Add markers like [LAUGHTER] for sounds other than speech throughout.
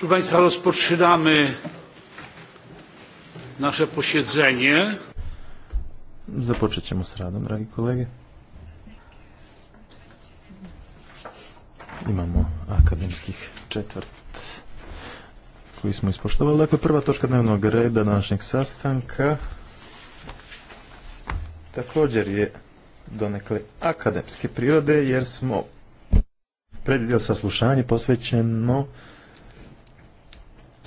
Proszę Państwa, rozpoczynamy nasze posiedzenie. Započet ćemo s radom, dragi kolege. Imamo akademskih četvrt koji smo ispoštovali. Dakle, prva točka dnevnog reda današnjeg sastanka također je donekle akademske prirode jer smo predvidjeli saslušanje posvećeno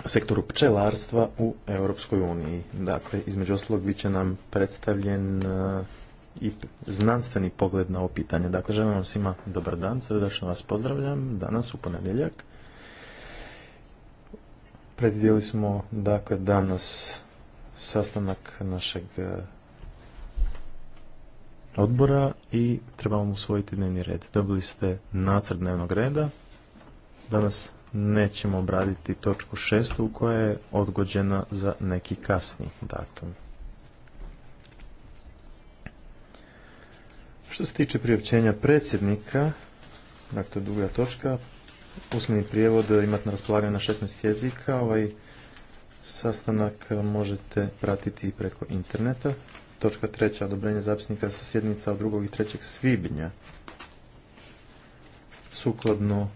sektoru pčelarstva u Europskoj uniji. Dakle, između oslog bit će nam predstavljen e, i znanstveni pogled na ovo pitanje. Dakle, želim vam svima dobar dan, srdačno vas pozdravljam danas u ponedjeljak. Predvidjeli smo, dakle, danas sastanak našeg e, odbora i trebamo usvojiti dnevni red. Dobili ste nacrt dnevnog reda. Danas nećemo obraditi točku šestu koja je odgođena za neki kasni datum. Što se tiče priopćenja predsjednika, dakle druga točka, usmeni prijevod e, imate na raspolaganju na 16 jezika, ovaj sastanak e, možete pratiti i preko interneta. Točka treća, odobrenje zapisnika sa sjednica od 2. i 3. svibnja. Sukladno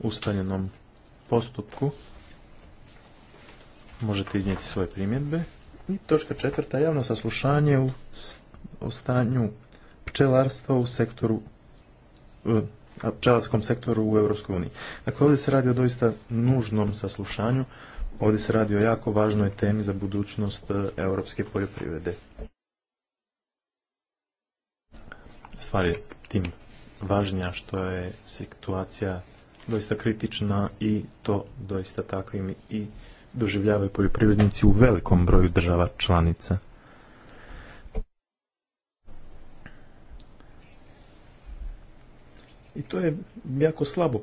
ustaljenom postupku. Možete iznijeti svoje primjedbe. I točka četvrta, javno saslušanje u, o stanju pčelarstva u sektoru e, pčelarskom sektoru u EU. Dakle, ovdje se radi o doista nužnom saslušanju, ovdje se radi o jako važnoj temi za budućnost e, europske poljoprivrede. Stvar je tim važnija što je situacija doista kritična i to doista takvim i doživljavaju poljoprivrednici u velikom broju država članica. I to je jako slabo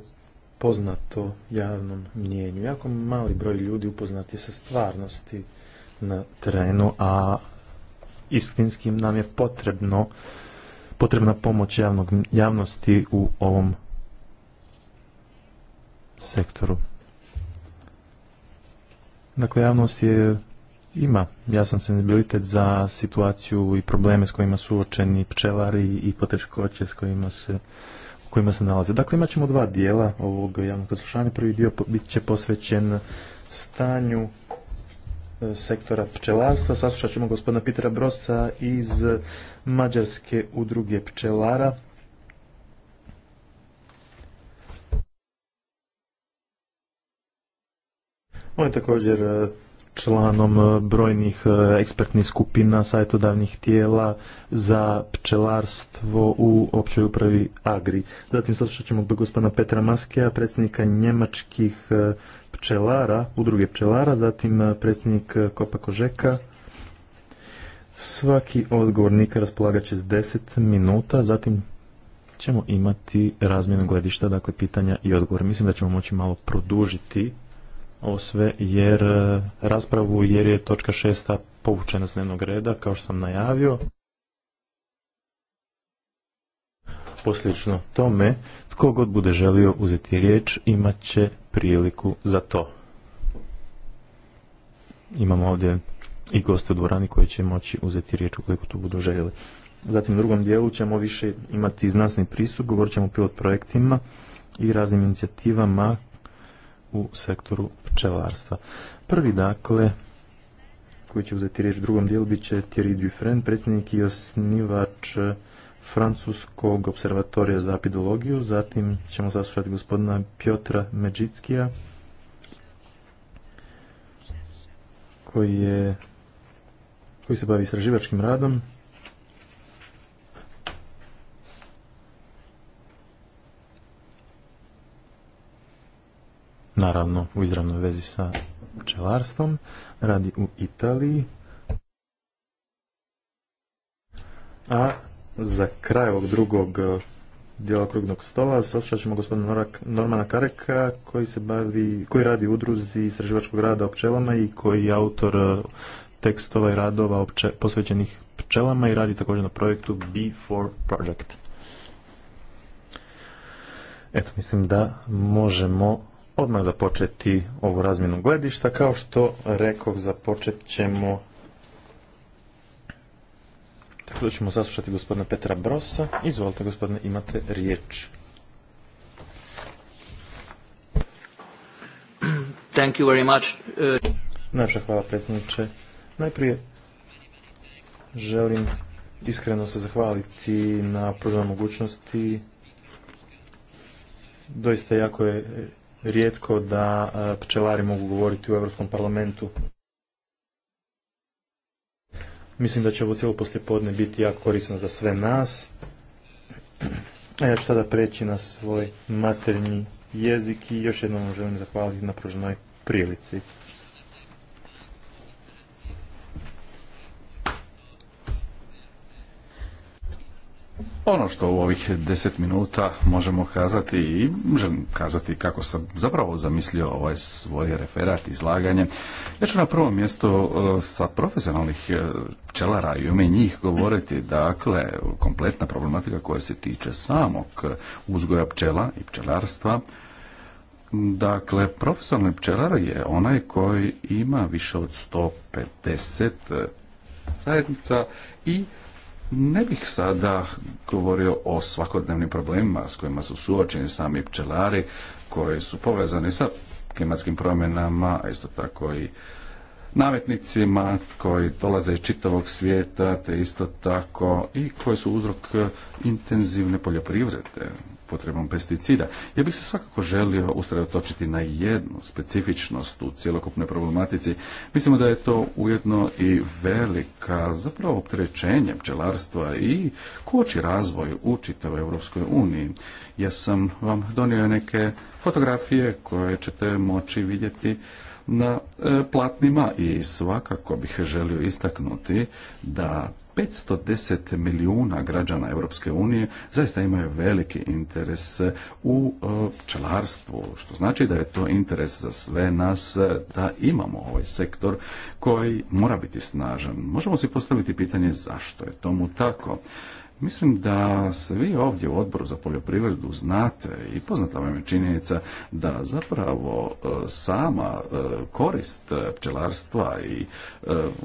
poznato javnom mnjenju. Jako mali broj ljudi upoznati je sa stvarnosti na terenu, a istinskim nam je potrebno potrebna pomoć javnog, javnosti u ovom sektoru. Dakle, javnost je, ima jasan senzibilitet za situaciju i probleme s kojima su očeni pčelari i poteškoće s kojima se u kojima se nalaze. Dakle, imat ćemo dva dijela ovog javnog poslušanja. Prvi dio bit će posvećen stanju e, sektora pčelarstva. Saslušat ćemo gospodina Pitera Brosa iz Mađarske udruge pčelara On je također e, članom e, brojnih e, ekspertnih skupina savjetodavnih tijela za pčelarstvo u općoj upravi Agri. Zatim slušat ćemo gospodina Petra Maskeja, predsjednika njemačkih pčelara, udruge pčelara, zatim predsjednik Kopa Kožeka. Svaki odgovornik raspolagat će s 10 minuta, zatim ćemo imati razmjenu gledišta, dakle pitanja i odgovore. Mislim da ćemo moći malo produžiti ovo sve jer e, raspravu jer je točka šesta povučena s dnevnog reda kao što sam najavio. Posljedično tome, tko god bude želio uzeti riječ imat će priliku za to. Imamo ovdje i goste u dvorani koji će moći uzeti riječ ukoliko to budu željeli. Zatim u drugom dijelu ćemo više imati znanstveni pristup, govorit ćemo o pilot projektima i raznim inicijativama u sektoru pčelarstva. Prvi, dakle, koji će uzeti riječ u drugom dijelu, bit će Thierry Dufresne, predsjednik i osnivač Francuskog observatorija za apidologiju. Zatim ćemo saslušati gospodina Piotra Međickija, koji, je, koji se bavi istraživačkim radom naravno u izravnoj vezi sa pčelarstvom, radi u Italiji. A za kraj ovog drugog eh, dijela krugnog stola saslušat ćemo gospodina Normana Kareka koji se bavi, koji radi u udruzi istraživačkog rada o pčelama i koji je autor eh, tekstova i radova posvećenih pčelama i radi također na projektu B4 Project. Eto, mislim da možemo odmah započeti ovu razmjenu gledišta. Kao što rekao, započet ćemo tako da ćemo saslušati gospodina Petra Brosa. Izvolite gospodine, imate riječ. Thank uh, hvala predsjedniče. Najprije želim iskreno se zahvaliti na pruženoj mogućnosti. Doista jako je rijetko da e, pčelari mogu govoriti u Europskom parlamentu. Mislim da će ovo cijelo poslijepodne biti jako korisno za sve nas. A ja ću sada preći na svoj maternji jezik i još jednom želim zahvaliti na pruženoj prilici. Ono što u ovih deset minuta možemo kazati i želim kazati kako sam zapravo zamislio ovaj svoj referat, izlaganje, ja ću na prvom mjestu e, sa profesionalnih e, pčelara i ume njih govoriti, dakle, kompletna problematika koja se tiče samog uzgoja pčela i pčelarstva, Dakle, profesionalni pčelar je onaj koji ima više od 150 e, zajednica i ne bih sada govorio o svakodnevnim problemima s kojima su suočeni sami pčelari koji su povezani sa klimatskim promjenama, a isto tako i nametnicima koji dolaze iz čitavog svijeta, te isto tako i koji su uzrok intenzivne poljoprivrede upotrebom pesticida. Ja bih se svakako želio usredotočiti na jednu specifičnost u cjelokupnoj problematici. Mislimo da je to ujedno i velika zapravo opterećenje pčelarstva i koči razvoj u čitavoj Europskoj uniji. Ja sam vam donio neke fotografije koje ćete moći vidjeti na e, platnima i svakako bih želio istaknuti da 510 milijuna građana Europske unije zaista imaju veliki interes e, u e, pčelarstvu, što znači da je to interes za sve nas e, da imamo ovaj sektor koji mora biti snažan. Možemo si postaviti pitanje zašto je tomu tako. Mislim da svi ovdje u odboru za poljoprivredu znate i poznata vam je činjenica da zapravo sama korist pčelarstva i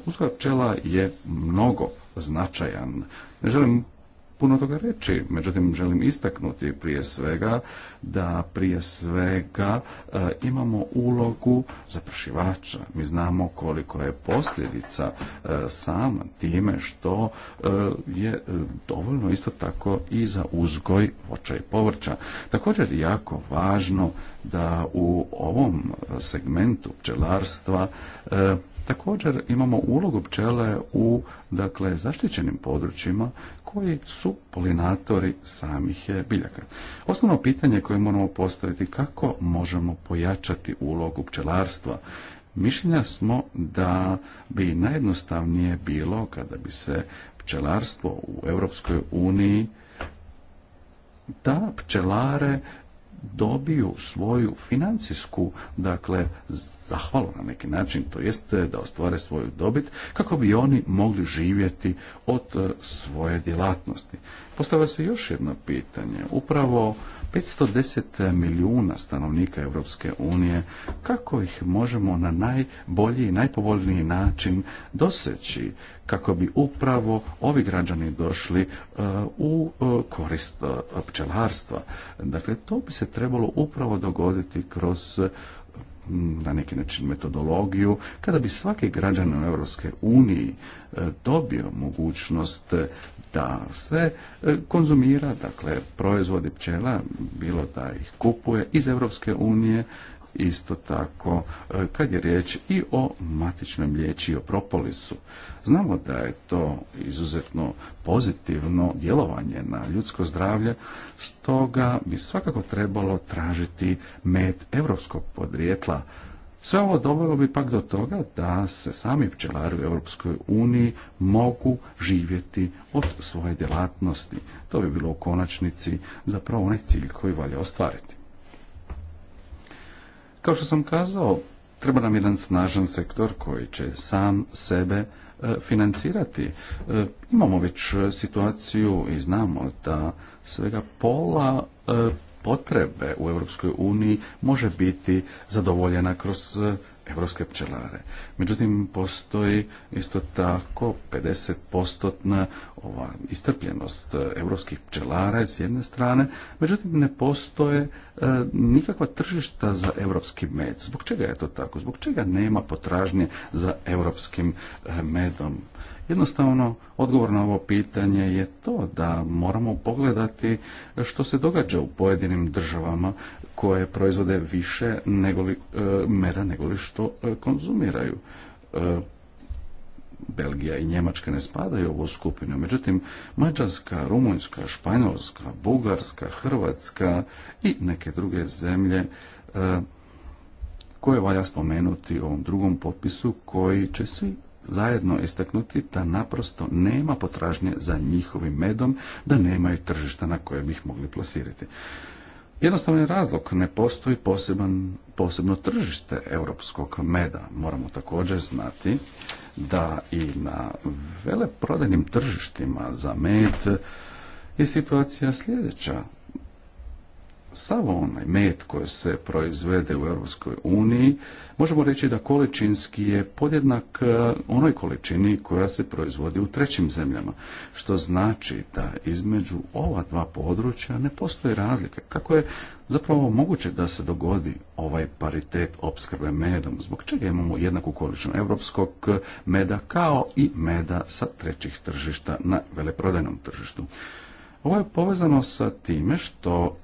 uzgoja pčela je mnogo značajan. Ne želim puno toga reći, međutim želim istaknuti prije svega da prije svega e, imamo ulogu zapršivača. Mi znamo koliko je posljedica e, sama time što e, je e, dovoljno isto tako i za uzgoj voća i povrća. Također je jako važno da u ovom segmentu pčelarstva Također imamo ulogu pčele u dakle, zaštićenim područjima koji su polinatori samih eh, biljaka. Osnovno pitanje koje moramo postaviti kako možemo pojačati ulogu pčelarstva. Mišljenja smo da bi najjednostavnije bilo kada bi se pčelarstvo u Europskoj uniji da pčelare dobiju svoju financijsku dakle zahvalu na neki način, to jeste eh, da ostvare svoju dobit kako bi oni mogli živjeti od eh, svoje djelatnosti. Postavlja se još jedno pitanje, upravo 510 milijuna stanovnika Europske unije, kako ih možemo na najbolji i najpovoljniji način doseći kako bi upravo ovi građani došli e, u e, korist e, pčelarstva. Dakle, to bi se trebalo upravo dogoditi kroz na neki način metodologiju, kada bi svaki građanin u Europske uniji dobio mogućnost da sve konzumira, dakle, proizvodi pčela, bilo da ih kupuje iz Europske unije, isto tako e, kad je riječ i o matičnom liječi, o propolisu. Znamo da je to izuzetno pozitivno djelovanje na ljudsko zdravlje, stoga bi svakako trebalo tražiti med europskog podrijetla, sve ovo dovelo bi pak do toga da se sami pčelari u Europskoj uniji mogu živjeti od svoje djelatnosti. To bi bilo u konačnici zapravo onaj cilj koji valja ostvariti. Kao što sam kazao, treba nam jedan snažan sektor koji će sam sebe e, financirati. E, imamo već situaciju i znamo da svega pola e, potrebe u Europskoj uniji može biti zadovoljena kroz evropske pčelare. Međutim, postoji isto tako 50-postotna ova istrpljenost e, evropskih pčelara s jedne strane, međutim ne postoje e, nikakva tržišta za evropski med. Zbog čega je to tako? Zbog čega nema potražnje za evropskim e, medom? Jednostavno, odgovor na ovo pitanje je to da moramo pogledati što se događa u pojedinim državama koje proizvode više negoli, e, meda negoli što e, konzumiraju. E, Belgija i Njemačka ne spadaju u ovu skupinu. Međutim, Mađarska, Rumunjska, Španjolska, Bugarska, Hrvatska i neke druge zemlje koje valja spomenuti u ovom drugom popisu koji će svi zajedno istaknuti da naprosto nema potražnje za njihovim medom, da nemaju tržišta na koje bi ih mogli plasirati jednostavni razlog, ne postoji poseban, posebno tržište europskog meda. Moramo također znati da i na veleprodajnim tržištima za med je situacija sljedeća sav onaj med koji se proizvede u Europskoj uniji, možemo reći da količinski je podjednak e, onoj količini koja se proizvodi u trećim zemljama, što znači da između ova dva područja ne postoje razlike. Kako je zapravo moguće da se dogodi ovaj paritet opskrbe medom, zbog čega imamo jednaku količinu europskog meda kao i meda sa trećih tržišta na veleprodajnom tržištu. Ovo je povezano sa time što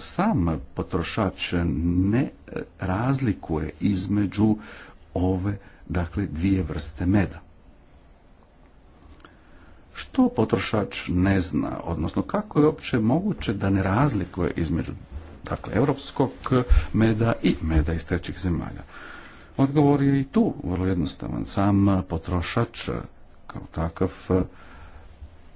sam potrošač ne razlikuje između ove dakle dvije vrste meda. Što potrošač ne zna, odnosno kako je uopće moguće da ne razlikuje između dakle europskog meda i meda iz trećih zemalja? Odgovor je i tu vrlo jednostavan. Sam potrošač kao takav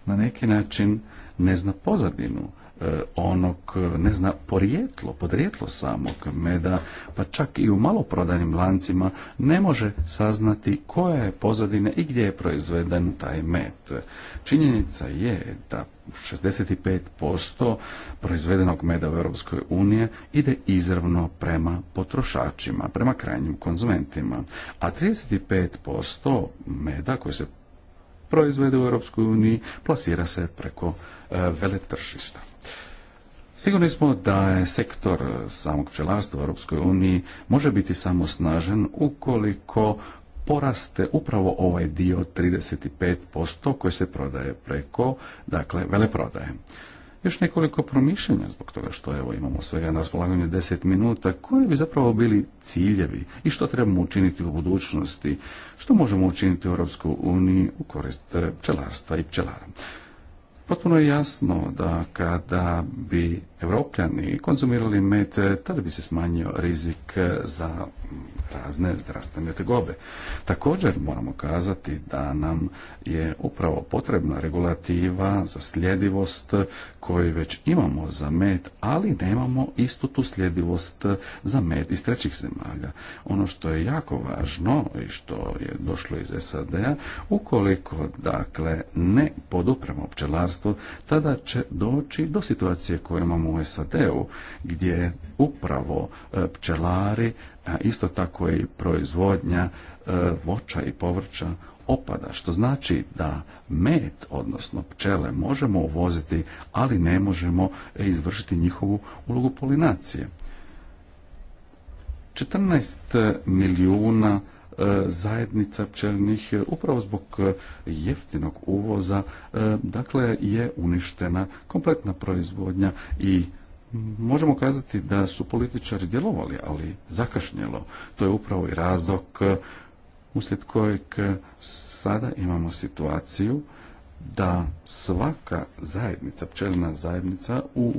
na neki način ne zna pozadinu E, onog ne zna porijetlo, podrijetlo samog meda, pa čak i u maloprodajnim lancima ne može saznati koja je pozadina i gdje je proizveden taj med. Činjenica je da 65% proizvedenog meda u Europskoj uniji ide izravno prema potrošačima, prema krajnjim konzumentima, a 35% meda koji se proizvede u Europskoj uniji plasira se preko e, veletržišta. Sigurni smo da je sektor samog pčelarstva u Europskoj uniji može biti samo snažen ukoliko poraste upravo ovaj dio 35% koji se prodaje preko dakle veleprodaje. Još nekoliko promišljenja zbog toga što evo imamo svega na raspolaganju 10 minuta, koji bi zapravo bili ciljevi i što trebamo učiniti u budućnosti, što možemo učiniti u EU uniji u korist e, pčelarstva i pčelara. Potpuno je jasno da kada bi evropljani konzumirali med, eh, tada bi se smanjio rizik eh, za razne zdravstvene tegobe. Također moramo kazati da nam je upravo potrebna regulativa za sljedivost eh, koju već imamo za med, ali nemamo istu tu sljedivost za med iz trećih zemalja. Ono što je jako važno i što je došlo iz SAD-a, ukoliko dakle ne podupremo pčelarstvo, tada će doći do situacije koju imamo u SAD-u gdje upravo e, pčelari, a isto tako i proizvodnja e, voća i povrća opada, što znači da med, odnosno pčele, možemo uvoziti, ali ne možemo e, izvršiti njihovu ulogu polinacije. 14 milijuna E, zajednica pčelnih e, upravo zbog e, jeftinog uvoza dakle je uništena kompletna proizvodnja i možemo kazati da su političari djelovali, ali zakašnjelo. To je upravo i razlog uslijed kojeg sada imamo situaciju da svaka zajednica, pčelna zajednica u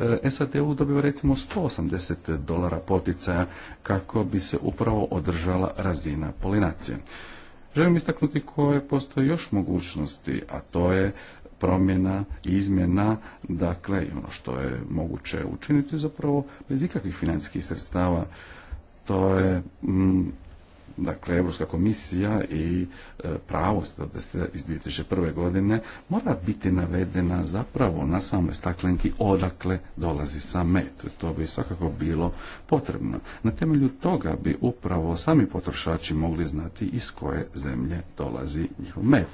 E, SAD-u dobiva recimo 180 dolara poticaja kako bi se upravo održala razina polinacije. Želim istaknuti koje postoje još mogućnosti, a to je promjena, izmjena, dakle, i ono što je moguće učiniti zapravo bez ikakvih financijskih sredstava, to je mm, dakle Evropska komisija i e, pravo iz 2001. godine mora biti navedena zapravo na samoj staklenki odakle dolazi sam met. To bi svakako bilo potrebno. Na temelju toga bi upravo sami potrošači mogli znati iz koje zemlje dolazi njihov met.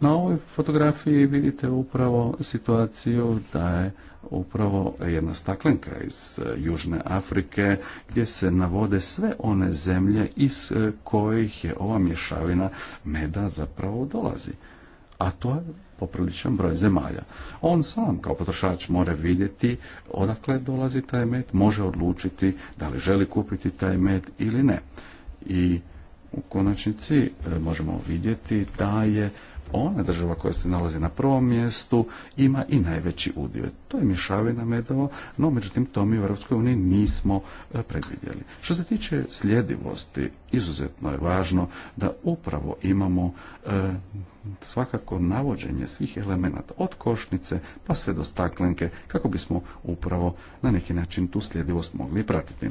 Na ovoj fotografiji vidite upravo situaciju da je upravo jedna staklenka iz e, Južne Afrike gdje se navode sve one zemlje iz e, kojih je ova mješavina meda zapravo dolazi. A to je popriličan broj zemalja. On sam kao potrošač mora vidjeti odakle dolazi taj med, može odlučiti da li želi kupiti taj med ili ne. I u konačnici e, možemo vidjeti da je ona država koja se nalazi na prvom mjestu ima i najveći udio. To je mješavina medova, no međutim to mi u EU nismo e, predvidjeli. Što se tiče sljedivosti, izuzetno je važno da upravo imamo e, svakako navođenje svih elemenata od košnice pa sve do staklenke kako bismo upravo na neki način tu sljedivost mogli pratiti.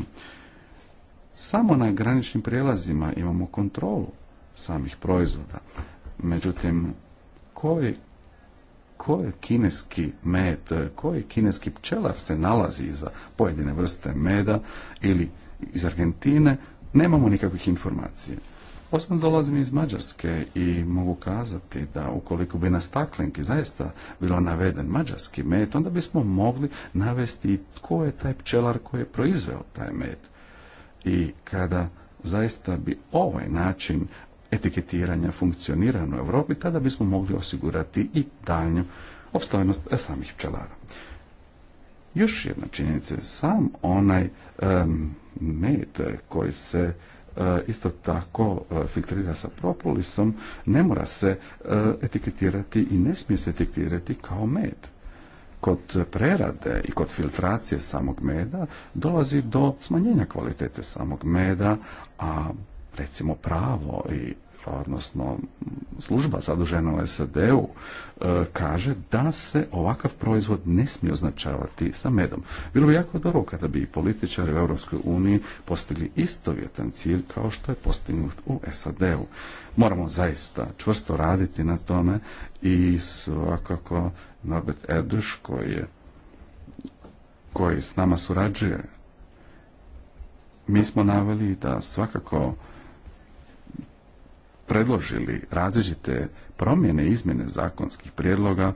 Samo na graničnim prijelazima imamo kontrolu samih proizvoda. Međutim, koji koji kineski med, koji kineski pčelar se nalazi za pojedine vrste meda ili iz Argentine, nemamo nikakvih informacija. Osobno dolazim iz Mađarske i mogu kazati da ukoliko bi na staklenki zaista bilo naveden mađarski med, onda bismo mogli navesti tko je taj pčelar koji je proizveo taj med. I kada zaista bi ovaj način etiketiranja funkcionira u Europi, tada bismo mogli osigurati i daljnju opstojnost samih pčelara. Još jedna činjenica, sam onaj med koji se eh, isto tako eh, filtrira sa propolisom, ne mora se eh, etiketirati i ne smije se etiketirati kao med. Kod prerade i kod filtracije samog meda dolazi do smanjenja kvalitete samog meda, a recimo pravo i odnosno služba zadužena u SAD-u e, kaže da se ovakav proizvod ne smije označavati sa medom. Bilo bi jako dobro kada bi i političari u Europskoj uniji postigli istovjetan cilj kao što je postignut u SAD-u. Moramo zaista čvrsto raditi na tome i svakako Norbert Erduš koji je koji s nama surađuje mi smo naveli da svakako predložili različite promjene izmjene zakonskih prijedloga,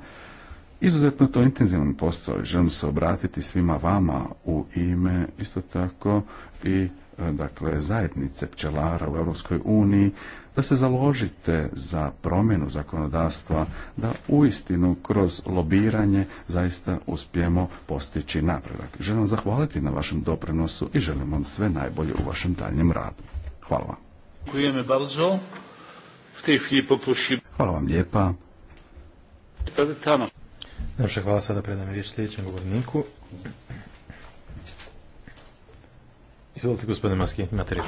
Izuzetno to intenzivan posao i želim se obratiti svima vama u ime isto tako i e, dakle zajednice pčelara u Europskoj uniji da se založite za promjenu zakonodavstva da uistinu kroz lobiranje zaista uspijemo postići napredak. Želim zahvaliti na vašem doprinosu i želim vam sve najbolje u vašem daljnjem radu. Hvala vam. Hvala vam lijepa. Najpša hvala sada predam riječ sljedećem govorniku. Izvolite gospodine Maski, imate riječ.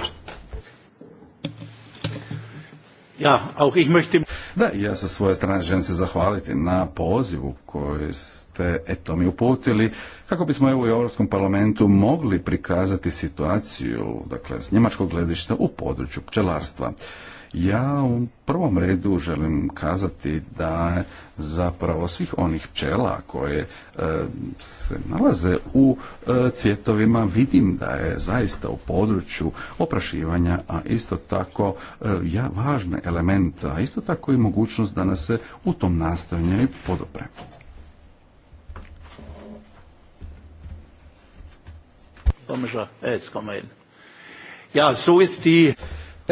Ja, auch ich möchte... Da, ja sa svoje strane želim se zahvaliti na pozivu koji ste eto mi uputili kako bismo evo u Europskom parlamentu mogli prikazati situaciju dakle s njemačkog gledišta u području pčelarstva. Ja u prvom redu želim kazati da zapravo svih onih pčela koje e, se nalaze u e, cvjetovima vidim da je zaista u području oprašivanja, a isto tako e, ja važne elemente, a isto tako i mogućnost da nas se u tom nastojanju i podopre. Ja, so ist die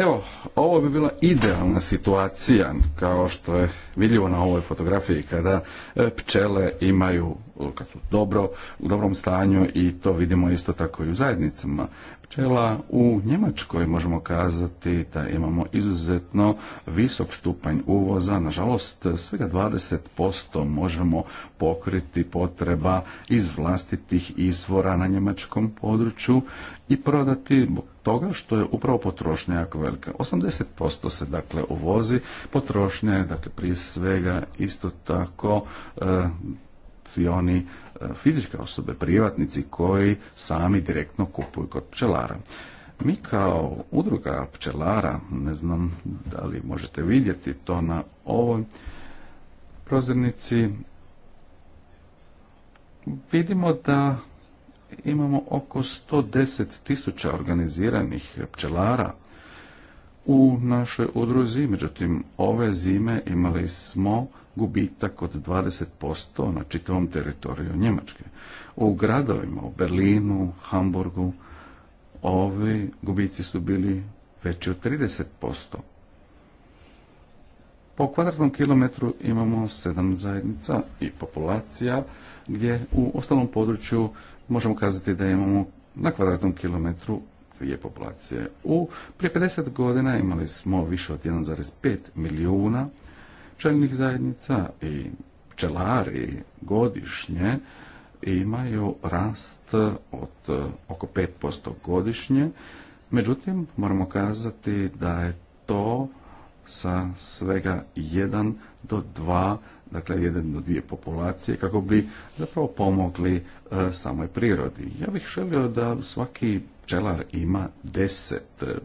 Evo, ovo bi bila idealna situacija, kao što je vidljivo na ovoj fotografiji, kada e, pčele imaju, kad su dobro, u dobrom stanju i to vidimo isto tako i u zajednicama pčela u Njemačkoj možemo kazati da imamo izuzetno visok stupanj uvoza, nažalost svega 20% možemo pokriti potreba iz vlastitih izvora na njemačkom području i prodati toga što je upravo potrošnja jako velika. 80% se dakle uvozi, potrošnja je dakle prije svega isto tako e, svi oni e, fizičke osobe, privatnici koji sami direktno kupuju kod pčelara. Mi kao udruga pčelara, ne znam da li možete vidjeti to na ovoj prozirnici, vidimo da imamo oko 110 tisuća organiziranih pčelara u našoj udruzi, međutim ove zime imali smo gubitak od 20% na čitavom teritoriju Njemačke. U gradovima, u Berlinu, Hamburgu, ovi gubici su bili veći od 30%. Po kvadratnom kilometru imamo sedam zajednica i populacija, gdje u ostalom području možemo kazati da imamo na kvadratnom kilometru dvije populacije. U, prije 50 godina imali smo više od 1,5 milijuna pčelnih zajednica i pčelari godišnje imaju rast od oko 5% godišnje. Međutim, moramo kazati da je to sa svega 1 do 2, dakle 1 do 2 populacije, kako bi zapravo pomogli e, samoj prirodi. Ja bih želio da svaki pčelar ima 10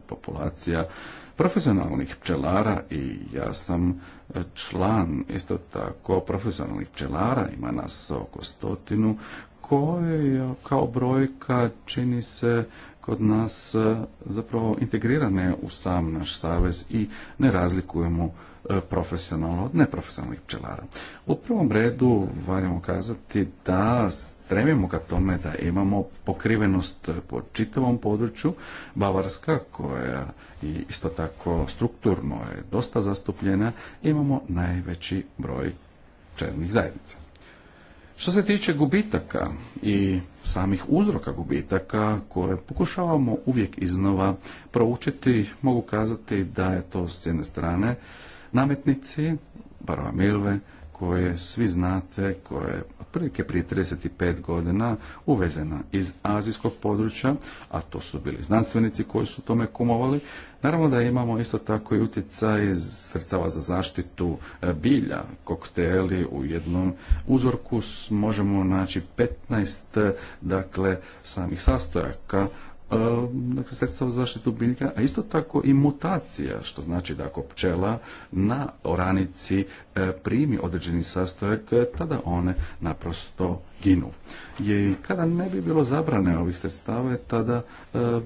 populacija profesionalnih pčelara i ja sam e, član isto tako profesionalnih pčelara, ima nas oko stotinu, koje kao brojka čini se kod nas e, zapravo integrirane u sam naš savez i ne razlikujemo E, profesionalno od neprofesionalnih pčelara. U prvom redu valjamo kazati da stremimo ka tome da imamo pokrivenost po čitavom području. Bavarska koja je isto tako strukturno je dosta zastupljena, imamo najveći broj pčelnih zajednica. Što se tiče gubitaka i samih uzroka gubitaka koje pokušavamo uvijek iznova proučiti, mogu kazati da je to s jedne strane Nametnici, barva Milve, koje svi znate, koje je otprilike prije 35 godina uvezena iz azijskog područja, a to su bili znanstvenici koji su tome kumovali. Naravno da imamo isto tako i utjecaj srcava za zaštitu e, bilja, kokteli u jednom uzorku možemo naći 15 dakle samih sastojaka E, dakle, sredstva za zaštitu biljka, a isto tako i mutacija, što znači da ako pčela na oranici e, primi određeni sastojak, e, tada one naprosto ginu. I kada ne bi bilo zabrane ovih sredstava, tada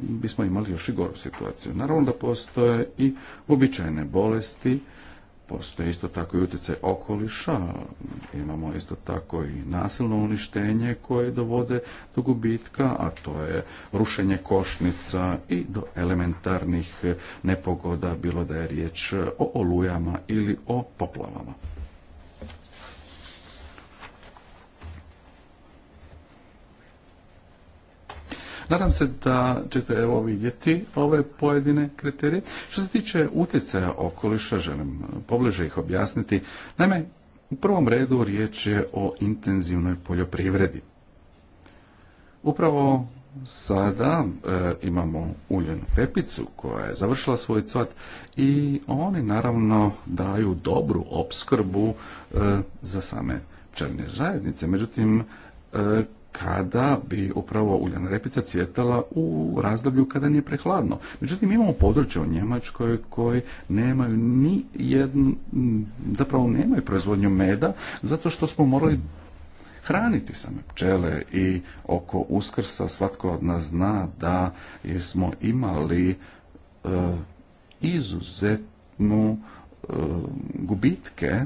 bismo imali još i goru situaciju. Naravno da postoje i uobičajene bolesti, Postoji isto tako i utjecaj okoliša, imamo isto tako i nasilno uništenje koje dovode do gubitka, a to je rušenje košnica i do elementarnih nepogoda, bilo da je riječ o olujama ili o poplavama. Nadam se da ćete evo vidjeti ove pojedine kriterije. Što se tiče utjecaja okoliša, želim pobliže ih objasniti. Naime, u prvom redu riječ je o intenzivnoj poljoprivredi. Upravo sada e, imamo uljenu repicu koja je završila svoj cvat i oni naravno daju dobru opskrbu e, za same pčelne zajednice. Međutim, e, kada bi upravo uljana repica cvjetala u razdoblju kada nije prehladno. Međutim, imamo područje u Njemačkoj koji nemaju ni jednu, zapravo nemaju proizvodnju meda, zato što smo morali hraniti same pčele i oko uskrsa svatko od nas zna da smo imali e, izuzetnu e, gubitke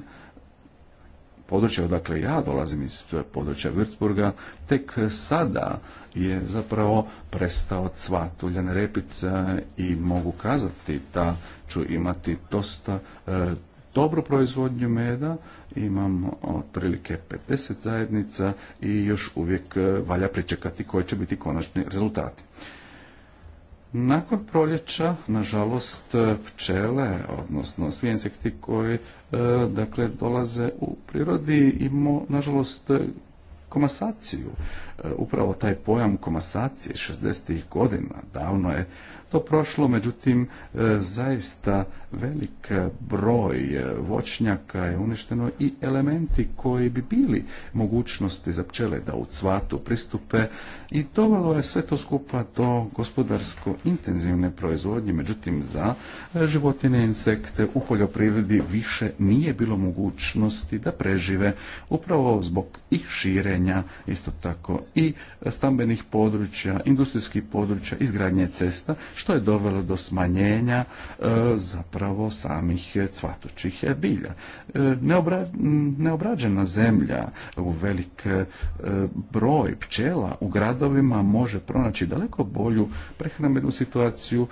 područja, odakle ja dolazim iz područja Würzburga, tek sada je zapravo prestao cvat uljane repica e, i mogu kazati da ću imati dosta e, dobru proizvodnju meda, imam otprilike 50 zajednica i još uvijek e, valja pričekati koji će biti konačni rezultati. Nakon proljeća, nažalost, pčele, odnosno svi insekti koji e, dakle, dolaze u prirodi, imamo, nažalost, komasaciju E, upravo taj pojam komasacije 60. godina davno je to prošlo, međutim e, zaista velik broj e, voćnjaka je uništeno i elementi koji bi bili mogućnosti za pčele da u cvatu pristupe i dovelo je sve to skupa do gospodarsko intenzivne proizvodnje, međutim za životine insekte u poljoprivredi više nije bilo mogućnosti da prežive upravo zbog ih širenja isto tako i stambenih područja, industrijskih područja, izgradnje cesta, što je dovelo do smanjenja e, zapravo samih cvatućih bilja. E, neobrađena zemlja u velik e, broj pčela u gradovima može pronaći daleko bolju prehrambenu situaciju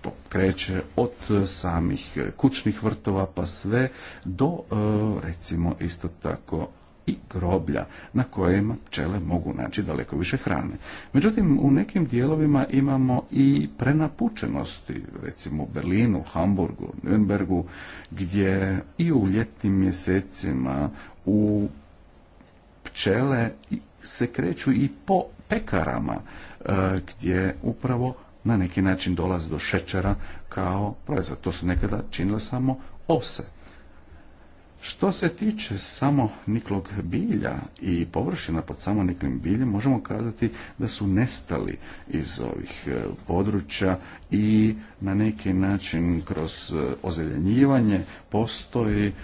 to kreće od samih kućnih vrtova pa sve do recimo isto tako i groblja na kojima pčele mogu naći daleko više hrane. Međutim, u nekim dijelovima imamo i prenapučenosti, recimo u Berlinu, Hamburgu, Nürnbergu, gdje i u ljetnim mjesecima u pčele se kreću i po pekarama, e, gdje upravo na neki način dolaze do šećera kao proizvod. To su nekada činile samo ose. Što se tiče samo niklog bilja i površina pod samo niklim biljem, možemo kazati da su nestali iz ovih e, područja i na neki način kroz e, ozeljenjivanje postoji e,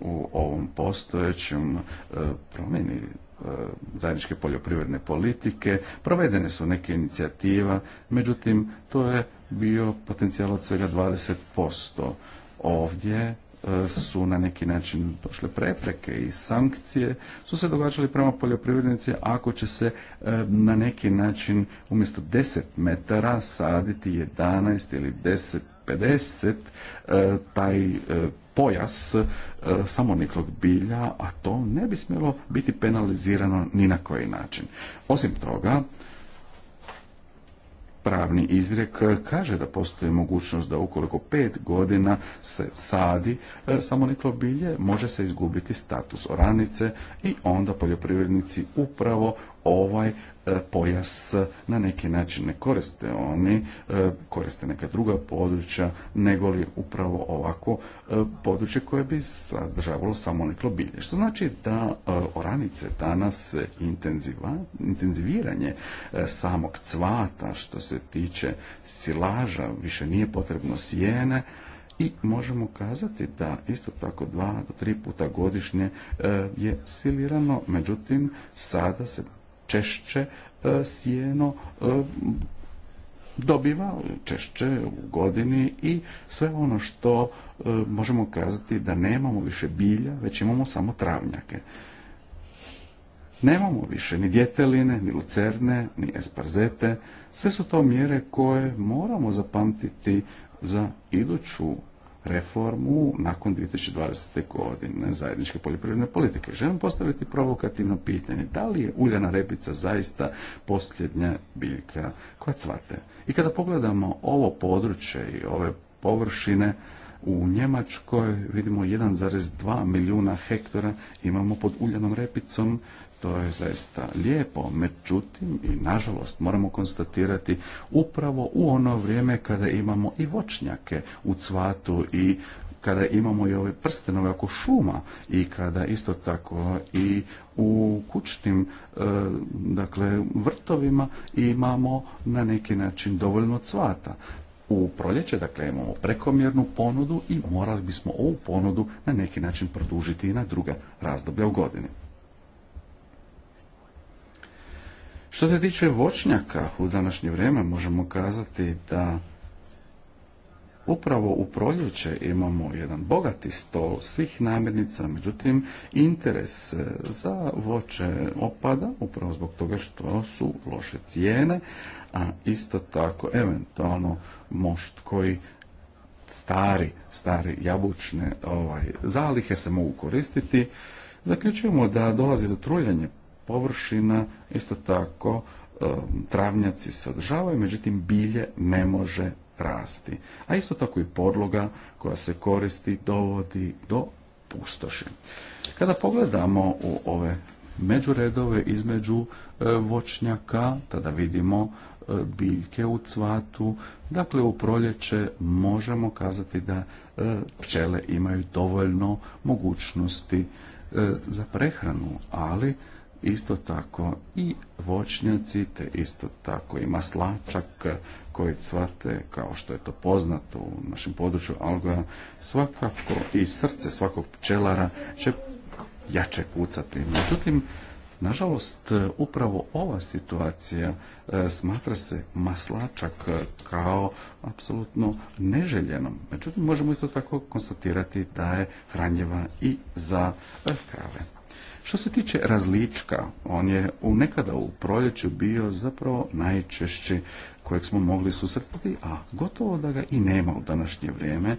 u ovom postojećem promjeni zajedničke poljoprivredne politike, provedene su neke inicijativa, međutim to je bio potencijal od svega 20%. Ovdje su na neki način došle prepreke i sankcije su se događali prema poljoprivrednici ako će se e, na neki način umjesto 10 metara saditi 11 ili 10 50 e, taj e, pojas samoniklog bilja, a to ne bi smjelo biti penalizirano ni na koji način. Osim toga, pravni izrek e, kaže da postoji mogućnost da ukoliko pet godina se sadi e, samo bilje, može se izgubiti status oranice i onda poljoprivrednici upravo ovaj e, pojas na neki način ne koriste oni, e, koriste neka druga područja, nego li upravo ovako e, područje koje bi sadržavalo samo neklo bilje. Što znači da oranice danas intenziviranje samog cvata što se tiče silaža, više nije potrebno sjene, i možemo kazati da isto tako dva do tri puta godišnje je silirano, međutim sada se češće e, sjeno e, dobiva češće u godini i sve ono što e, možemo kazati da nemamo više bilja, već imamo samo travnjake. Nemamo više ni djeteline, ni lucerne, ni esparzete. Sve su to mjere koje moramo zapamtiti za iduću reformu nakon 2020. godine zajedničke poljoprivredne politike. Želim postaviti provokativno pitanje. Da li je uljana repica zaista posljednja biljka koja cvate? I kada pogledamo ovo područje i ove površine, u Njemačkoj vidimo 1,2 milijuna hektara imamo pod uljanom repicom to je zaista lijepo. Međutim, i nažalost moramo konstatirati upravo u ono vrijeme kada imamo i voćnjake u cvatu i kada imamo i ove prstenove oko šuma i kada isto tako i u kućnim e, dakle vrtovima imamo na neki način dovoljno cvata. U proljeće, dakle, imamo prekomjernu ponudu i morali bismo ovu ponudu na neki način produžiti i na druga razdoblja u godini. Što se tiče voćnjaka u današnje vrijeme možemo kazati da Upravo u proljeće imamo jedan bogati stol svih namirnica, međutim interes e, za voće opada upravo zbog toga što su loše cijene, a isto tako eventualno mošt koji stari, stari jabučne ovaj, zalihe se mogu koristiti. Zaključujemo da dolazi zatruljanje površina, isto tako e, travnjaci sadržavaju, međutim bilje ne može rasti. A isto tako i podloga koja se koristi dovodi do pustoši. Kada pogledamo u ove međuredove između e, voćnjaka, tada vidimo e, biljke u cvatu. Dakle, u proljeće možemo kazati da pčele imaju dovoljno mogućnosti za prehranu, ali isto tako i voćnjaci, te isto tako i maslačak koji cvate, kao što je to poznato u našem području Algoja, svakako i srce svakog pčelara će jače kucati. Međutim, Nažalost, upravo ova situacija e, smatra se maslačak kao apsolutno neželjenom. Međutim, možemo isto tako konstatirati da je hranjiva i za e, krave. Što se tiče različka, on je u nekada u proljeću bio zapravo najčešći kojeg smo mogli susretati, a gotovo da ga i nema u današnje vrijeme.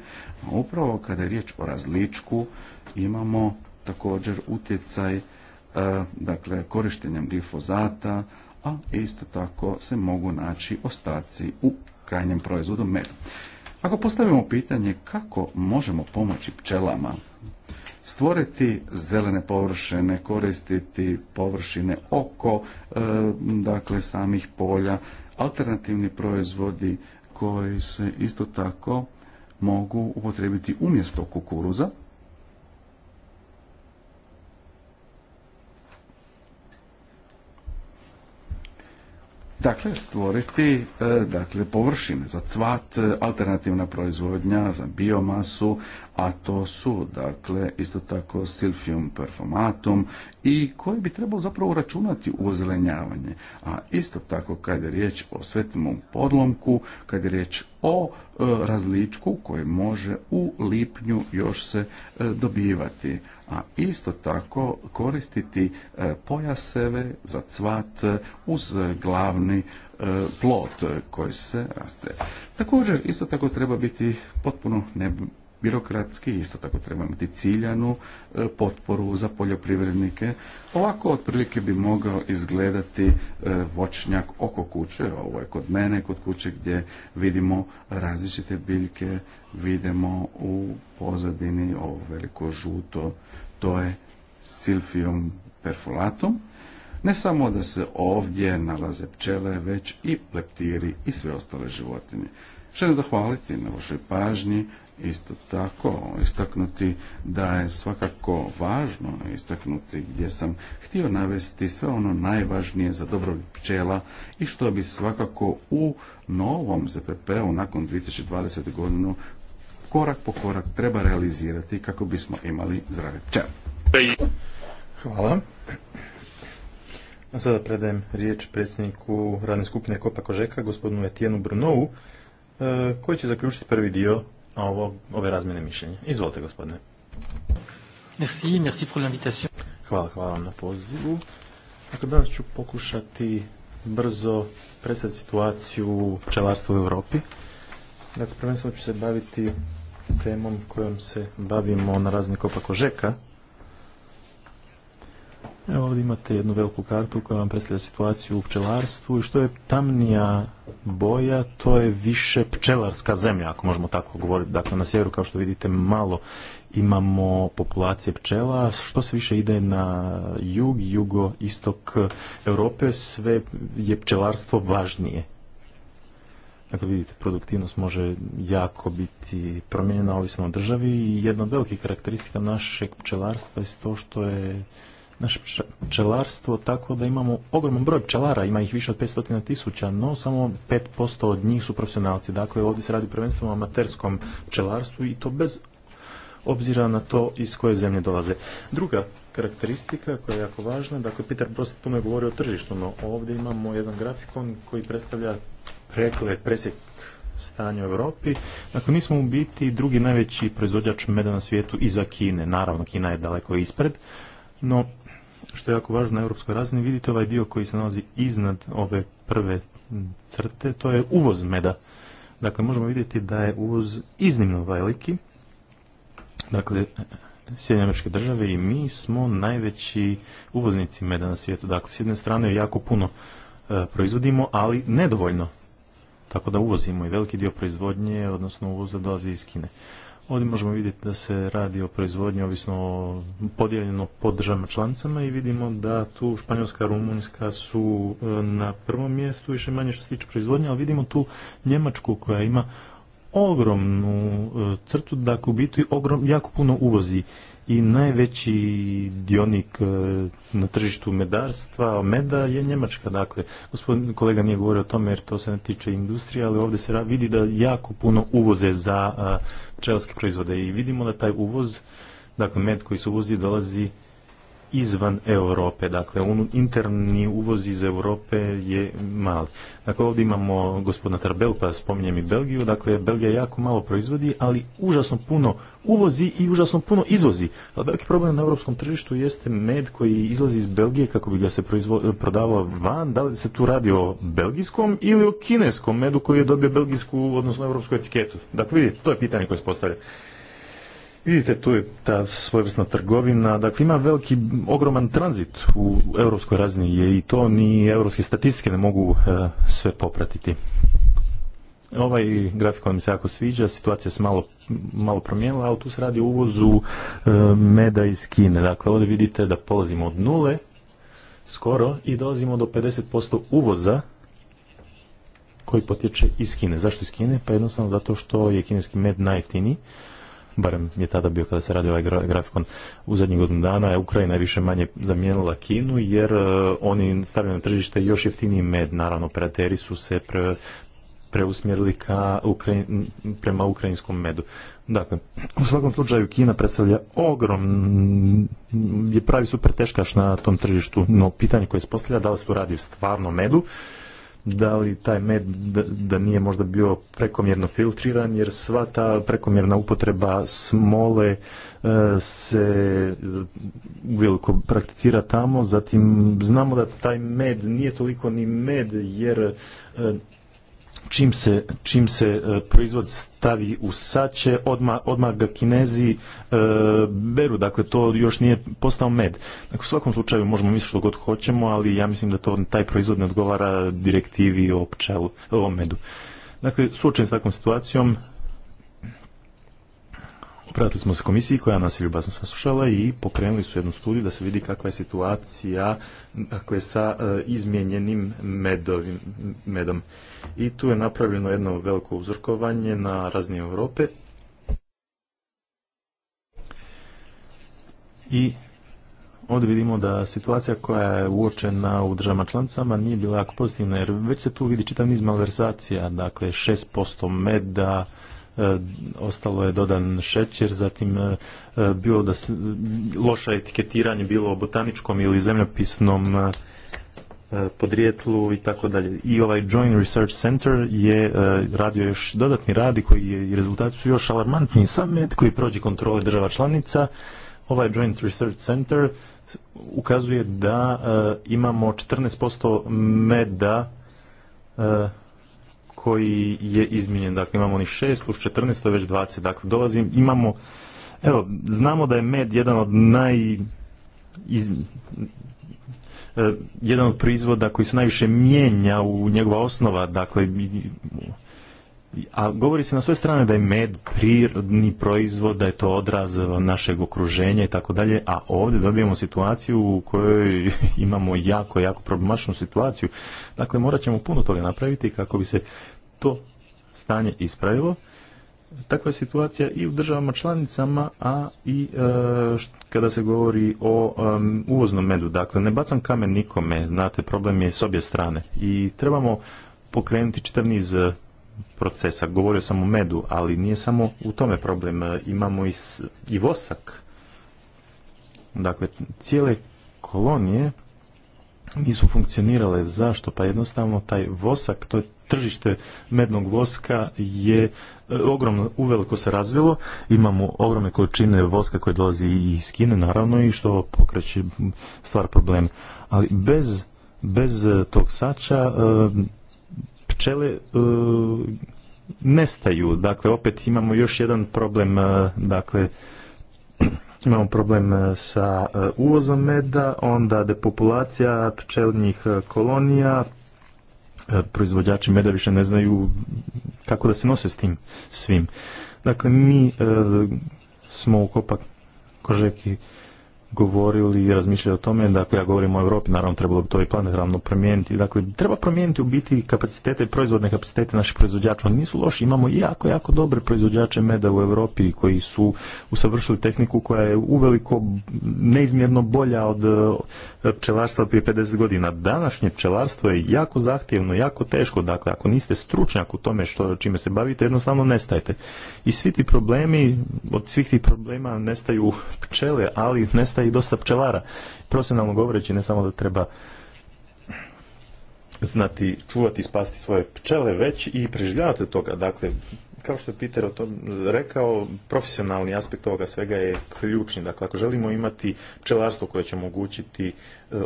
upravo kada je riječ o različku, imamo također utjecaj e, dakle, korištenjem glifozata, a isto tako se mogu naći ostaci u krajnjem proizvodu medu. Ako postavimo pitanje kako možemo pomoći pčelama, stvoriti zelene površine, koristiti površine oko e, dakle samih polja, alternativni proizvodi koji se isto tako mogu upotrijebiti umjesto kukuruza. Dakle, stvoriti e, dakle, površine za cvat, alternativna proizvodnja, za biomasu, a to su dakle isto tako silfium performatum i koji bi trebao zapravo računati u ozelenjavanje. A isto tako kad je riječ o svetlom podlomku, kad je riječ o e, različku koji može u lipnju još se e, dobivati a isto tako koristiti e, pojaseve za cvat uz glavni plot koji se raste. Također, isto tako treba biti potpuno birokratski, isto tako treba imati ciljanu e, potporu za poljoprivrednike. Ovako otprilike bi mogao izgledati e, voćnjak oko kuće, ovo je kod mene, kod kuće gdje vidimo različite biljke, vidimo u pozadini ovo veliko žuto, to je silfijom perfulatom. Ne samo da se ovdje nalaze pčele, već i leptiri i sve ostale životinje. Želim zahvaliti na vašoj pažnji, Isto tako, istaknuti da je svakako važno istaknuti gdje sam htio navesti sve ono najvažnije za dobro pčela i što bi svakako u novom ZPP-u nakon 2020. godinu korak po korak treba realizirati kako bismo imali zdrave pčele. Hvala. A sada predajem riječ predsjedniku radne skupine Kopa Kožeka, gospodinu Etijenu Brnovu, e, koji će zaključiti prvi dio ovo, ove razmjene mišljenja. Izvolite, gospodine. Merci, merci pour l'invitation. Hvala, hvala vam na pozivu. Dakle, danas ću pokušati brzo predstaviti situaciju u u Europi. Dakle, prvenstveno ću se baviti temom kojom se bavimo na razni kopako žeka, Evo ovdje imate jednu veliku kartu koja vam predstavlja situaciju u pčelarstvu i što je tamnija boja, to je više pčelarska zemlja, ako možemo tako govoriti. Dakle, na sjeveru, kao što vidite, malo imamo populacije pčela. Što se više ide na jug, jugo, istok Europe, sve je pčelarstvo važnije. Dakle, vidite, produktivnost može jako biti promijenjena ovisno o državi i jedna od velikih karakteristika našeg pčelarstva je to što je naše pčelarstvo tako da imamo ogroman broj pčelara, ima ih više od 500 tisuća, no samo 5% od njih su profesionalci. Dakle, ovdje se radi prvenstveno o amaterskom pčelarstvu i to bez obzira na to iz koje zemlje dolaze. Druga karakteristika koja je jako važna, dakle, Peter Brost puno je o tržištu, no ovdje imamo jedan grafikon koji predstavlja pregled, presjek stanje u Europi. Dakle, mi smo u biti drugi najveći proizvođač meda na svijetu iza Kine. Naravno, Kina je daleko ispred, no što je jako važno na europskoj razini, vidite ovaj dio koji se nalazi iznad ove prve crte, to je uvoz meda. Dakle, možemo vidjeti da je uvoz iznimno veliki. Dakle, Sjedinje američke države i mi smo najveći uvoznici meda na svijetu. Dakle, s jedne strane jako puno e, proizvodimo, ali nedovoljno. Tako da uvozimo i veliki dio proizvodnje, odnosno uvoza dolazi iz Kine. Ovdje možemo vidjeti da se radi o proizvodnji ovisno podijeljeno po državama članicama i vidimo da tu Španjolska, Rumunjska su e, na prvom mjestu više manje što se tiče proizvodnje, ali vidimo tu Njemačku koja ima ogromnu e, crtu, dakle u biti jako puno uvozi i najveći dionik e, na tržištu medarstva, meda je Njemačka. Dakle, gospodin kolega nije govorio o tome jer to se ne tiče industrije, ali ovdje se vidi da jako puno uvoze za e, pčelske proizvode i vidimo da taj uvoz, dakle med koji se uvozi dolazi izvan Europe, dakle interni uvoz iz Europe je mali. Dakle ovdje imamo gospodina Tarbel, pa spominjem i Belgiju, dakle Belgija jako malo proizvodi, ali užasno puno uvozi i užasno puno izvozi. Ali veliki problem na europskom tržištu jeste med koji izlazi iz Belgije kako bi ga se prodavao van, da li se tu radi o belgijskom ili o kineskom medu koji je dobio belgijsku, odnosno europsku etiketu. Dakle vidite, to je pitanje koje se postavlja. Vidite, tu je ta svojevrsna trgovina, dakle ima veliki, ogroman tranzit u europskoj razini i to ni europske statistike ne mogu e, sve popratiti. Ovaj grafikon mi se jako sviđa, situacija se malo, malo promijenila, ali tu se radi o uvozu e, meda iz Kine. Dakle, ovdje vidite da polazimo od nule skoro i dolazimo do 50% uvoza koji potječe iz Kine. Zašto iz Kine? Pa jednostavno zato što je kineski med najjeftiniji barem je tada bio kada se radi ovaj grafikon u zadnjih godinu dana, je Ukrajina više manje zamijenila Kinu jer e, oni stavljaju na tržište još jeftiniji med, naravno operateri su se preusmjerili ka prema ukrajinskom medu. Dakle, u svakom slučaju Kina predstavlja ogrom, je pravi super teškaš na tom tržištu, no pitanje koje se postavlja da li se tu radi u stvarnom medu da li taj med da, nije možda bio prekomjerno filtriran jer sva ta prekomjerna upotreba smole e, se uveliko e, prakticira tamo zatim znamo da taj med nije toliko ni med jer e, čim se, čim se e, proizvod stavi u saće, odmah, odmah ga kinezi e, beru, dakle to još nije postao med. Dakle, u svakom slučaju možemo misliti što god hoćemo, ali ja mislim da to taj proizvod ne odgovara direktivi o pčelu, o medu. Dakle, suočen s takvom situacijom, Pratili smo se komisiji koja nas je ljubazno saslušala i pokrenuli su jednu studiju da se vidi kakva je situacija dakle, sa e, izmijenjenim medovim, medom. I tu je napravljeno jedno veliko uzorkovanje na razini Europe. I ovdje vidimo da situacija koja je uočena u državama članicama nije bila jako pozitivna jer već se tu vidi čitav niz malverzacija, dakle 6% meda, E, ostalo je dodan šećer, zatim e, e, bilo da se, loša etiketiranje bilo o botaničkom ili zemljopisnom podrijetlu i tako dalje. I ovaj Joint Research Center je radio još dodatni radi koji je, i rezultati su još alarmantniji. samet koji prođe kontrole država članica, ovaj Joint Research Center ukazuje da imamo 14% meda koji je izmijenjen. Dakle, imamo ni 6 plus 14, to je već 20. Dakle, dolazim, imamo, evo, znamo da je med jedan od naj... Iz, e, jedan od proizvoda koji se najviše mijenja u njegova osnova, dakle, a govori se na sve strane da je med prirodni proizvod, da je to odraz našeg okruženja i tako dalje, a ovdje dobijemo situaciju u kojoj [LAUGHS] imamo jako, jako problematičnu situaciju. Dakle, morat ćemo puno toga napraviti kako bi se to stanje ispravilo. Takva je situacija i u državama članicama, a i e, kada se govori o uvoznom medu. Dakle, ne bacam kamen nikome, znate, problem je s obje strane. I trebamo pokrenuti čitav niz e, procesa. Govorio sam o medu, ali nije samo u tome problem. E, imamo i, i vosak. Dakle, cijele kolonije nisu funkcionirale. Zašto? Pa jednostavno taj vosak, to je tržište mednog voska je e, ogromno, uveliko se razvilo. Imamo ogromne količine voska koje dolazi iz Kine, naravno, i što pokreće stvar problem. Ali bez, bez e, tog sača e, pčele nestaju. Dakle, opet imamo još jedan problem, dakle, [CLEARS THROAT] imamo problem sa uvozom meda, onda depopulacija pčelnih kolonija, E, proizvođači meda više ne znaju kako da se nose s tim svim. Dakle, mi e, smo u kopak Kožeki govorili i razmišljali o tome, dakle ja govorim o Europi, naravno trebalo bi to i planetarno promijeniti. Dakle, treba promijeniti u biti kapacitete, proizvodne kapacitete naših proizvođača. Oni nisu loši, imamo jako, jako dobre proizvođače meda u Europi koji su usavršili tehniku koja je uveliko neizmjerno bolja od eh, pčelarstva prije 50 godina. Današnje pčelarstvo je jako zahtjevno, jako teško, dakle ako niste stručnjak u tome što čime se bavite, jednostavno nestajete. I svi ti problemi, od svih tih problema nestaju pčele, ali nestaje i dosta pčelara. Profesionalno govoreći ne samo da treba znati čuvati i spasti svoje pčele, već i preživljavati od toga. Dakle, kao što je Peter o tom rekao, profesionalni aspekt ovoga svega je ključni. Dakle, ako želimo imati pčelarstvo koje će omogućiti e,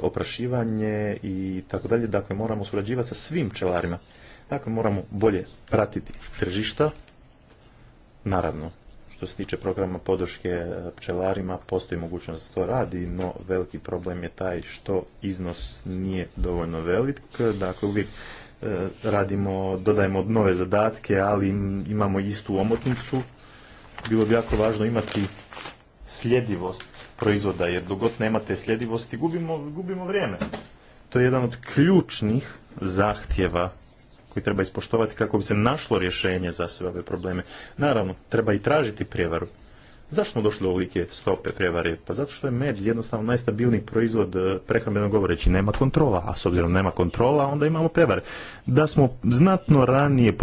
oprašivanje i tako dalje, dakle, moramo surađivati sa svim pčelarima. Dakle, moramo bolje pratiti tržišta, naravno, što se tiče programa podrške pčelarima, postoji mogućnost da se to radi, no veliki problem je taj što iznos nije dovoljno velik. Dakle, uvijek e, radimo, dodajemo nove zadatke, ali imamo istu omotnicu. Bilo bi jako važno imati sljedivost proizvoda, jer dogod nemate sljedivosti, gubimo vrijeme. To je jedan od ključnih zahtjeva koji treba ispoštovati kako bi se našlo rješenje za sve ove probleme. Naravno, treba i tražiti prijevaru. Zašto smo došli do ovolike stope prijevare? Pa zato što je med jednostavno najstabilniji proizvod e, prehrambeno govoreći. Nema kontrola, a s obzirom nema kontrola, onda imamo prevare. Da smo znatno ranije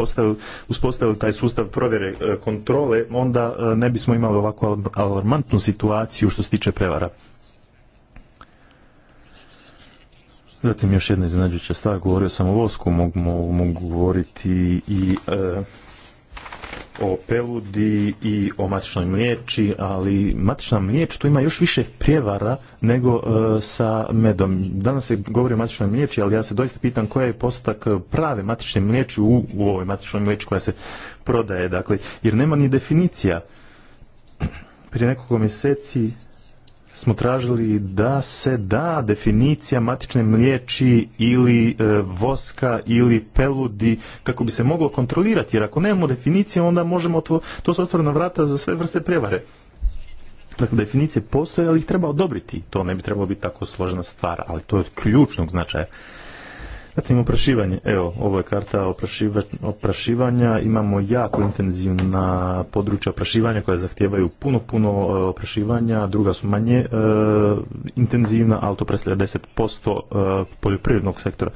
uspostavili taj sustav provjere e, kontrole, onda e, ne bismo imali ovakvu alarmantnu situaciju što se tiče prevara. Zatim još jedna iznenađujuća stvar, govorio sam o vosku, mogu, mogu govoriti i e, o peludi i o matičnoj mliječi, ali matična mliječ tu ima još više prijevara nego e, sa medom. Danas se govori o matičnoj mliječi, ali ja se doista pitam koja je postotak prave matične mliječi u, u ovoj matičnoj mliječi koja se prodaje, dakle, jer nema ni definicija. Prije nekoliko mjeseci smo tražili da se da definicija matične mliječi ili e, voska ili peludi kako bi se moglo kontrolirati jer ako nemamo definicije onda možemo to su otvorena vrata za sve vrste prevare. Dakle, definicije postoje, ali ih treba odobriti. To ne bi trebalo biti tako složena stvar, ali to je od ključnog značaja. Zatim oprašivanje. Evo, ovo je karta oprašivanja. Imamo jako intenzivna područja oprašivanja koja zahtijevaju puno, puno e, oprašivanja. Druga su manje e, intenzivna, ali to predstavlja 10% e, poljoprivrednog sektora.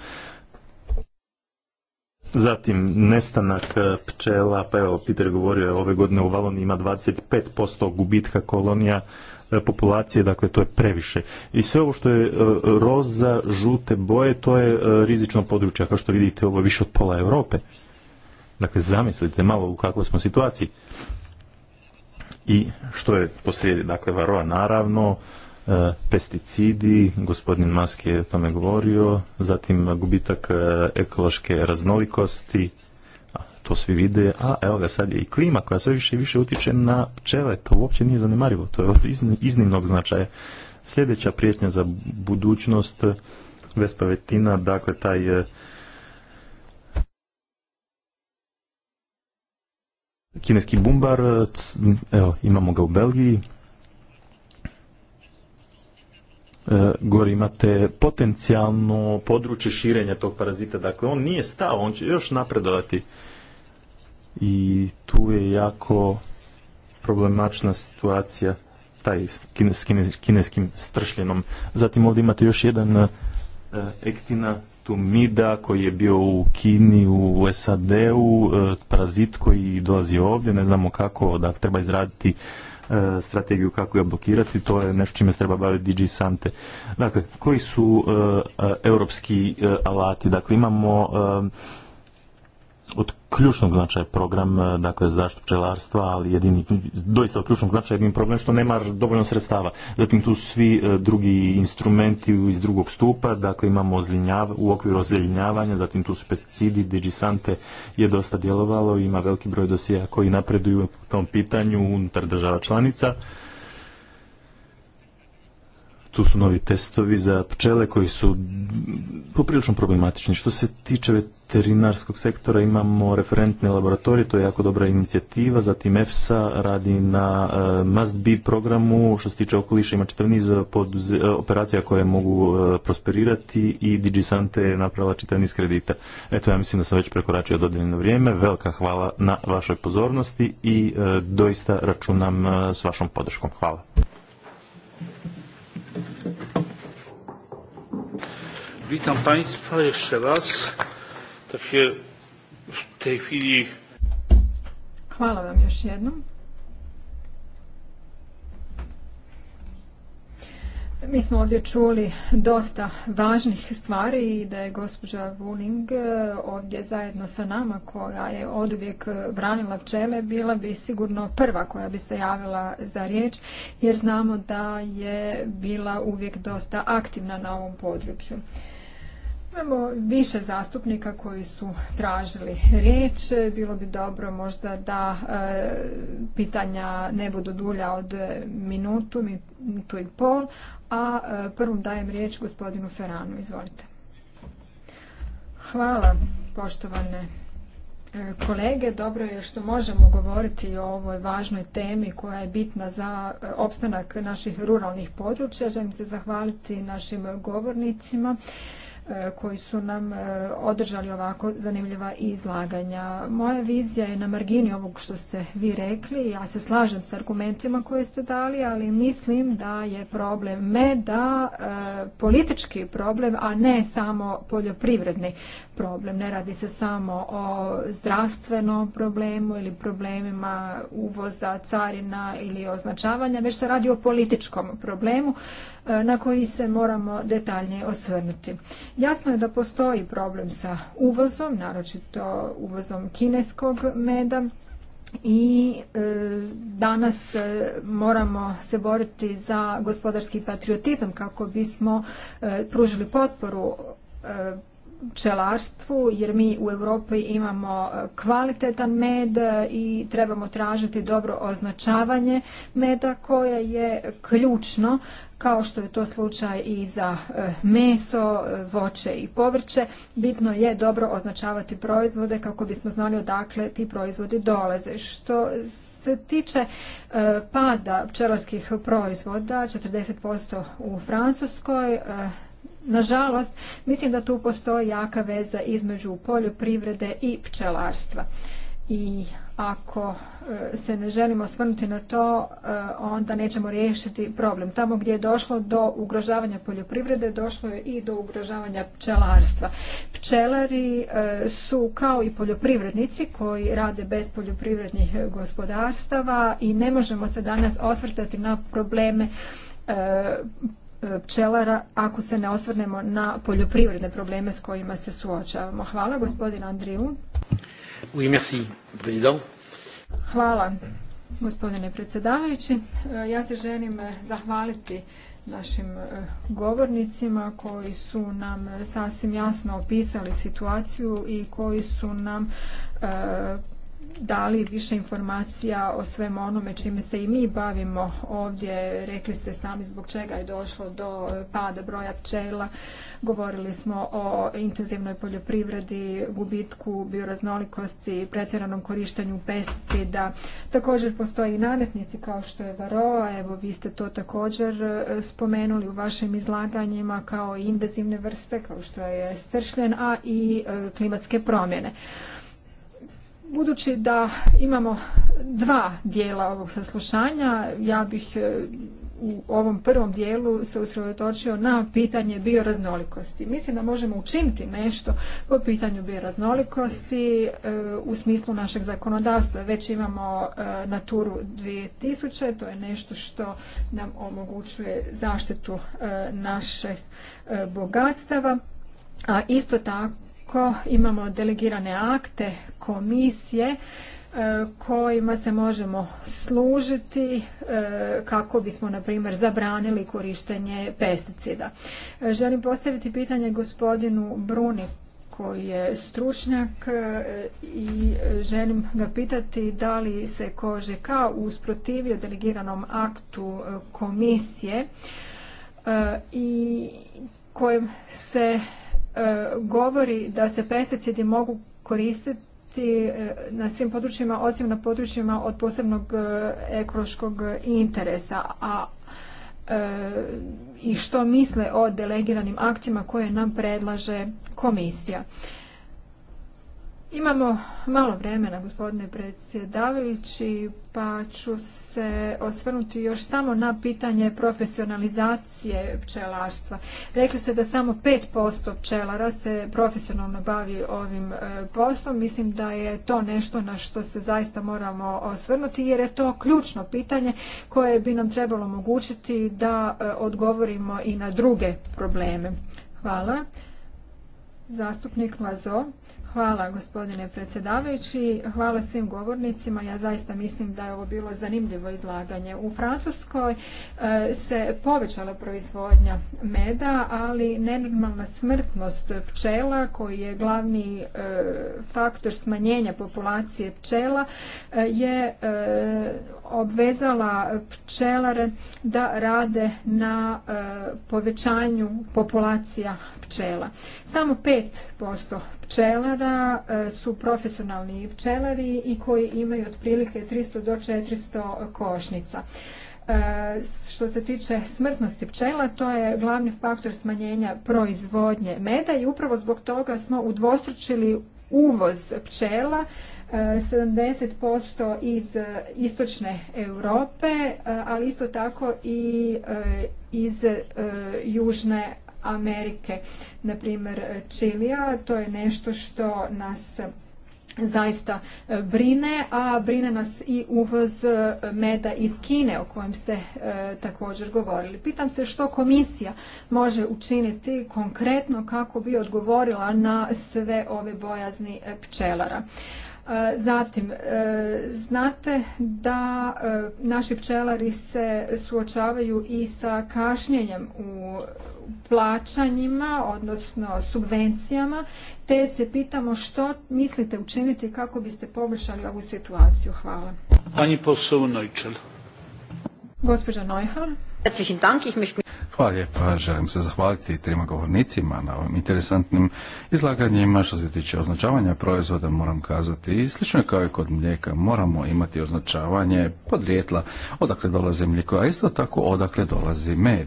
Zatim, nestanak pčela, pa evo, Peter govorio, ove godine u Valoni ima 25% gubitka kolonija, E, populacije, dakle to je previše. I sve ovo što je e, roza, žute boje, to je e, rizično područje, kao što vidite ovo je više od pola Europe. Dakle, zamislite malo u kakvoj smo situaciji. I što je posrijedi, dakle, varoa, naravno, pesticidi, gospodin Maske je o tome govorio, zatim gubitak ekološke raznolikosti, to svi vide, a evo ga sad je i klima koja sve više i više utiče na pčele, to uopće nije zanemarivo, to je od iznimnog značaja. Sljedeća prijetnja za budućnost vespavetina, dakle taj e, kineski bumbar, e, evo, imamo ga u Belgiji, e, gore imate potencijalno područje širenja tog parazita, dakle on nije stao, on će još napredovati i tu je jako problematična situacija taj kines, kineskim stršljenom. Zatim ovdje imate još jedan e, ektina tumida koji je bio u Kini, u SAD-u, e, parazit koji dolazi ovdje, ne znamo kako, da treba izraditi e, strategiju kako ga blokirati, to je nešto čime se treba baviti DG Sante. Dakle, koji su europski alati? Dakle, imamo od ključnog značaja program e, dakle zaštitu pčelarstva, ali jedini doista od ključnog značaja jedini problem što nema dovoljno sredstava. Zatim tu svi e, drugi instrumenti iz drugog stupa, dakle imamo ozljenjav, u okviru ozljenjavanja, zatim tu su pesticidi, digisante je dosta djelovalo, ima veliki broj dosija koji napreduju u tom pitanju unutar država članica tu su novi testovi za pčele koji su poprilično problematični. Što se tiče veterinarskog sektora imamo referentne laboratorije, to je jako dobra inicijativa, zatim EFSA radi na e, must be programu, što se tiče okoliša ima čitav niz e, e, operacija koje mogu prosperirati i DigiSante je napravila čitav niz kredita. Eto, ja mislim da sam već prekoračio dodeljeno vrijeme, velika hvala na vašoj pozornosti i doista računam s vašom podrškom. Hvala. Witam Państwa jeszcze raz. się tej chwili... Hvala vam još jednom. Mi smo ovdje čuli dosta važnih stvari i da je gospođa Wuling e, ovdje zajedno sa nama koja je od uvijek branila pčele bila bi sigurno prva koja bi se javila za riječ jer znamo da je bila uvijek dosta aktivna na ovom području. Imamo više zastupnika koji su tražili riječ. Bilo bi dobro možda da e, pitanja ne budu dulja od minutu, minutu i pol, a e, prvom dajem riječ gospodinu Feranu. Izvolite. Hvala, poštovane e, kolege. Dobro je što možemo govoriti o ovoj važnoj temi koja je bitna za opstanak naših ruralnih područja. Želim se zahvaliti našim govornicima E, koji su nam e, održali ovako zanimljiva izlaganja. Moja vizija je na margini ovog što ste vi rekli. Ja se slažem s argumentima koje ste dali, ali mislim da je problem meda e, politički problem, a ne samo poljoprivredni problem. Ne radi se samo o zdravstvenom problemu ili problemima uvoza, carina ili označavanja, već se radi o političkom problemu na koji se moramo detaljnije osvrnuti. Jasno je da postoji problem sa uvozom, naročito uvozom kineskog meda i e, danas e, moramo se boriti za gospodarski patriotizam kako bismo e, pružili potporu pčelarstvu jer mi u Europi imamo e, kvalitetan med e, i trebamo tražiti dobro označavanje meda koje je ključno kao što je to slučaj i za e, meso, voće i povrće. Bitno je dobro označavati proizvode kako bismo znali odakle ti proizvodi dolaze. Što se tiče pada pčelarskih proizvoda, 40% u Francuskoj, Nažalost, mislim da tu postoji jaka veza između poljoprivrede i pčelarstva. I ako e, se ne želimo svrnuti na to, e, onda nećemo riješiti problem. Tamo gdje je došlo do ugrožavanja poljoprivrede, došlo je i do ugrožavanja pčelarstva. Pčelari e, su kao i poljoprivrednici koji rade bez poljoprivrednih gospodarstava i ne možemo se danas osvrtati na probleme E, pčelara ako se ne osvrnemo na poljoprivredne probleme s kojima se suočavamo. Hvala gospodin Andriju. Oui, merci, président. Hvala gospodine predsjedavajući. E, ja se želim zahvaliti našim e, govornicima koji su nam sasvim jasno opisali situaciju i koji su nam dali više informacija o svemu onome čime se i mi bavimo ovdje. Rekli ste sami zbog čega je došlo do eh, pada broja pčela. Govorili smo o intenzivnoj poljoprivredi, gubitku bioraznolikosti, pretjeranom korištenju pesticida. Također postoji i nametnici kao što je varoa. Evo vi ste to također eh, spomenuli u vašim izlaganjima kao i invazivne vrste kao što je stršljen, a i eh, klimatske promjene. Budući da imamo dva dijela ovog saslušanja, ja bih e, u ovom prvom dijelu se usredotočio na pitanje bioraznolikosti. Mislim da možemo učiniti nešto po pitanju bioraznolikosti e, u smislu našeg zakonodavstva. Već imamo e, Naturu 2000, to je nešto što nam omogućuje zaštitu naše bogatstava, a isto tako tako imamo delegirane akte komisije e, kojima se možemo služiti e, kako bismo, na primjer, zabranili korištenje pesticida. E, želim postaviti pitanje gospodinu Bruni koji je stručnjak i želim ga pitati da li se kože KOŽK usprotivio delegiranom aktu komisije i kojem se E, govori da se pesticidi mogu koristiti e, na svim područjima osim na područjima od posebnog e, ekološkog interesa. A i što misle o delegiranim aktima koje nam predlaže komisija. Imamo malo vremena, gospodine predsjedavajući, pa ću se osvrnuti još samo na pitanje profesionalizacije pčelarstva. Rekli ste da samo 5% pčelara se profesionalno bavi ovim e, poslom. Mislim da je to nešto na što se zaista moramo osvrnuti, jer je to ključno pitanje koje bi nam trebalo omogućiti da e, odgovorimo i na druge probleme. Hvala. Zastupnik Mazo. Hvala gospodine predsjedavajući, hvala svim govornicima. Ja zaista mislim da je ovo bilo zanimljivo izlaganje. U Francuskoj e, se povećala proizvodnja meda, ali nenormalna smrtnost pčela koji je glavni e, faktor smanjenja populacije pčela e, je obvezala pčelare da rade na povećanju populacija pčela. Samo 5% pčelara e, su profesionalni pčelari i koji imaju otprilike 300 do 400 košnica. E, što se tiče smrtnosti pčela, to je glavni faktor smanjenja proizvodnje meda i upravo zbog toga smo udvostručili uvoz pčela 70% e, iz istočne Europe, ali isto tako i iz južne Amerike. primjer Čilija, to je nešto što nas zaista brine, a brine nas i uvoz meda iz Kine o kojem ste e, također govorili. Pitam se što komisija može učiniti konkretno kako bi odgovorila na sve ove bojazni pčelara. E, zatim, e, znate da e, naši pčelari se suočavaju i sa kašnjenjem u plaćanjima, odnosno subvencijama, te se pitamo što mislite učiniti kako biste poboljšali ovu situaciju. Hvala. Pani Gospođa Hvala lijepa. Želim se zahvaliti trima govornicima na ovim interesantnim izlaganjima. Što se tiče označavanja proizvoda, moram kazati, i slično kao i kod mlijeka, moramo imati označavanje podrijetla, odakle dolazi mlijeko, a isto tako odakle dolazi med.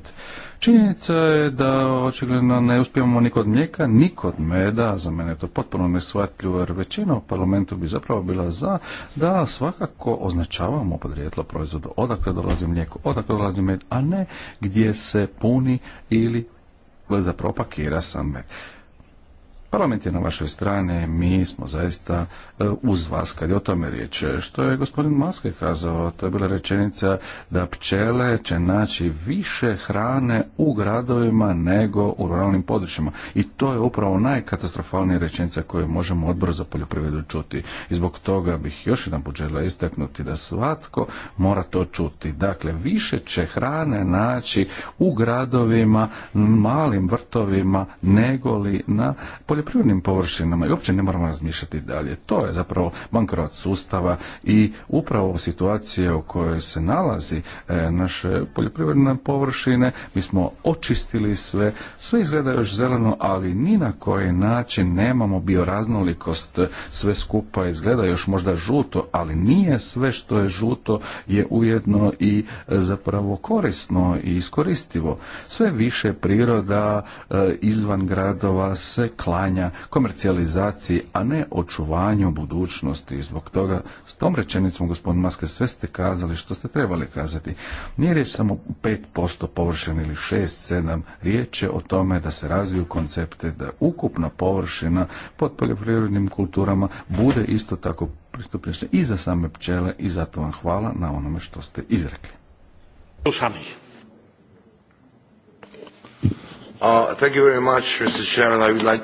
Činjenica je da očigledno ne uspijemo ni kod mlijeka, ni kod meda, za mene je to potpuno nesvatljivo jer većina u parlamentu bi zapravo bila za da svakako označavamo podrijetlo proizvoda, odakle dolazi mlijeko, odakle dolazi med, a ne gdje se puni ili zapravo pakira sam med. Parlament je na vašoj strani, mi smo zaista e, uz vas kad je o tome riječ. Što je gospodin Maske kazao, to je bila rečenica da pčele će naći više hrane u gradovima nego u ruralnim područjima. I to je upravo najkatastrofalnija rečenica koju možemo odbor za poljoprivredu čuti. I zbog toga bih još jedan put istaknuti da svatko mora to čuti. Dakle, više će hrane naći u gradovima, malim vrtovima, li na poljoprivredu poljoprivrednim površinama i uopće ne moramo razmišljati dalje. To je zapravo bankrot sustava i upravo situacije u kojoj se nalazi e, naše poljoprivredne površine, mi smo očistili sve, sve izgleda još zeleno, ali ni na koji način nemamo bioraznolikost, sve skupa izgleda još možda žuto, ali nije sve što je žuto je ujedno i e, zapravo korisno i iskoristivo. Sve više priroda e, izvan gradova se klanja komercijalizaciji, a ne očuvanju budućnosti. I zbog toga s tom rečenicom, gospodin Maske, sve ste kazali što ste trebali kazati. Nije riječ samo 5% površine ili 6-7, riječ je o tome da se razviju koncepte, da ukupna površina pod poljoprivrednim kulturama bude isto tako pristupnična i za same pčele i zato vam hvala na onome što ste izrekli. Uh, thank you very much, Mr. Chairman. I would like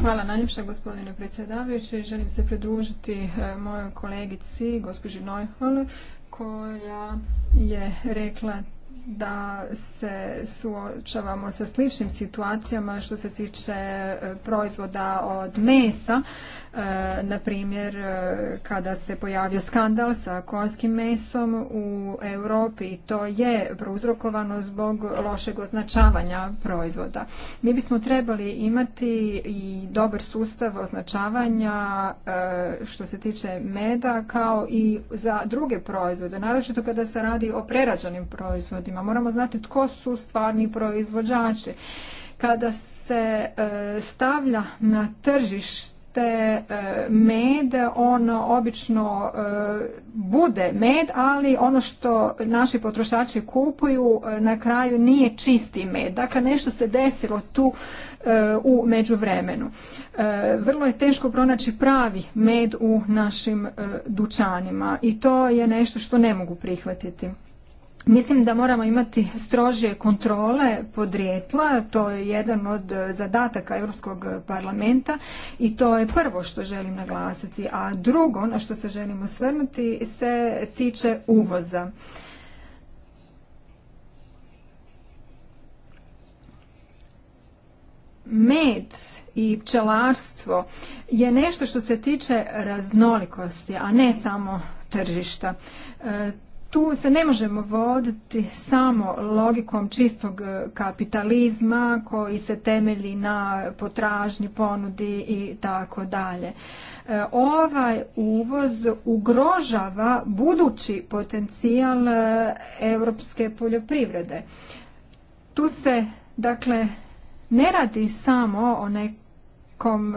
Hvala najljepša gospodine predsjedavajući. Želim se pridružiti e, mojoj kolegici, gospođi Neuhol, koja je rekla da se suočavamo sa sličnim situacijama što se tiče e, proizvoda od mesa E, na primjer e, kada se pojavio skandal sa konjskim mesom u Europi. To je prouzrokovano zbog lošeg označavanja proizvoda. Mi bismo trebali imati i dobar sustav označavanja e, što se tiče meda kao i za druge proizvode, naročito kada se radi o prerađenim proizvodima. Moramo znati tko su stvarni proizvođači. Kada se stavlja na tržište te e, med, on obično e, bude med, ali ono što naši potrošači kupuju e, na kraju nije čisti med. Dakle, nešto se desilo tu u međuvremenu. Vrlo je teško pronaći pravi med u našim dućanima i to je nešto što ne mogu prihvatiti. Mislim da moramo imati strožije kontrole podrijetla, to je jedan od zadataka Europskog parlamenta i to je prvo što želim naglasiti, a drugo na što se želim osvrnuti se tiče uvoza. Med i pčelarstvo je nešto što se tiče raznolikosti, a ne samo tržišta. E, tu se ne možemo voditi samo logikom čistog e, kapitalizma koji se temelji na potražnji, ponudi i tako dalje. E, ovaj uvoz ugrožava budući potencijal e, europske poljoprivrede. Tu se dakle ne radi samo o nekom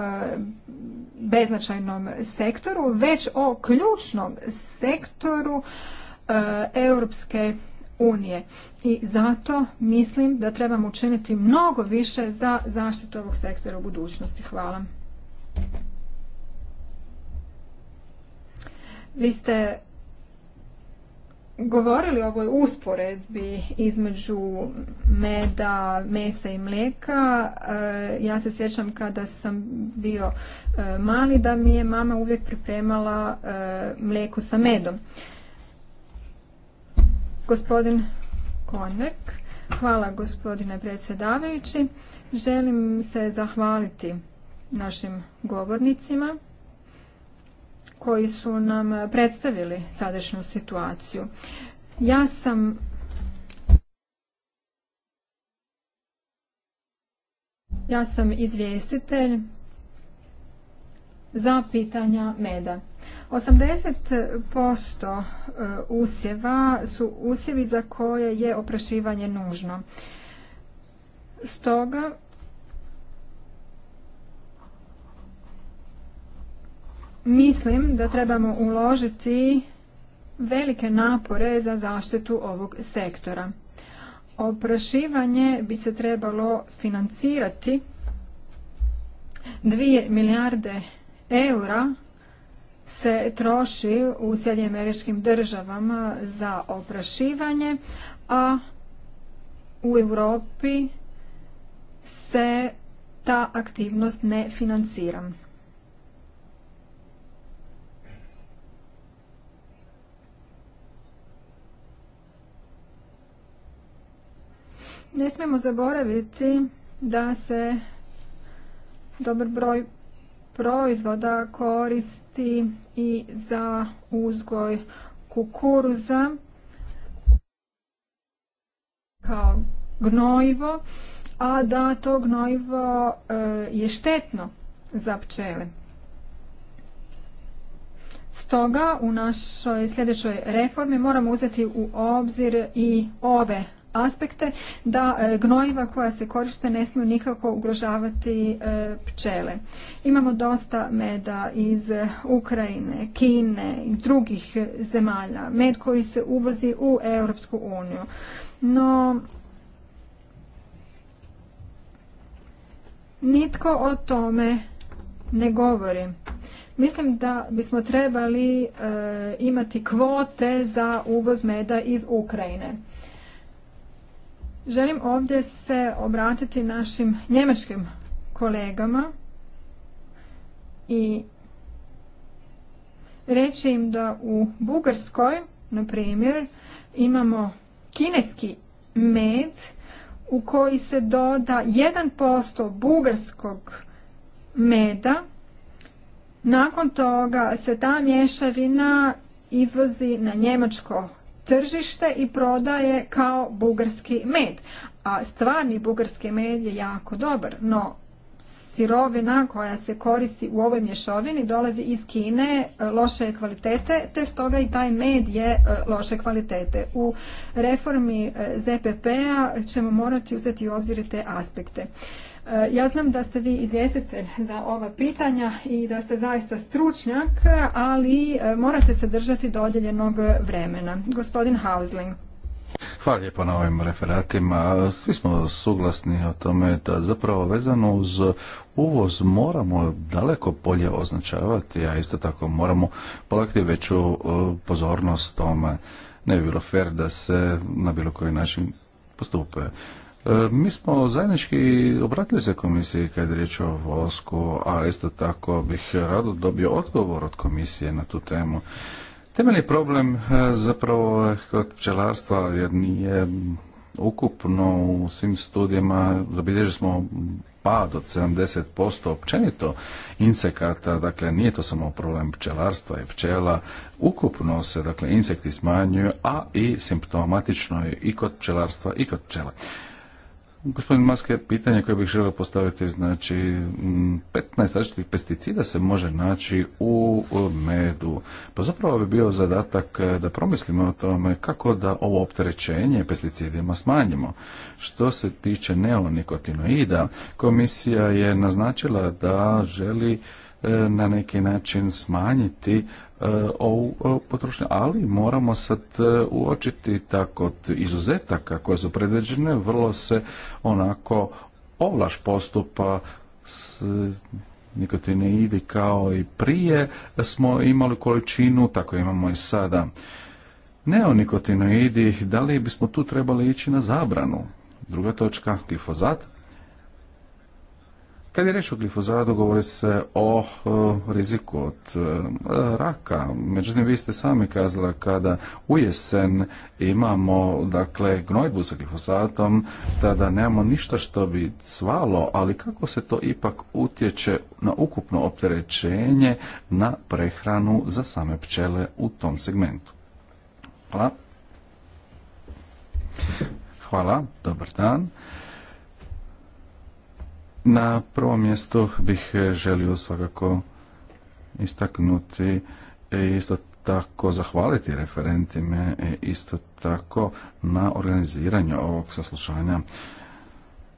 beznačajnom sektoru, već o ključnom sektoru E, Europske unije. I zato mislim da trebamo učiniti mnogo više za zaštitu ovog sektora u budućnosti. Hvala. Vi ste govorili o ovoj usporedbi između meda, mesa i mlijeka. E, ja se sjećam kada sam bio e, mali da mi je mama uvijek pripremala mlijeko sa medom. Gospodin Konvek, Hvala gospodine predsjedavajući. Želim se zahvaliti našim govornicima koji su nam predstavili sadašnju situaciju. Ja sam ja sam izvjestitelj za pitanja meda. 80% e, usjeva su usjevi za koje je oprašivanje nužno. Stoga mislim da trebamo uložiti velike napore za zaštitu ovog sektora. Oprašivanje bi se trebalo financirati 2 milijarde eura se troši u sjedinjenim američkim državama za oprašivanje, a u Europi se ta aktivnost ne financira. Ne smijemo zaboraviti da se dobar broj proizvoda koristi i za uzgoj kukuruza kao gnojivo, a da to gnojivo e, je štetno za pčele. Stoga u našoj sljedećoj reformi moramo uzeti u obzir i ove aspekte da e, gnojiva koja se koriste ne smiju nikako ugrožavati e, pčele. Imamo dosta meda iz e, Ukrajine, Kine i drugih zemalja, med koji se uvozi u Europsku uniju. No nitko o tome ne govori. Mislim da bismo trebali imati kvote za uvoz meda iz Ukrajine. Želim ovdje se obratiti našim njemačkim kolegama i reći im da u Bugarskoj, na primjer, imamo kineski med u koji se doda 1% bugarskog meda. Nakon toga se ta mješavina izvozi na njemačko tržište i prodaje kao bugarski med. A stvarni bugarski med je jako dobar, no sirovina koja se koristi u ovoj mješovini dolazi iz Kine e, loše je kvalitete, te stoga i taj med je e, loše kvalitete. U reformi e, ZPP-a ćemo morati uzeti u obzir te aspekte. Ja znam da ste vi izvjestitelj za ova pitanja i da ste zaista stručnjak, ali e, morate se držati dodjeljenog vremena. Gospodin Hausling. Hvala lijepo na ovim referatima. Svi smo suglasni o tome da zapravo vezano uz uvoz moramo daleko bolje označavati, a isto tako moramo polakti veću e, pozornost tome. Ne bi bilo fer da se na bilo koji način postupe. E, mi smo zajednički obratili se komisiji kad je riječ o vosku, a isto tako bih rado dobio odgovor od komisije na tu temu. Temeljni problem e, zapravo kod pčelarstva jer nije ukupno u svim studijama zabilježili smo pad od 70% općenito insekata, dakle nije to samo problem pčelarstva i pčela, ukupno se dakle insekti smanjuju, a i simptomatično je i kod pčelarstva i kod pčela. Gospodin Maske, pitanje koje bih želio postaviti, znači 15 različitih pesticida se može naći u medu. Pa zapravo bi bio zadatak e, da promislimo o tome kako da ovo opterećenje pesticidima smanjimo. Što se tiče neonikotinoida, komisija je naznačila da želi E, na neki način smanjiti e, ovu e, potrošnju, ali moramo sad uočiti da kod izuzetaka koje su predviđene vrlo se onako ovlaš postupa s nikotinoidi kao i prije smo imali količinu, tako imamo i sada. Neonikotinoidi, da li bismo tu trebali ići na zabranu? Druga točka, glifozat, kad je reč o glifozadu, govori se o, riziku od e, raka. Međutim, vi ste sami kazali kada u jesen imamo dakle, gnojbu sa glifosatom, tada nemamo ništa što bi cvalo, ali kako se to ipak utječe na ukupno opterećenje na prehranu za same pčele u tom segmentu? Hvala. Hvala, dobar dan. Na prvom mjestu bih e, želio svakako istaknuti isto tako zahvaliti referentime isto tako na organiziranju ovog saslušanja.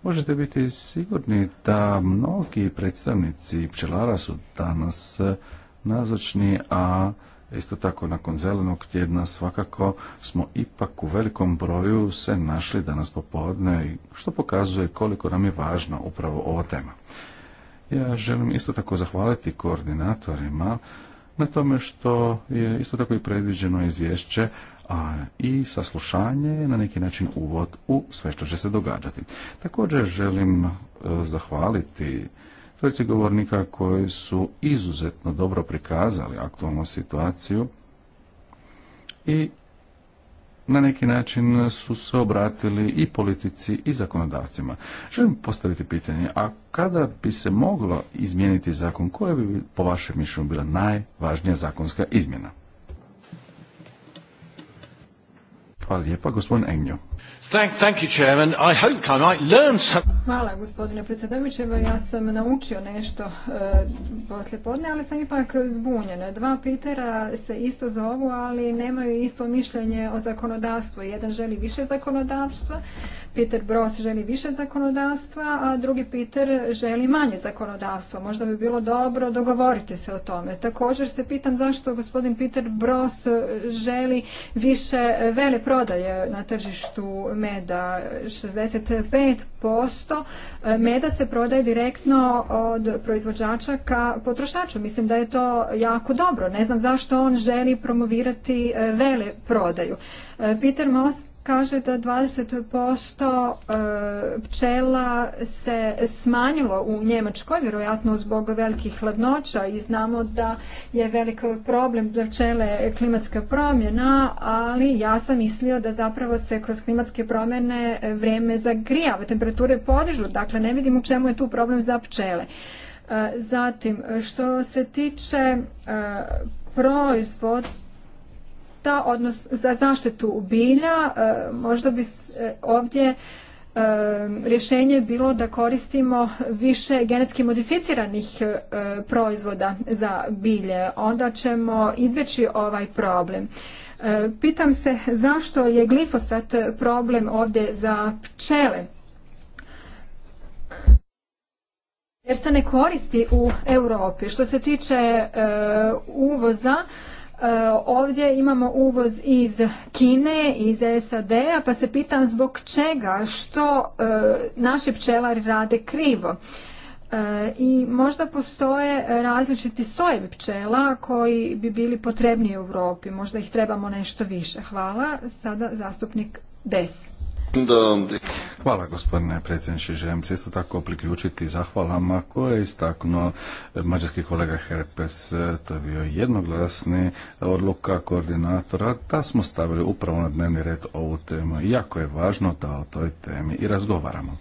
Možete biti sigurni da mnogi predstavnici pčelara su danas nazočni, a Isto tako, nakon zelenog tjedna svakako smo ipak u velikom broju se našli danas popodne, što pokazuje koliko nam je važna upravo ova tema. Ja želim isto tako zahvaliti koordinatorima na tome što je isto tako i predviđeno izvješće, a i saslušanje je na neki način uvod u sve što će se događati. Također želim e, zahvaliti trojice govornika koji su izuzetno dobro prikazali aktualnu situaciju i na neki način su se obratili i politici i zakonodavcima. Želim postaviti pitanje, a kada bi se moglo izmijeniti zakon, koja bi po vašem mišljenju bila najvažnija zakonska izmjena? Hvala gospodin Hvala, gospodine predsjedavajući. Ja sam naučio nešto e, poslije podne, ali sam ipak zbunjena. Dva pitera se isto zovu, ali nemaju isto mišljenje o zakonodavstvu. Jedan želi više zakonodavstva, Peter Bros želi više zakonodavstva, a drugi Peter želi manje zakonodavstva. Možda bi bilo dobro dogovoriti se o tome. Također se pitam zašto gospodin Peter Bros želi više vele prodaje na tržištu meda. 65% e, meda se prodaje direktno od proizvođača ka potrošaču. Mislim da je to jako dobro. Ne znam zašto on želi promovirati e, vele prodaju. E, Peter kaže da 20% e, pčela se smanjilo u Njemačkoj, vjerojatno zbog velikih hladnoća i znamo da je velik problem za pčele klimatska promjena, ali ja sam mislio da zapravo se kroz klimatske promjene vrijeme zagrijava, temperature podižu, dakle ne vidim u čemu je tu problem za pčele. E, zatim, što se tiče e, proizvod odnos, za zaštitu bilja e, možda bi e, ovdje e, rješenje bilo da koristimo više genetski modificiranih proizvoda za bilje. Onda ćemo izbjeći ovaj problem. Pitam se zašto je glifosat problem ovdje za pčele? Jer se ne koristi u Europi. Što se tiče uvoza, Ovdje imamo uvoz iz Kine, iz SAD-a, pa se pitam zbog čega, što e, naši pčelari rade krivo. E, I možda postoje različiti sojevi pčela koji bi bili potrebni u Europi. Možda ih trebamo nešto više. Hvala. Sada zastupnik Des. Hvala gospodine predsjedniče. Želim se isto tako priključiti zahvalama koje je istaknuo mađarski kolega Herpes. To je bio jednoglasni odluka koordinatora da smo stavili upravo na dnevni red ovu temu. Jako je važno da o toj temi i razgovaramo.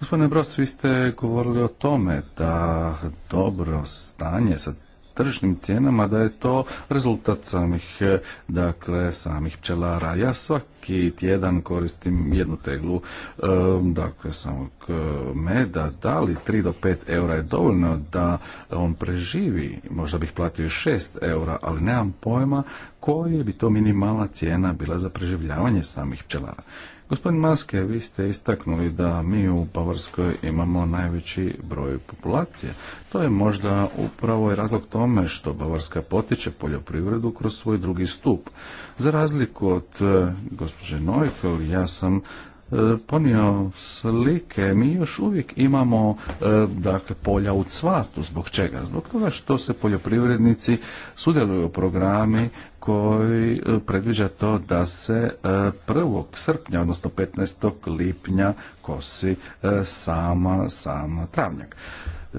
Gospodine Bros, vi ste govorili o tome da dobro stanje sa tržišnim cijenama da je to rezultat samih, e, dakle, samih pčelara. Ja svaki tjedan koristim jednu teglu, e, dakle, samog e, meda. Da li 3 do 5 eura je dovoljno da on preživi? Možda bih platio 6 eura, ali nemam pojma koja bi to minimalna cijena bila za preživljavanje samih pčelara. Gospodin Maske, vi ste istaknuli da mi u Bavarskoj imamo najveći broj populacije. To je možda upravo i razlog tome što Bavarska potiče poljoprivredu kroz svoj drugi stup. Za razliku od e, gospođe Nojkel, ja sam e, ponio slike, mi još uvijek imamo e, dakle polja u cvatu. Zbog čega? Zbog toga što se poljoprivrednici sudjeluju u programi koji e, predviđa to da se 1. E, srpnja, odnosno 15. lipnja kosi e, sama, sama travnjak.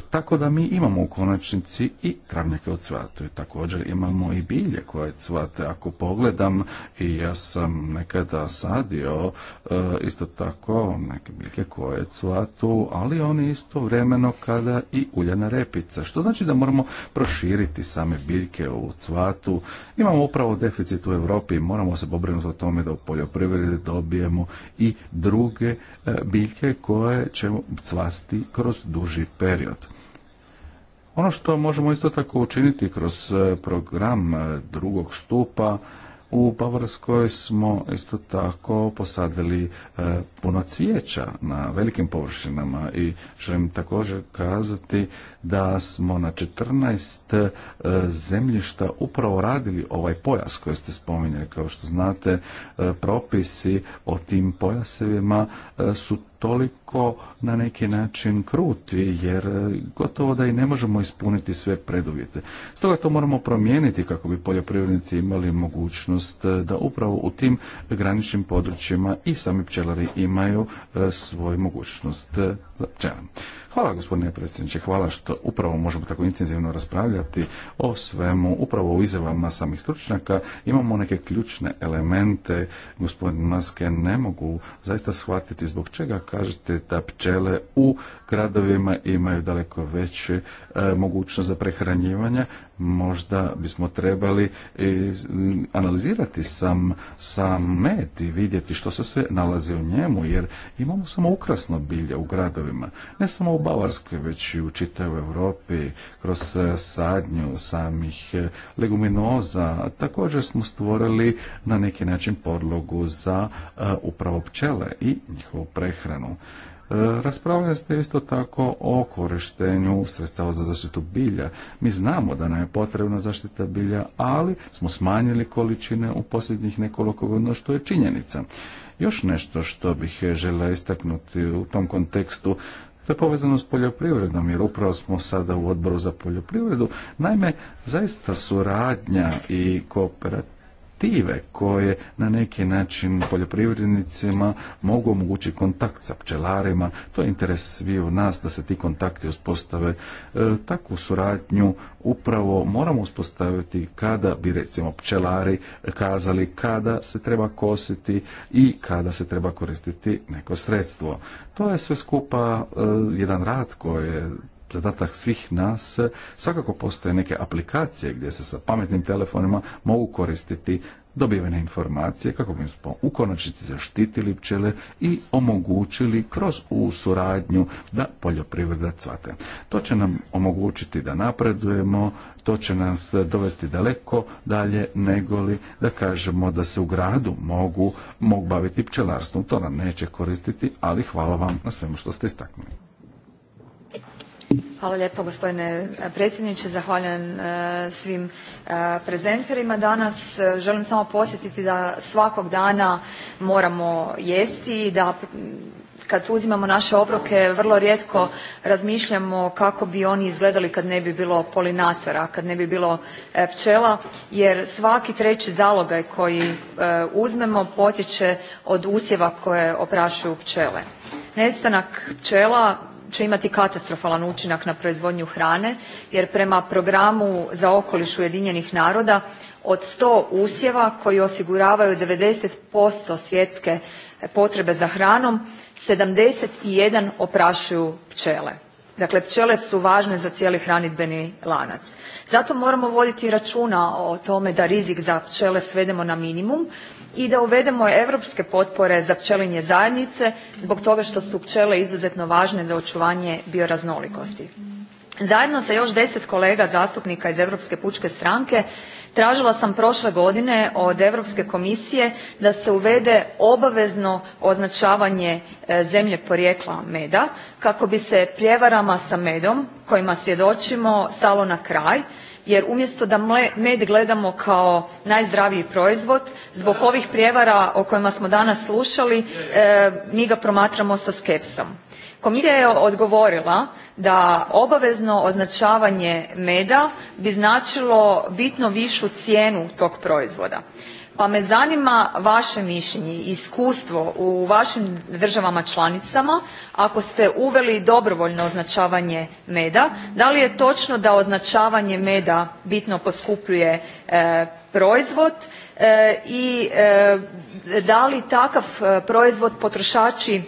Tako da mi imamo u konačnici i travnjake od cvatu. I također imamo i bilje koje cvate. Ako pogledam, i ja sam nekada sadio e, isto tako neke biljke koje cvatu, ali oni isto vremeno kada i uljana repica. Što znači da moramo proširiti same biljke u cvatu. Imamo upravo deficit u Europi, moramo se pobrinuti o tome da u poljoprivredi dobijemo i druge e, biljke koje će cvasti kroz duži period. Ono što možemo isto tako učiniti kroz e, program e, drugog stupa, u Bavarskoj smo isto tako posadili e, puno cvijeća na velikim površinama i želim također kazati da smo na 14 e, zemljišta upravo radili ovaj pojas koji ste spominjali. Kao što znate, e, propisi o tim pojasevima e, su toliko na neki način kruti, jer gotovo da i ne možemo ispuniti sve preduvjete. Stoga to moramo promijeniti kako bi poljoprivrednici imali mogućnost da upravo u tim graničnim područjima i sami pčelari imaju svoju mogućnost za Hvala gospodine predsjedniče, hvala što upravo možemo tako intenzivno raspravljati o svemu, upravo u izjavama samih stručnjaka imamo neke ključne elemente, gospodin Maske ne mogu zaista shvatiti zbog čega kažete da pčele u gradovima imaju daleko veće e, mogućnost za prehranjivanje, možda bismo trebali e, analizirati sam, sam med i vidjeti što se sve nalazi u njemu, jer imamo samo ukrasno bilje u gradovima, ne samo u Bavarskoj, već i u čitavoj Europi, kroz e, sadnju samih e, leguminoza. Također smo stvorili na neki način podlogu za upravo pčele i njihovu prehranu. E, raspravljali ste isto tako o korištenju sredstava za zaštitu bilja. Mi znamo da nam je potrebna zaštita bilja, ali smo smanjili količine u posljednjih nekoliko godina, što je činjenica. Još nešto što bih žela istaknuti u tom kontekstu, to je povezano s poljoprivredom, jer upravo smo sada u odboru za poljoprivredu. Naime, zaista suradnja i kooperativnost koje na neki način poljoprivrednicima mogu omogućiti kontakt sa pčelarima. To je interes sviju nas da se ti kontakti uspostave. E, takvu suradnju upravo moramo uspostaviti kada bi recimo pčelari kazali kada se treba kositi i kada se treba koristiti neko sredstvo. To je sve skupa e, jedan rad koji je zadatak svih nas. Svakako postoje neke aplikacije gdje se sa pametnim telefonima mogu koristiti dobivene informacije kako bismo u konačnici zaštitili pčele i omogućili kroz u suradnju da poljoprivreda cvate. To će nam omogućiti da napredujemo, to će nas dovesti daleko dalje nego li da kažemo da se u gradu mogu, mogu baviti pčelarstvom. To nam neće koristiti, ali hvala vam na svemu što ste istaknuli. Hvala lijepo gospodine e, predsjedniče. Zahvaljujem e, svim e, prezenterima danas. Želim samo podsjetiti da svakog dana moramo jesti i da kad uzimamo naše obroke vrlo rijetko razmišljamo kako bi oni izgledali kad ne bi bilo polinatora, kad ne bi bilo pčela jer svaki treći zalogaj koji uzmemo potječe od usjeva koje oprašuju pčele. Nestanak pčela će imati katastrofalan učinak na proizvodnju hrane jer prema programu za okoliš Ujedinjenih naroda od 100 usjeva koji osiguravaju 90% svjetske potrebe za hranom 71 oprašuju pčele. Dakle, pčele su važne za cijeli hranidbeni lanac. Zato moramo voditi računa o tome da rizik za pčele svedemo na minimum i da uvedemo europske potpore za pčelinje zajednice zbog toga što su pčele izuzetno važne za očuvanje bioraznolikosti. Zajedno sa još deset kolega zastupnika iz Europske pučke stranke tražila sam prošle godine od Europske komisije da se uvede obavezno označavanje e, zemlje porijekla meda kako bi se prijevarama sa medom kojima svjedočimo stalo na kraj jer umjesto da med gledamo kao najzdraviji proizvod zbog ovih prijevara o kojima smo danas slušali e, mi ga promatramo sa skepsom. Komisija je odgovorila da obavezno označavanje meda bi značilo bitno višu cijenu tog proizvoda pa me zanima vaše mišljenje i iskustvo u vašim državama članicama ako ste uveli dobrovoljno označavanje meda da li je točno da označavanje meda bitno poskupljuje e, proizvod e, i e, da li takav proizvod potrošači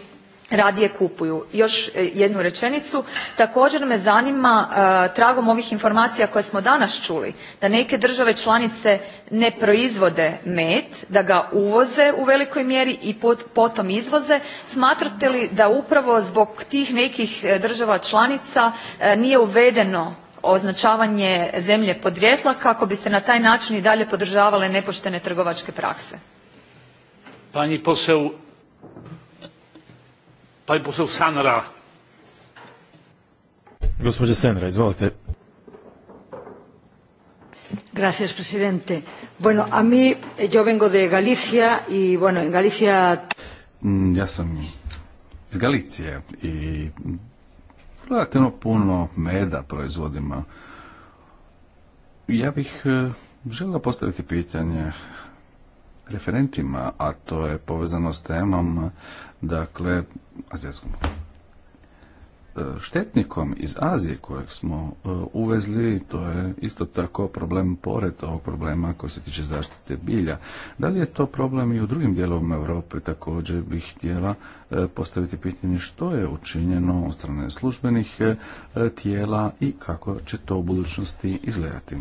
radije kupuju. Još e, jednu rečenicu. Također me zanima e, tragom ovih informacija koje smo danas čuli da neke države članice ne proizvode med, da ga uvoze u velikoj mjeri i potom izvoze, smatrate li da upravo zbog tih nekih e, država članica nije uvedeno označavanje zemlje podrijetla kako bi se na taj način i dalje podržavale nepoštene trgovačke prakse? Pani poseł Sanra. Gospodin Senra, izvolite. Gracias, presidente. Bueno, a mí, eh, yo vengo de Galicia y bueno, en Galicia... Mm, ja sam iz Galicije i relativno puno meda proizvodima. Ja bih eh, želio postaviti pitanje referentima, a to je povezano s temom dakle, azijskom e, štetnikom iz Azije kojeg smo e, uvezli, to je isto tako problem pored ovog problema koji se tiče zaštite bilja. Da li je to problem i u drugim dijelovima Europe? Također bih htjela e, postaviti pitanje što je učinjeno od strane službenih tijela i kako će to u budućnosti izgledati.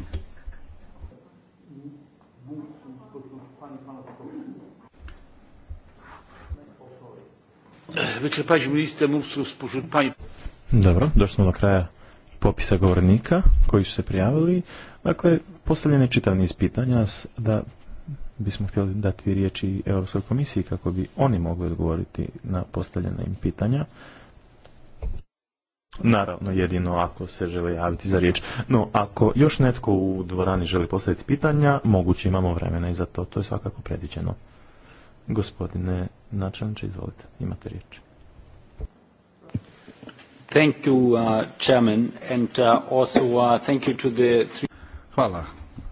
Wyczerpaliśmy listę mówców Dobro, došli smo do kraja popisa govornika koji su se prijavili. Dakle, postavljen je čitav niz pitanja da bismo htjeli dati riječi Europskoj komisiji kako bi oni mogli odgovoriti na postavljena im pitanja. Naravno, jedino ako se žele javiti za riječ. No, ako još netko u dvorani želi postaviti pitanja, moguće imamo vremena i za to. To je svakako predviđeno. Gospodine Načelniče, izvolite, imate riječ. Thank you, uh, chairman, and uh, also uh, thank you to the... Hvala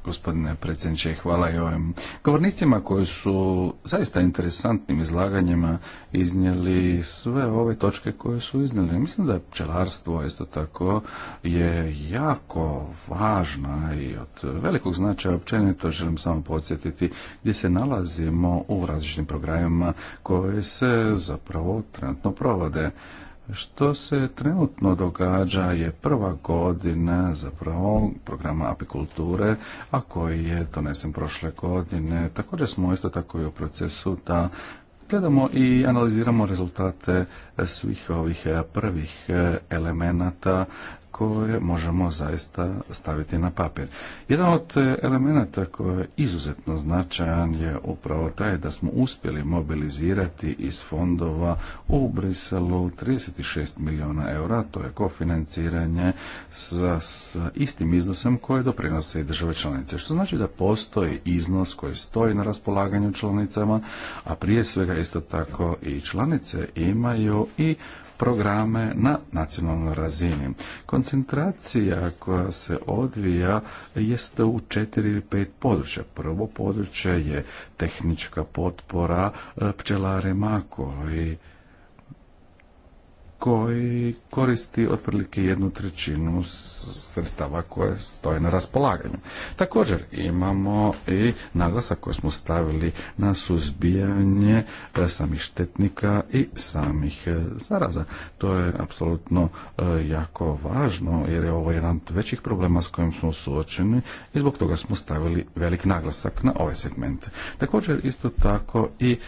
gospodine predsjedniče. Hvala i ovim govornicima koji su zaista interesantnim izlaganjima iznijeli sve ove točke koje su iznijeli. Mislim da pčelarstvo isto tako je jako važna i od velikog značaja općenito želim samo podsjetiti gdje se nalazimo u različitim programima koje se zapravo trenutno provode. Što se trenutno događa je prva godina zapravo programa apikulture, a koji je donesen prošle godine. Također smo isto tako i u procesu da gledamo i analiziramo rezultate svih ovih prvih elemenata koje možemo zaista staviti na papir. Jedan od e, elemenata koji je izuzetno značajan je upravo taj da smo uspjeli mobilizirati iz fondova u Briselu 36 milijuna eura, to je kofinanciranje sa, istim iznosom koje doprinose i države članice, što znači da postoji iznos koji stoji na raspolaganju članicama, a prije svega isto tako i članice imaju i programe na nacionalnoj razini. Koncentracija koja se odvija jeste u četiri ili pet područja. Prvo područje je tehnička potpora e, pčelarima koji koji koristi otprilike jednu trećinu sredstava koje stoje na raspolaganju. Također imamo i naglasak koji smo stavili na suzbijanje e, samih štetnika i samih e, zaraza. To je apsolutno e, jako važno jer je ovo jedan od većih problema s kojim smo suočeni i zbog toga smo stavili velik naglasak na ovaj segment. Također isto tako i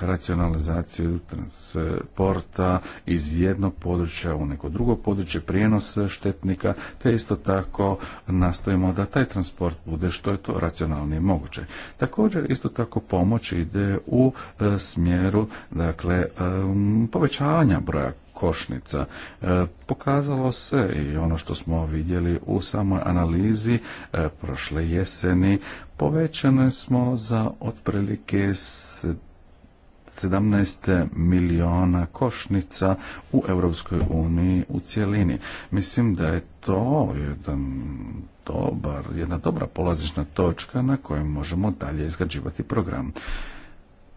racionalizaciju transporta iz jednog područja u neko drugo područje, prijenos štetnika, te isto tako nastojimo da taj transport bude što je to racionalnije moguće. Također isto tako pomoć ide u e, smjeru dakle e, povećavanja broja košnica. E, pokazalo se i ono što smo vidjeli u samoj analizi prošle jeseni, povećane smo za otprilike 17 miliona košnica u Europskoj uniji u cjelini. Mislim da je to jedan dobar, jedna dobra polazišna točka na kojoj možemo dalje izgrađivati program.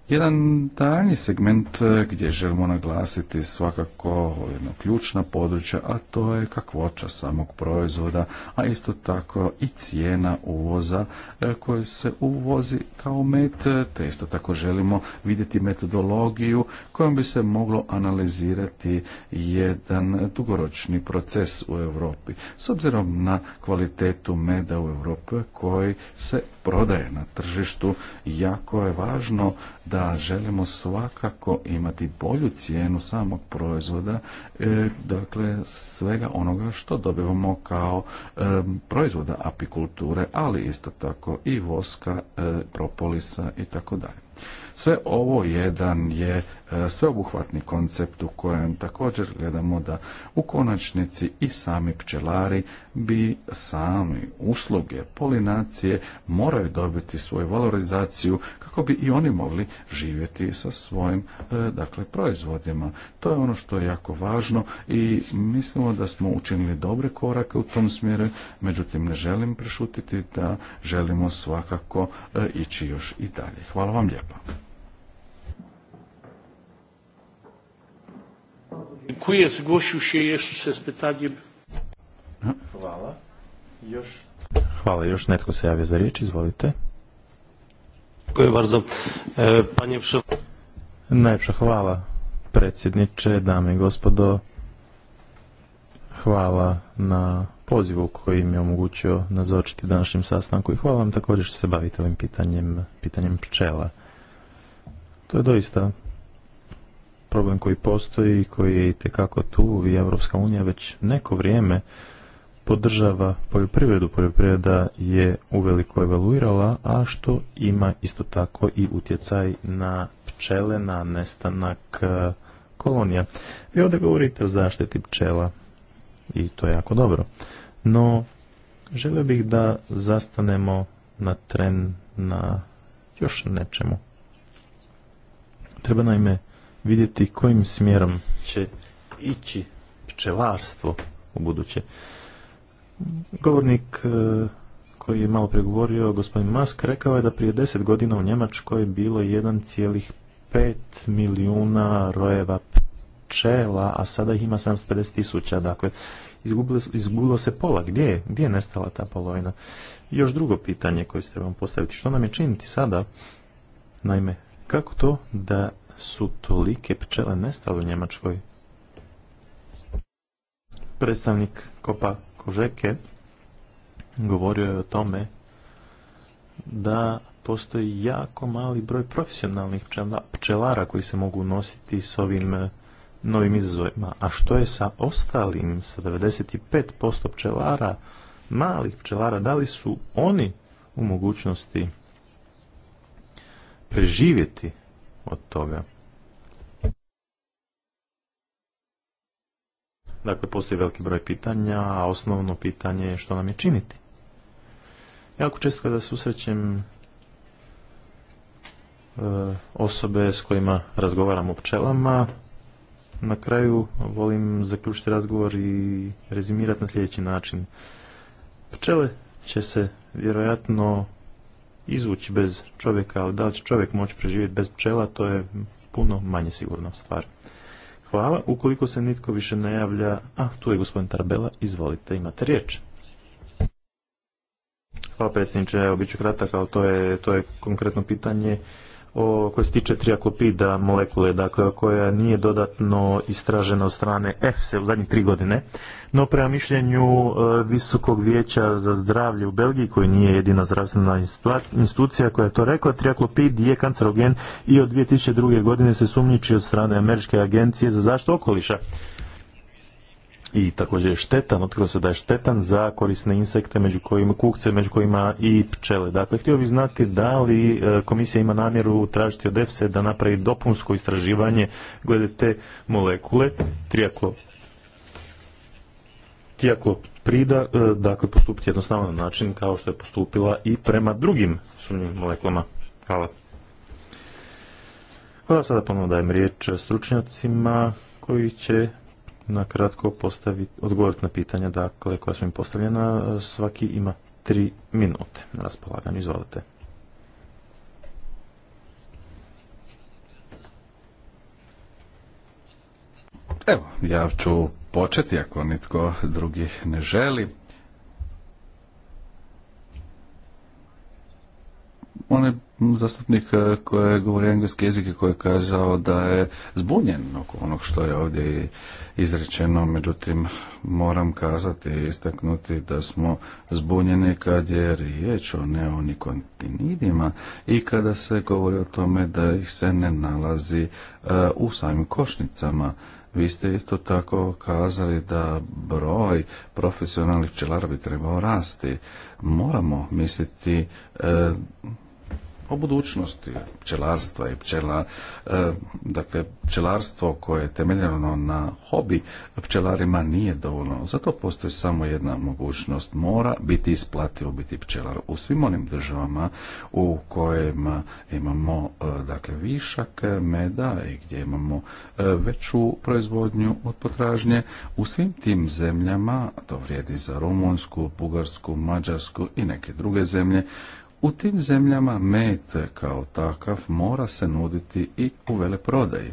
Jedan daljnji segment e, gdje želimo naglasiti svakako jedno ključna područja, a to je kakvoća samog proizvoda, a isto tako i cijena uvoza e, koji se uvozi kao met, te isto tako želimo vidjeti metodologiju kojom bi se moglo analizirati jedan dugoročni proces u Europi. S obzirom na kvalitetu meda u Europi koji se prodaje na tržištu, jako je važno da želimo svakako imati bolju cijenu samog proizvoda, e, dakle svega onoga što dobivamo kao e, proizvoda apikulture, ali isto tako i voska, e, propolisa i tako dalje. Sve ovo jedan je E, sveobuhvatni koncept u kojem također gledamo da u konačnici i sami pčelari bi sami usluge polinacije moraju dobiti svoju valorizaciju kako bi i oni mogli živjeti sa svojim e, dakle proizvodima. To je ono što je jako važno i mislimo da smo učinili dobre korake u tom smjeru, međutim ne želim prešutiti da želimo svakako e, ići još i dalje. Hvala vam lijepa. Dziękuję. Zgłosił się jeszcze z pytaniem. Chwała. Još... Hvala. Još netko się javio za riječ. Zwolite. Dziękuję bardzo. E, panie przewodniczący. Najprze hvala predsjedniče, dame i gospodo. Hvala na pozivu koji mi je omogućio nazočiti današnjem sastanku i hvala vam također što se bavite ovim pitanjem, pitanjem pčela. To je doista problem koji postoji, koji je itekako tu i Evropska unija već neko vrijeme podržava poljoprivredu. Poljoprivreda je uveliko evaluirala, a što ima isto tako i utjecaj na pčele, na nestanak e, kolonija. Vi ovdje govorite o zaštiti pčela i to je jako dobro. No, želio bih da zastanemo na tren na još nečemu. Treba naime vidjeti kojim smjerom će ići pčelarstvo u buduće. Govornik e, koji je malo pregovorio, gospodin Musk, rekao je da prije deset godina u Njemačkoj je bilo 1,5 milijuna rojeva pčela, a sada ih ima 750 tisuća. Dakle, izgubilo, se pola. Gdje je? Gdje je nestala ta polovina? Još drugo pitanje koje se trebamo postaviti. Što nam je činiti sada? Naime, kako to da su tolike pčele nestale u Njemačkoj. Predstavnik Kopa Kožeke govorio je o tome da postoji jako mali broj profesionalnih pčelara koji se mogu nositi s ovim eh, novim izazovima. A što je sa ostalim, sa 95% pčelara, malih pčelara, da li su oni u mogućnosti preživjeti od toga. Dakle, postoji veliki broj pitanja, a osnovno pitanje je što nam je činiti. Jako često kada susrećem eh, osobe s kojima razgovaram o pčelama, na kraju volim zaključiti razgovor i rezimirati na sljedeći način. Pčele će se vjerojatno izvući bez čovjeka, ali da li će čovjek moći preživjeti bez pčela, to je puno manje sigurna stvar. Hvala. Ukoliko se nitko više ne javlja... A, tu je gospodin Tarbela. Izvolite, imate riječ. Hvala predsjedniče. Evo, bit ću kratak, ali to je, to je konkretno pitanje o, koji se tiče triaklopida molekule, dakle koja nije dodatno istražena od strane EFSE u zadnjih tri godine, no prema mišljenju e, Visokog vijeća za zdravlje u Belgiji, koji nije jedina zdravstvena institucija koja je to rekla, triaklopid je kancerogen i od 2002. godine se sumnjiči od strane Američke agencije za zaštitu okoliša i također je štetan, otkrio se da je štetan za korisne insekte, među kojima, kukce, među kojima i pčele. Dakle, htio bih znati da li e, komisija ima namjeru tražiti od EFSE da napravi dopunsko istraživanje glede te molekule, triaklo, prida, e, dakle, postupiti jednostavno na način kao što je postupila i prema drugim sumnjim molekulama. Hvala. Hvala sada ponovno dajem riječ stručnjacima koji će na kratko postaviti, odgovoriti na pitanja dakle, koja su im postavljena. Svaki ima tri minute na raspolaganju. Izvolite. Evo, ja ću početi ako nitko drugih ne želi. onaj zastupnik e, koji govori engleski jezik i koji je kazao da je zbunjen oko onog što je ovdje izrečeno, međutim moram kazati i istaknuti da smo zbunjeni kad je riječ o neonikontinidima i kada se govori o tome da ih se ne nalazi e, u samim košnicama. Vi ste isto tako kazali da broj profesionalnih pčelara bi trebao rasti. Moramo misliti e, o budućnosti pčelarstva i pčela, e, dakle pčelarstvo koje je temeljeno na hobi pčelarima nije dovoljno. Zato postoji samo jedna mogućnost, mora biti isplativo biti pčelar u svim onim državama u kojima imamo e, dakle višak meda i gdje imamo e, veću proizvodnju od potražnje. U svim tim zemljama, to vrijedi za Rumunjsku, Bugarsku, Mađarsku i neke druge zemlje, u tim zemljama met kao takav mora se nuditi i u veleprodaji.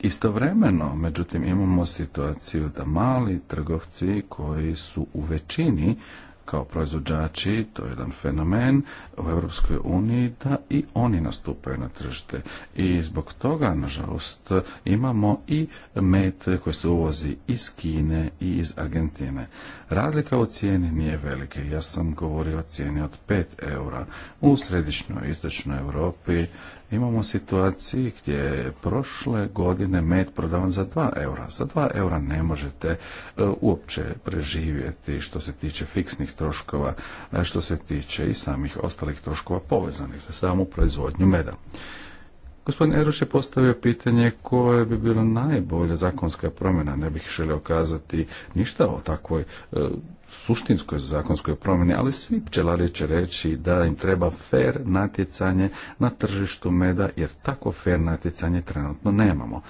Istovremeno, međutim, imamo situaciju da mali trgovci koji su u većini kao proizvođači, to je jedan fenomen u Europskoj uniji da i oni nastupaju na tržište i zbog toga nažalost imamo i met koji se uvozi iz Kine i iz Argentine. Razlika u cijeni nije velika, ja sam govorio o cijeni od 5 eura. U središnjoj istočnoj Europi imamo situaciji gdje je prošle godine med prodavan za dva eura. Za dva eura ne možete e, uopće preživjeti što se tiče fiksnih troškova, e, što se tiče i samih ostalih troškova povezanih za samu proizvodnju meda. Gospodin Eruš je postavio pitanje koje bi bilo najbolja zakonska promjena. Ne bih želio kazati ništa o takvoj e, suštinskoj zakonskoj promjeni, ali svi pčelari će reći da im treba fer natjecanje na tržištu meda, jer tako fer natjecanje trenutno nemamo.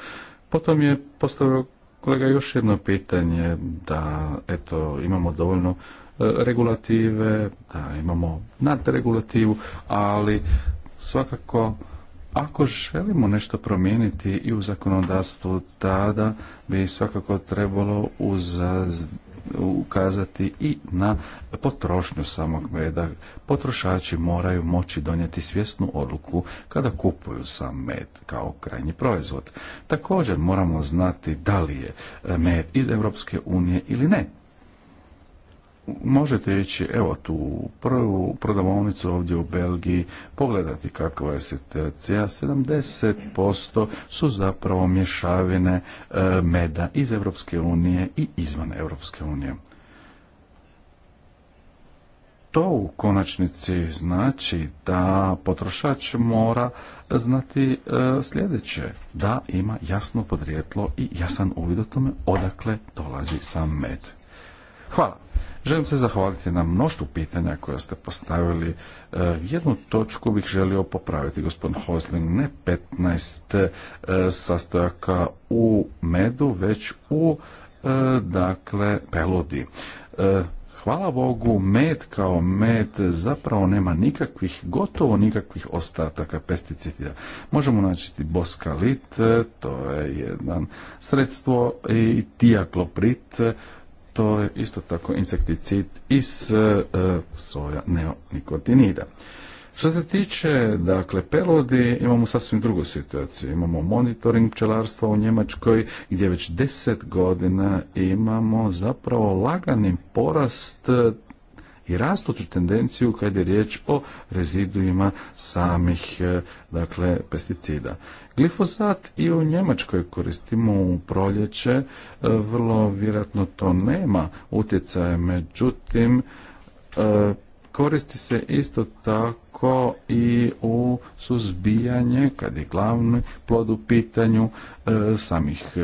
Potom je postavio kolega još jedno pitanje da eto imamo dovoljno e, regulative, da imamo nadregulativu, ali svakako ako želimo nešto promijeniti i u zakonodavstvu, tada bi svakako trebalo uz ukazati i na potrošnju samog meda. Potrošači moraju moći donijeti svjesnu odluku kada kupuju sam med kao krajnji proizvod. Također moramo znati da li je med iz Europske unije ili ne možete ići, evo, tu prvu prodavonicu ovdje u Belgiji, pogledati kakva je situacija, 70% su zapravo mješavine e, meda iz Europske unije i izvan Europske unije. To u konačnici znači da potrošač mora znati e, sljedeće, da ima jasno podrijetlo i jasan uvid o tome odakle dolazi sam med. Hvala. Želim se zahvaliti na mnoštvu pitanja koja ste postavili. E, jednu točku bih želio popraviti, gospodin Hosling, ne 15 e, sastojaka u medu, već u e, dakle peludi. Hvala Bogu, med kao med zapravo nema nikakvih, gotovo nikakvih ostataka pesticida. Možemo naći boskalit, to je jedan sredstvo i tijakloprit, to je isto tako insekticid iz e, e, soja neonikotinida. Što se tiče, dakle, pelodi, imamo sasvim drugu situaciju. Imamo monitoring pčelarstva u Njemačkoj, gdje već deset godina imamo zapravo lagani porast i rastuću tendenciju kad je riječ o rezidujima samih e, dakle, pesticida. Glifosat i u Njemačkoj koristimo u proljeće, e, vrlo vjerojatno to nema utjecaje, međutim e, koristi se isto tako i u suzbijanje, kad je glavni plod u pitanju samih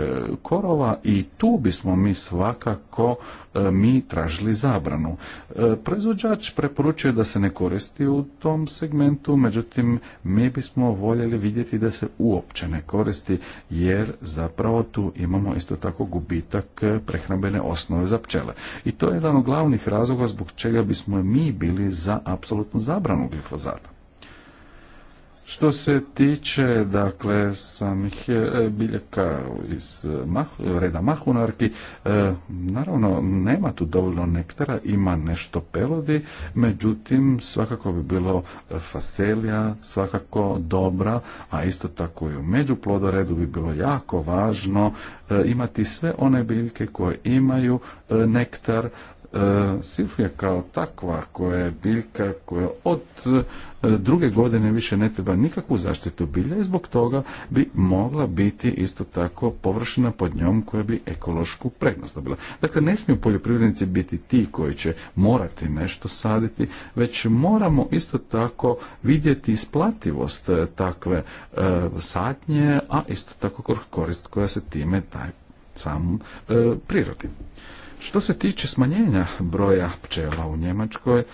korova i tu bismo mi svakako E, mi tražili zabranu. E, proizvođač preporučuje da se ne koristi u tom segmentu, međutim mi bismo voljeli vidjeti da se uopće ne koristi jer zapravo tu imamo isto tako gubitak e, prehrambene osnove za pčele. I to je jedan od glavnih razloga zbog čega bismo mi bili za apsolutnu zabranu glifozata. Što se tiče dakle samih e, biljaka iz mah, reda mahunarki, e, naravno nema tu dovoljno nektara, ima nešto pelodi, međutim svakako bi bilo faselija svakako dobra, a isto tako i u međuplodoredu bi bilo jako važno e, imati sve one biljke koje imaju nektar E, Silfija kao takva koja je biljka koja od e, druge godine više ne treba nikakvu zaštitu bilja i zbog toga bi mogla biti isto tako površina pod njom koja bi ekološku prednost dobila. Dakle, ne smiju poljoprivrednici biti ti koji će morati nešto saditi, već moramo isto tako vidjeti isplativost e, takve satnje, a isto tako korist koja se time daje samom e, prirodi. Što se tiče smanjenja broja pčela u Njemačkoj,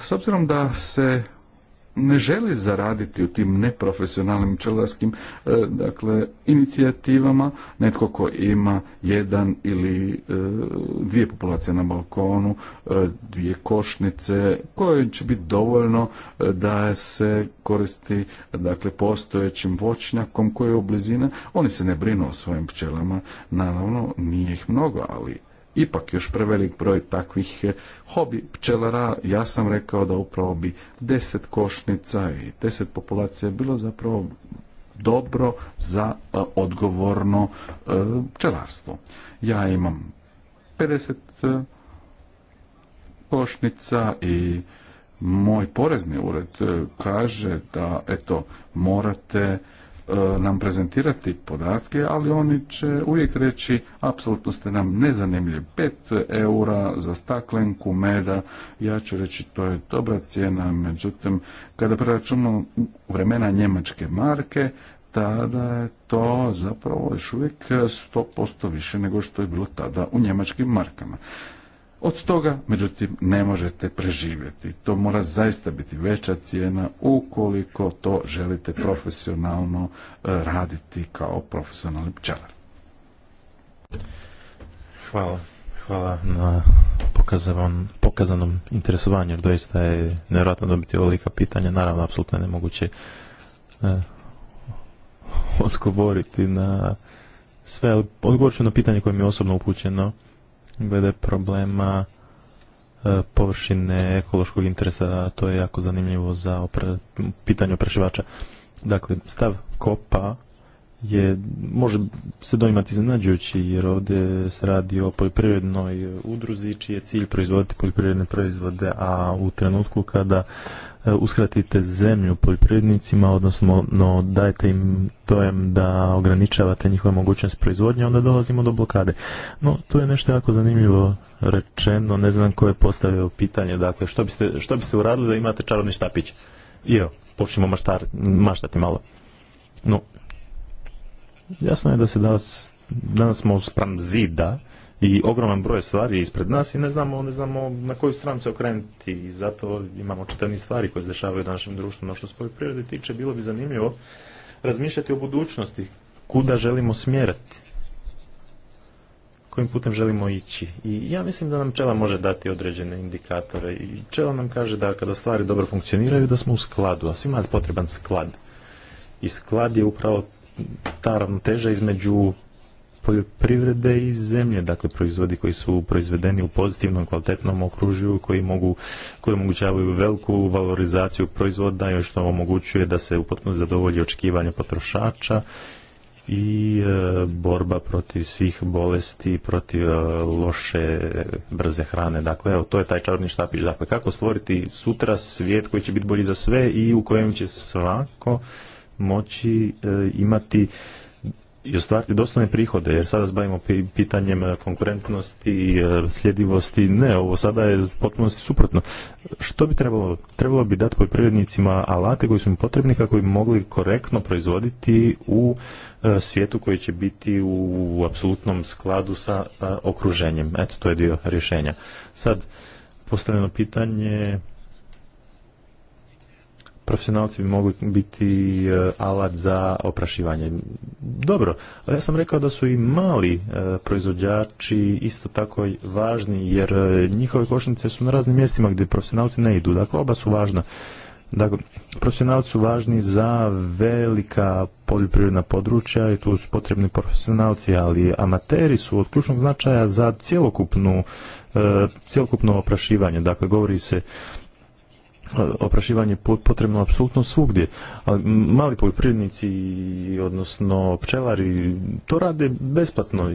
s obzirom da se ne želi zaraditi u tim neprofesionalnim pčelarskim e, dakle, inicijativama, netko ko ima jedan ili e, dvije populacije na balkonu, e, dvije košnice, koje će biti dovoljno da se koristi dakle, postojećim voćnjakom koji je u blizini. Oni se ne brinu o svojim pčelama, naravno nije ih mnogo, ali ipak još prevelik broj takvih eh, hobi pčelara. Ja sam rekao da upravo bi deset košnica i deset populacija bilo zapravo dobro za eh, odgovorno eh, pčelarstvo. Ja imam 50 košnica i moj porezni ured kaže da eto morate E, nam prezentirati podatke, ali oni će uvijek reći apsolutno ste nam nezanimljivi. 5 eura za staklenku meda, ja ću reći to je dobra cijena, međutim kada preračunamo vremena njemačke marke, tada je to zapravo još uvijek 100% više nego što je bilo tada u njemačkim markama. Od toga, međutim, ne možete preživjeti. To mora zaista biti veća cijena ukoliko to želite profesionalno e, raditi kao profesionalni pčelar. Hvala. Hvala na pokazanom, interesovanju, doista je nevjerojatno dobiti ovolika pitanja. Naravno, apsolutno je nemoguće e, odgovoriti na sve, Odgovor ću na pitanje koje mi je osobno upućeno glede problema e, površine ekološkog interesa, a to je jako zanimljivo za pitanje oprašivača. Dakle, stav kopa je, može se doimati iznenađujući jer ovdje se radi o poljoprivrednoj udruzi čiji je cilj proizvoditi poljoprivredne proizvode, a u trenutku kada e, uskratite zemlju poljoprivrednicima, odnosno no, dajete im tojem da ograničavate njihove mogućnost proizvodnje, onda dolazimo do blokade. No, tu je nešto jako zanimljivo rečeno, ne znam ko je postavio pitanje, dakle, što biste, što biste uradili da imate čarobni štapić? I evo, maštar maštati malo. No, Jasno je da se danas, danas smo spram zida i ogroman broj stvari ispred nas i ne znamo, ne znamo na koju stranu se okrenuti i zato imamo čitav stvari koje se dešavaju u našem društvu. No što se poljoprivrede tiče, bilo bi zanimljivo razmišljati o budućnosti, kuda želimo smjerati, kojim putem želimo ići. I ja mislim da nam čela može dati određene indikatore i čela nam kaže da kada stvari dobro funkcioniraju da smo u skladu, a svima je potreban sklad. I sklad je upravo ta ravnoteža između poljoprivrede i zemlje, dakle proizvodi koji su proizvedeni u pozitivnom, kvalitetnom okružju, koji mogu, koji omogućavaju veliku valorizaciju proizvoda, još to omogućuje da se upotno zadovolji očekivanja potrošača i e, borba protiv svih bolesti, protiv e, loše brze hrane. Dakle, evo, to je taj čarni štapić. Dakle, kako stvoriti sutra svijet koji će biti bolji za sve i u kojem će svako moći e, imati i ostvariti doslovne prihode, jer sada zbavimo pitanjem e, konkurentnosti i e, sljedivosti. Ne, ovo sada je potpuno suprotno. Što bi trebalo? Trebalo bi dati poljoprivrednicima alate koji su im potrebni kako bi mogli korektno proizvoditi u svijetu koji će biti u apsolutnom skladu sa okruženjem. Eto, to je dio rješenja. Sad, postavljeno pitanje profesionalci bi mogli biti e, alat za oprašivanje. Dobro, ali ja sam rekao da su i mali e, proizvođači isto tako važni, jer e, njihove košnice su na raznim mjestima gdje profesionalci ne idu. Dakle, oba su važna. Dakle, profesionalci su važni za velika poljoprivredna područja i tu su potrebni profesionalci, ali amateri su od ključnog značaja za cjelokupnu, cjelokupno oprašivanje. Dakle, govori se oprašivanje potrebno apsolutno svugdje. Ali mali poljoprivrednici, odnosno pčelari, to rade besplatno.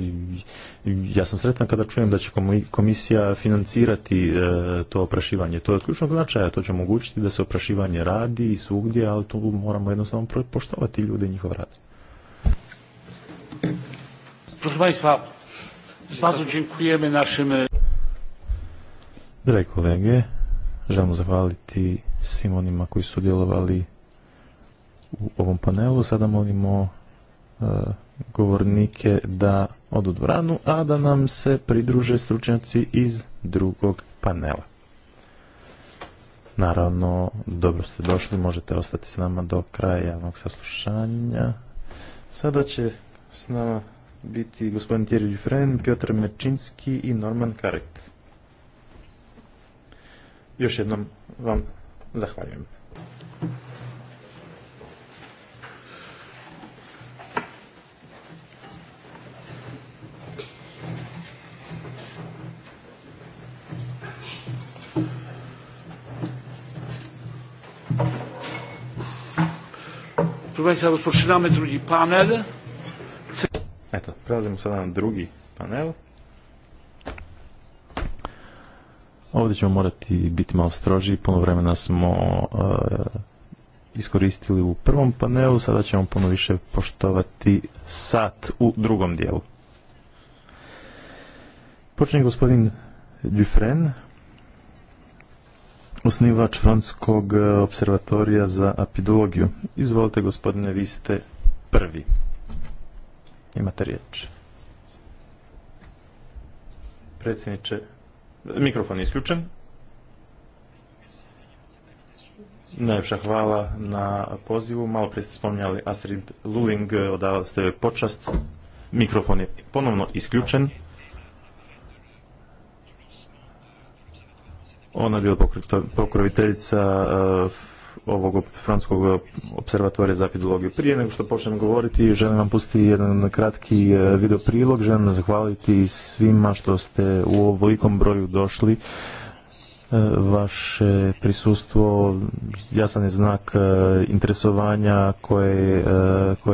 Ja sam sretan kada čujem da će komisija financirati e, to oprašivanje. To je od ključnog značaja, to će omogućiti da se oprašivanje radi i svugdje, ali tu moramo jednostavno poštovati ljude i njihov rad. Proszę Państwa, kolege, Želimo zahvaliti svim onima koji su djelovali u ovom panelu. Sada molimo e, govornike da odu dvoranu, a da nam se pridruže stručnjaci iz drugog panela. Naravno, dobro ste došli, možete ostati s nama do kraja javnog saslušanja. Sada će s nama biti gospodin Thierry Dufresne, Piotr Mečinski i Norman Karek. Još jednom vam zahvaljujem. Proszę Państwa, rozpoczynamy drugi panel. Eto, prelazimo sada na drugi panel. Ovdje ćemo morati biti malo stroži, puno vremena smo eh, iskoristili u prvom panelu, sada ćemo puno više poštovati sat u drugom dijelu. Počinje gospodin Dufresne, osnivač Francuskog eh, observatorija za apidologiju. Izvolite gospodine, vi ste prvi. Imate riječ. Predsjedniče, Mikrofon je isključen. Najljepša hvala na pozivu. Malo prije ste spominjali Astrid Luling, odavali ste joj počast. Mikrofon je ponovno isključen. Ona je bila pokroviteljica eh, ovog francuskog eh, observatorija za epidemiologiju. Prije nego što počnem govoriti, želim vam pustiti jedan kratki eh, video prilog. Želim zahvaliti svima što ste u velikom broju došli vaše prisustvo jasan je znak e, interesovanja e, koje,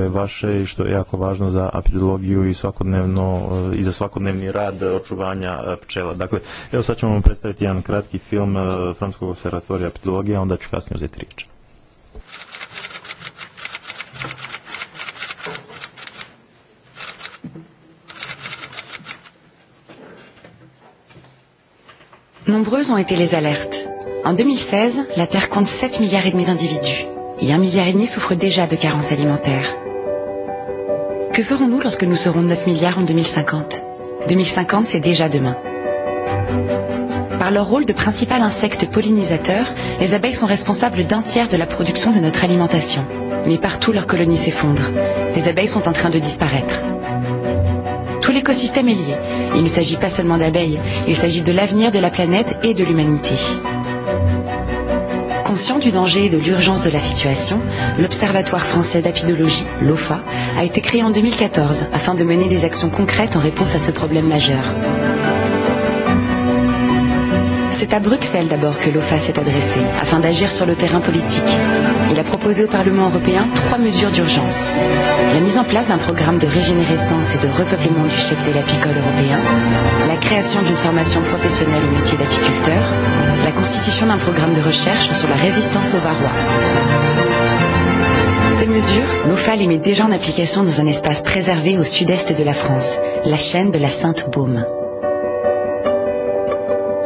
je vaše i što je jako važno za apidologiju i svakodnevno e, i za svakodnevni rad očuvanja pčela. Dakle, evo sad ćemo vam predstaviti jedan kratki film Framskog observatorija apidologija, onda ću kasnije uzeti riječ. Nombreuses ont été les alertes. En 2016, la Terre compte 7 milliards et demi d'individus et un milliard et demi souffre déjà de carences alimentaires. Que ferons-nous lorsque nous serons 9 milliards en 2050 2050, c'est déjà demain. Par leur rôle de principal insecte pollinisateur, les abeilles sont responsables d'un tiers de la production de notre alimentation. Mais partout, leurs colonies s'effondrent. Les abeilles sont en train de disparaître. Tout l'écosystème est lié Il ne s'agit pas seulement d'abeilles, il s'agit de l'avenir de la planète et de l'humanité. Conscient du danger et de l'urgence de la situation, l'Observatoire français d'apidologie, l'OFA, a été créé en 2014 afin de mener des actions concrètes en réponse à ce problème majeur. C'est à Bruxelles d'abord que l'OFA s'est adressée afin d'agir sur le terrain politique a proposé au Parlement européen trois mesures d'urgence. La mise en place d'un programme de régénérescence et de repeuplement du cheptel l'apicole européen, la création d'une formation professionnelle au métier d'apiculteur, la constitution d'un programme de recherche sur la résistance aux varrois. Ces mesures, l'OFA les met déjà en application dans un espace préservé au sud-est de la France, la chaîne de la Sainte-Baume.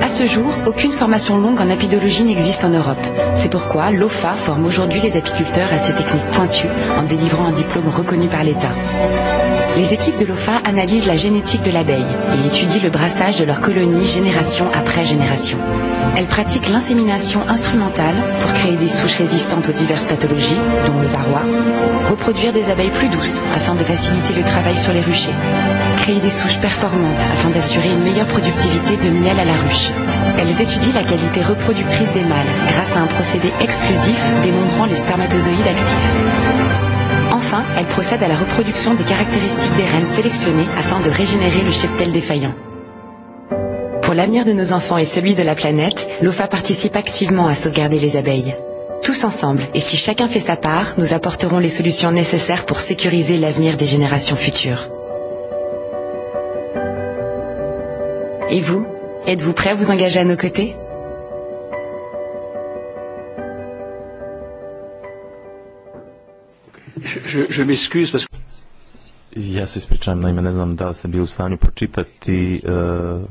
À ce jour, aucune formation longue en apidologie n'existe en Europe. C'est pourquoi l'OFA forme aujourd'hui les apiculteurs à ces techniques pointues en délivrant un diplôme reconnu par l'État. Les équipes de l'OFA analysent la génétique de l'abeille et étudient le brassage de leurs colonies génération après génération. Elles pratiquent l'insémination instrumentale pour créer des souches résistantes aux diverses pathologies, dont le varroa, reproduire des abeilles plus douces afin de faciliter le travail sur les ruchers, créer des souches performantes afin d'assurer une meilleure productivité de miel à la ruche. Elles étudient la qualité reproductrice des mâles grâce à un procédé exclusif démontrant les spermatozoïdes actifs. Enfin, elles procèdent à la reproduction des caractéristiques des reines sélectionnées afin de régénérer le cheptel défaillant. Pour l'avenir de nos enfants et celui de la planète, l'OFA participe activement à sauvegarder les abeilles. Tous ensemble, et si chacun fait sa part, nous apporterons les solutions nécessaires pour sécuriser l'avenir des générations futures. Et vous, êtes-vous prêt à vous engager à nos côtés Je, je m'excuse parce que... Ja se ispričavam, naime ne znam da li sam bio u stanju pročitati uh,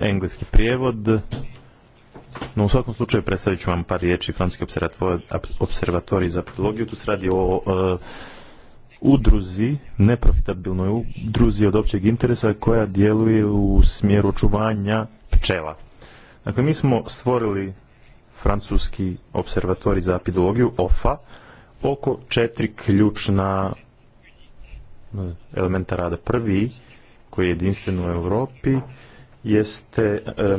engleski prijevod, no u svakom slučaju predstavit ću vam par riječi Francuski observatorij za pedologiju. Tu se radi o eh, udruzi, neprofitabilnoj udruzi od općeg interesa koja djeluje u smjeru očuvanja pčela. Dakle, mi smo stvorili francuski observatori za apidologiju, OFA, oko četiri ključna elementa rada. Prvi, koji je jedinstven u Europi, jeste e,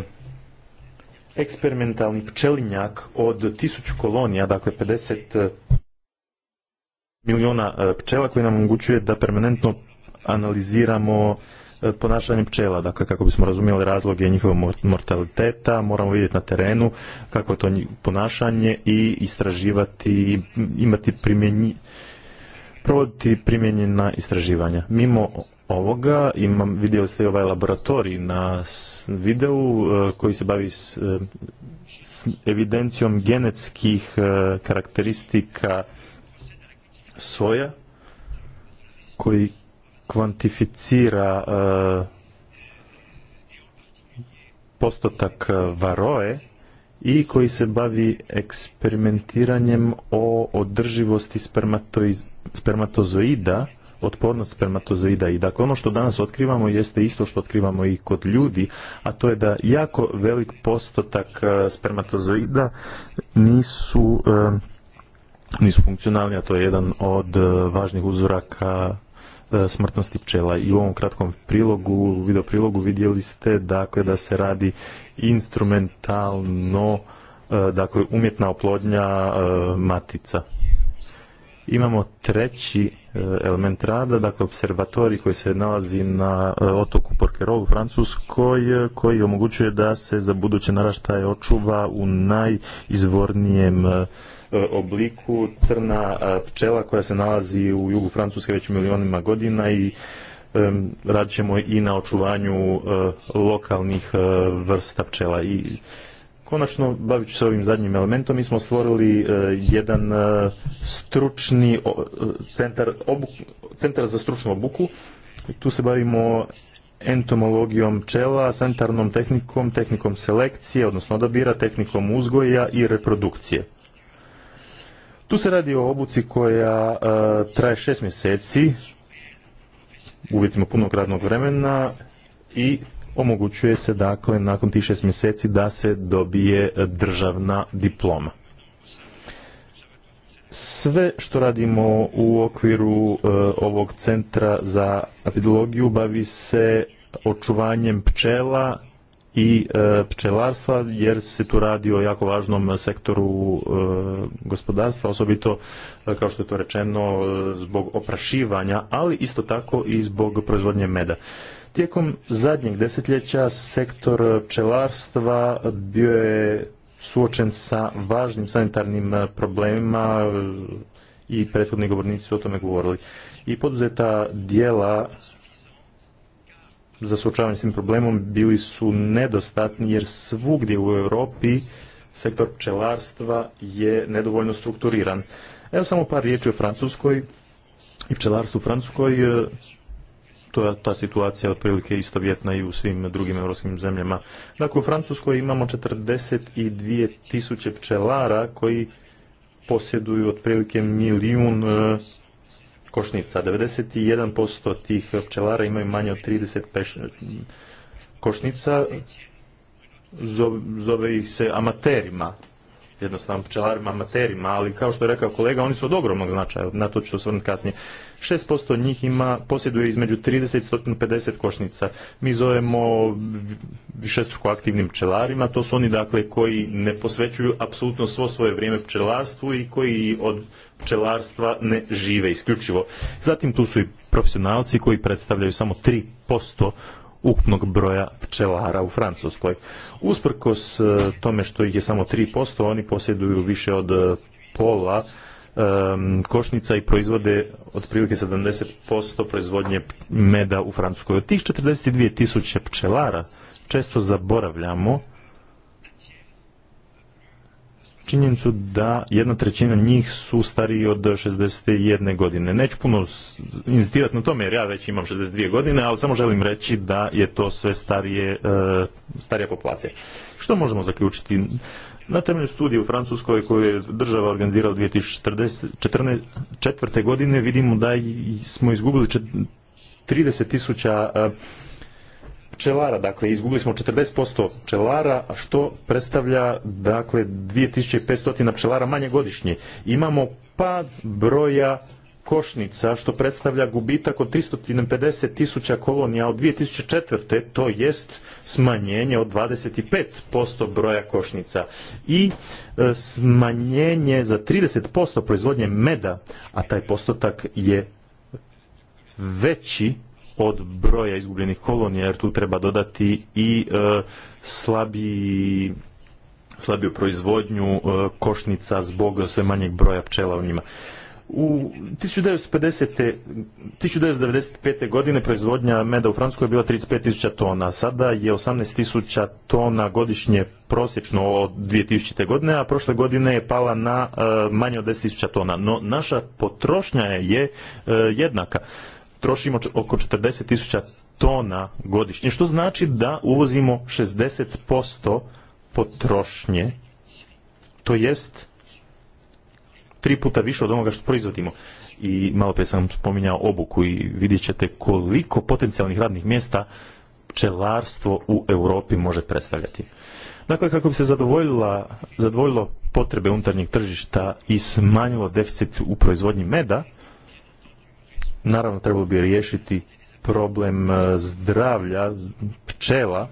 eksperimentalni pčelinjak od tisuću kolonija, dakle 50 miliona e, pčela koji nam omogućuje da permanentno analiziramo e, ponašanje pčela, dakle kako bismo razumjeli razloge njihovog mortaliteta, moramo vidjeti na terenu kako je to ponašanje i istraživati, imati primjenji, provoditi primjenjena istraživanja. Mimo ovoga imam, vidjeli ste i ovaj laboratorij na videu e, koji se bavi s, s evidencijom genetskih karakteristika soja koji kvantificira e, postotak e, varoe i koji se bavi eksperimentiranjem o održivosti spermatozoida, otpornost spermatozoida. I dakle, ono što danas otkrivamo jeste isto što otkrivamo i kod ljudi, a to je da jako velik postotak e, spermatozoida nisu nisu funkcionalni, a to je jedan od e, važnih uzoraka e, smrtnosti pčela. I u ovom kratkom prilogu, video prilogu vidjeli ste dakle da se radi instrumentalno e, dakle umjetna oplodnja matica. Imamo treći element rada, dakle observatorij koji se nalazi na otoku Porquerol u Francuskoj, koji omogućuje da se za buduće naraštaje očuva u najizvornijem E, obliku crna e, pčela koja se nalazi u jugu Francuske već milionima godina i e, radit ćemo i na očuvanju lokalnih vrsta pčela i konačno bavit ću se ovim zadnjim elementom mi smo stvorili jedan stručni centar, centar za stručnu obuku tu se bavimo entomologijom pčela, sanitarnom tehnikom, tehnikom selekcije, odnosno odabira, tehnikom uzgoja i reprodukcije. Tu se radi o obuci koja e, traje šest mjeseci, uvjetimo punog radnog vremena i omogućuje se dakle nakon tih šest mjeseci da se dobije državna diploma. Sve što radimo u okviru e, ovog centra za apidologiju bavi se očuvanjem pčela i e, pčelarstva jer se tu radi o jako važnom sektoru e, gospodarstva, osobito e, kao što je to rečeno zbog oprašivanja, ali isto tako i zbog proizvodnje meda. Tijekom zadnjeg desetljeća sektor pčelarstva bio je suočen sa važnim sanitarnim problemima i prethodni govornici su o tome govorili. I poduzeta dijela za suočavanje s tim problemom bili su nedostatni jer svugdje u Europi sektor pčelarstva je nedovoljno strukturiran. Evo samo par riječi o Francuskoj i pčelarstvu u Francuskoj. E, to je ta situacija otprilike istovjetna i u svim drugim europskim zemljama. Dakle, u Francuskoj imamo 42 tisuće pčelara koji posjeduju otprilike milijun e, košnica. 91% tih pčelara imaju manje od 30 peš... košnica. Zove ih se amaterima jednostavno pčelarima, amaterima, ali kao što je rekao kolega, oni su od ogromnog značaja, na to ću se osvrnuti kasnije. 6% njih ima, posjeduje između 30 i 150 košnica. Mi zovemo višestruko aktivnim pčelarima, to su oni dakle koji ne posvećuju apsolutno svo svoje vrijeme pčelarstvu i koji od pčelarstva ne žive isključivo. Zatim tu su i profesionalci koji predstavljaju samo 3% ukupnog broja pčelara u Francuskoj. Usprkos e, tome što ih je samo 3%, oni posjeduju više od e, pola e, košnica i proizvode otprilike 70% proizvodnje meda u Francuskoj. Od tih 42 tisuće pčelara često zaboravljamo činjenicu da jedna trećina njih su stariji od 61 godine. Neću puno inzistirati na tome jer ja već imam 62 godine, ali samo želim reći da je to sve starije, e, starija populacija. Što možemo zaključiti? Na temelju studije u Francuskoj koju je država organizirala 2014. godine vidimo da smo izgubili 30 tisuća e, pčelara, dakle izgubili smo 40% pčelara, a što predstavlja dakle 2500 pčelara manje godišnje. Imamo pad broja košnica što predstavlja gubitak od 350 tisuća kolonija od 2004. to jest smanjenje od 25% broja košnica i e, smanjenje za 30% proizvodnje meda, a taj postotak je veći od broja izgubljenih kolonija, jer tu treba dodati i e, slabiju proizvodnju e, košnica zbog sve manjeg broja pčela u njima. U 1950. 1995. godine proizvodnja meda u Francuskoj je bila 35.000 tona, sada je 18.000 tona godišnje prosječno od 2000. godine, a prošle godine je pala na e, manje od 10.000 tona. No naša potrošnja je e, jednaka trošimo oko 40 tisuća tona godišnje, što znači da uvozimo 60% potrošnje, to jest tri puta više od onoga što proizvodimo. I malo prije sam spominjao obuku i vidjet ćete koliko potencijalnih radnih mjesta pčelarstvo u Europi može predstavljati. Dakle, kako bi se zadovoljila, zadovoljilo potrebe unutarnjeg tržišta i smanjilo deficit u proizvodnji meda, Naravno, trebalo bi riješiti problem e, zdravlja pčela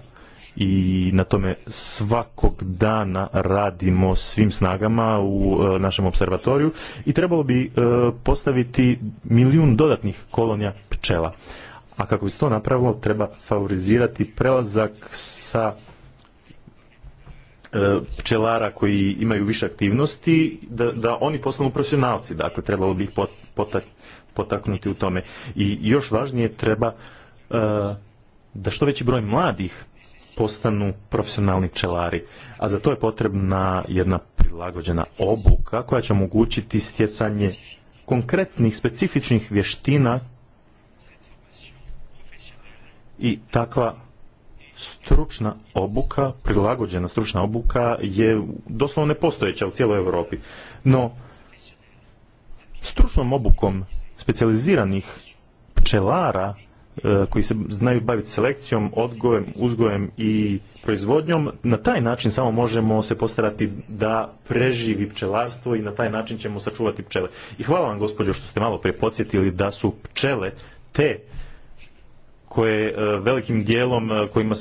i na tome svakog dana radimo svim snagama u e, našem observatoriju i trebalo bi e, postaviti milijun dodatnih kolonija pčela. A kako bi se to napravilo, treba favorizirati prelazak sa pčelara koji imaju više aktivnosti, da, oni postanu profesionalci. Dakle, trebalo bi ih potaknuti potaknuti u tome. I još važnije treba e, da što veći broj mladih postanu profesionalni čelari. a za to je potrebna jedna prilagođena obuka koja će omogućiti stjecanje konkretnih, specifičnih vještina i takva stručna obuka, prilagođena stručna obuka je doslovno nepostojeća u cijeloj Europi. No, stručnom obukom specijaliziranih pčelara e, koji se znaju baviti selekcijom, odgojem, uzgojem i proizvodnjom. Na taj način samo možemo se postarati da preživi pčelarstvo i na taj način ćemo sačuvati pčele. I hvala vam gospođo što ste malo prije podsjetili da su pčele te koje e, velikim dijelom e, kojima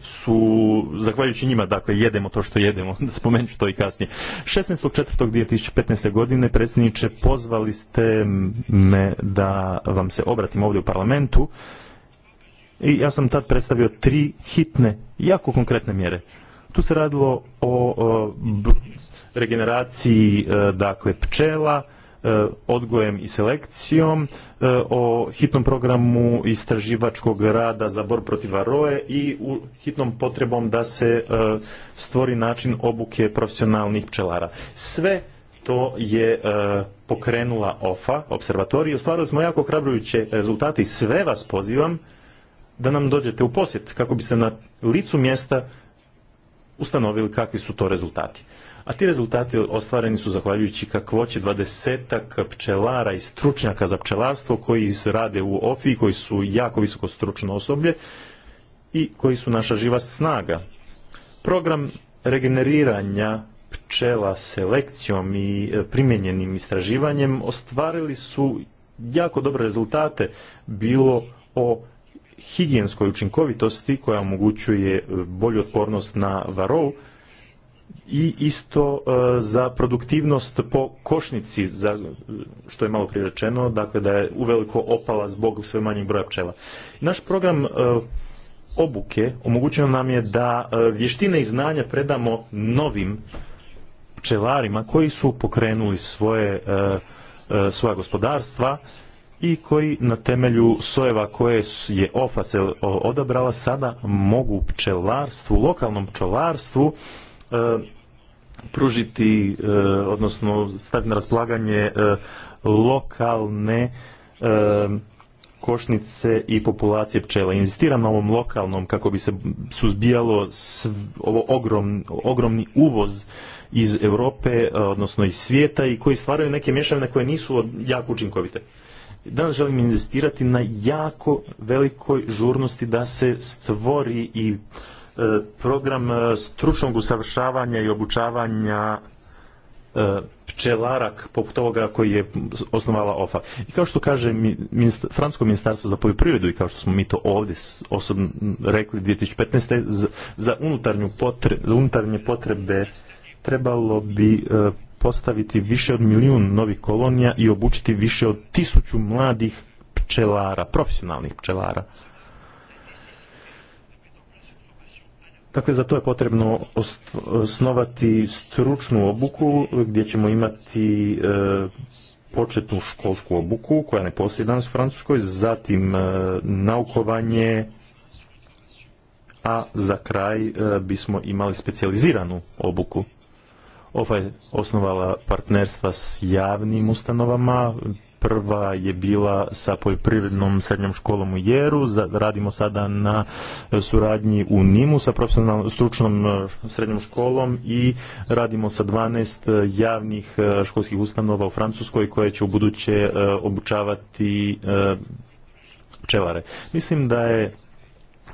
su, zahvaljujući njima, dakle, jedemo to što jedemo, [LAUGHS] spomenut ću to i kasnije. 16.4.2015. godine, predsjedniče, pozvali ste me da vam se obratim ovdje u parlamentu i ja sam tad predstavio tri hitne, jako konkretne mjere. Tu se radilo o regeneraciji, e, dakle, pčela, E, odgojem i selekcijom, e, o hitnom programu istraživačkog rada za bor protiv varoje i u hitnom potrebom da se e, stvori način obuke profesionalnih pčelara. Sve to je pokrenula OFA, observatorij, ostvarili smo jako hrabrujuće rezultate i sve vas pozivam da nam dođete u posjet kako biste na licu mjesta ustanovili kakvi su to rezultati a ti rezultati ostvareni su zahvaljujući kakvoći dvadesetak pčelara i stručnjaka za pčelarstvo koji rade u OFI, koji su jako visoko stručno osoblje i koji su naša živa snaga. Program regeneriranja pčela selekcijom i e, primjenjenim istraživanjem ostvarili su jako dobre rezultate bilo o higijenskoj učinkovitosti koja omogućuje e, bolju otpornost na varovu i isto e, za produktivnost po košnici, za, što je malo prirečeno rečeno, dakle da je uveliko opala zbog sve manjeg broja pčela. Naš program e, obuke omogućeno nam je da e, vještine i znanja predamo novim pčelarima koji su pokrenuli svoje, svoja gospodarstva i koji na temelju sojeva koje je OFAS odabrala sada mogu pčelarstvu, lokalnom pčelarstvu E, pružiti, e, odnosno staviti na raspolaganje e, lokalne košnice i populacije pčela. Inzistiram na ovom lokalnom kako bi se suzbijalo ovo ogromni uvoz iz Europe, odnosno iz svijeta i koji stvaraju neke mješavine koje nisu jako učinkovite. Danas želim inzistirati na jako velikoj žurnosti da se stvori i E, program e, stručnog usavršavanja i obučavanja e, pčelarak poput ovoga koji je osnovala OFA. I kao što kaže ministar, ministarstvo za poljoprivredu i kao što smo mi to ovdje osobno rekli 2015. za, za unutarnje potrebe trebalo bi postaviti više od milijun novih kolonija i obučiti više od tisuću mladih pčelara, profesionalnih pčelara. Dakle, za to je potrebno osnovati stručnu obuku gdje ćemo imati e, početnu školsku obuku koja ne postoji danas u Francuskoj, zatim e, naukovanje, a za kraj e, bismo imali specijaliziranu obuku. Ova je osnovala partnerstva s javnim ustanovama, Prva je bila sa poljoprivrednom srednjom školom u Jeru, radimo sada na suradnji u Nimu sa profesionalnom stručnom e, srednjom školom i radimo sa 12 e, javnih e, školskih ustanova u Francuskoj koje će u buduće obučavati pčelare. Mislim da je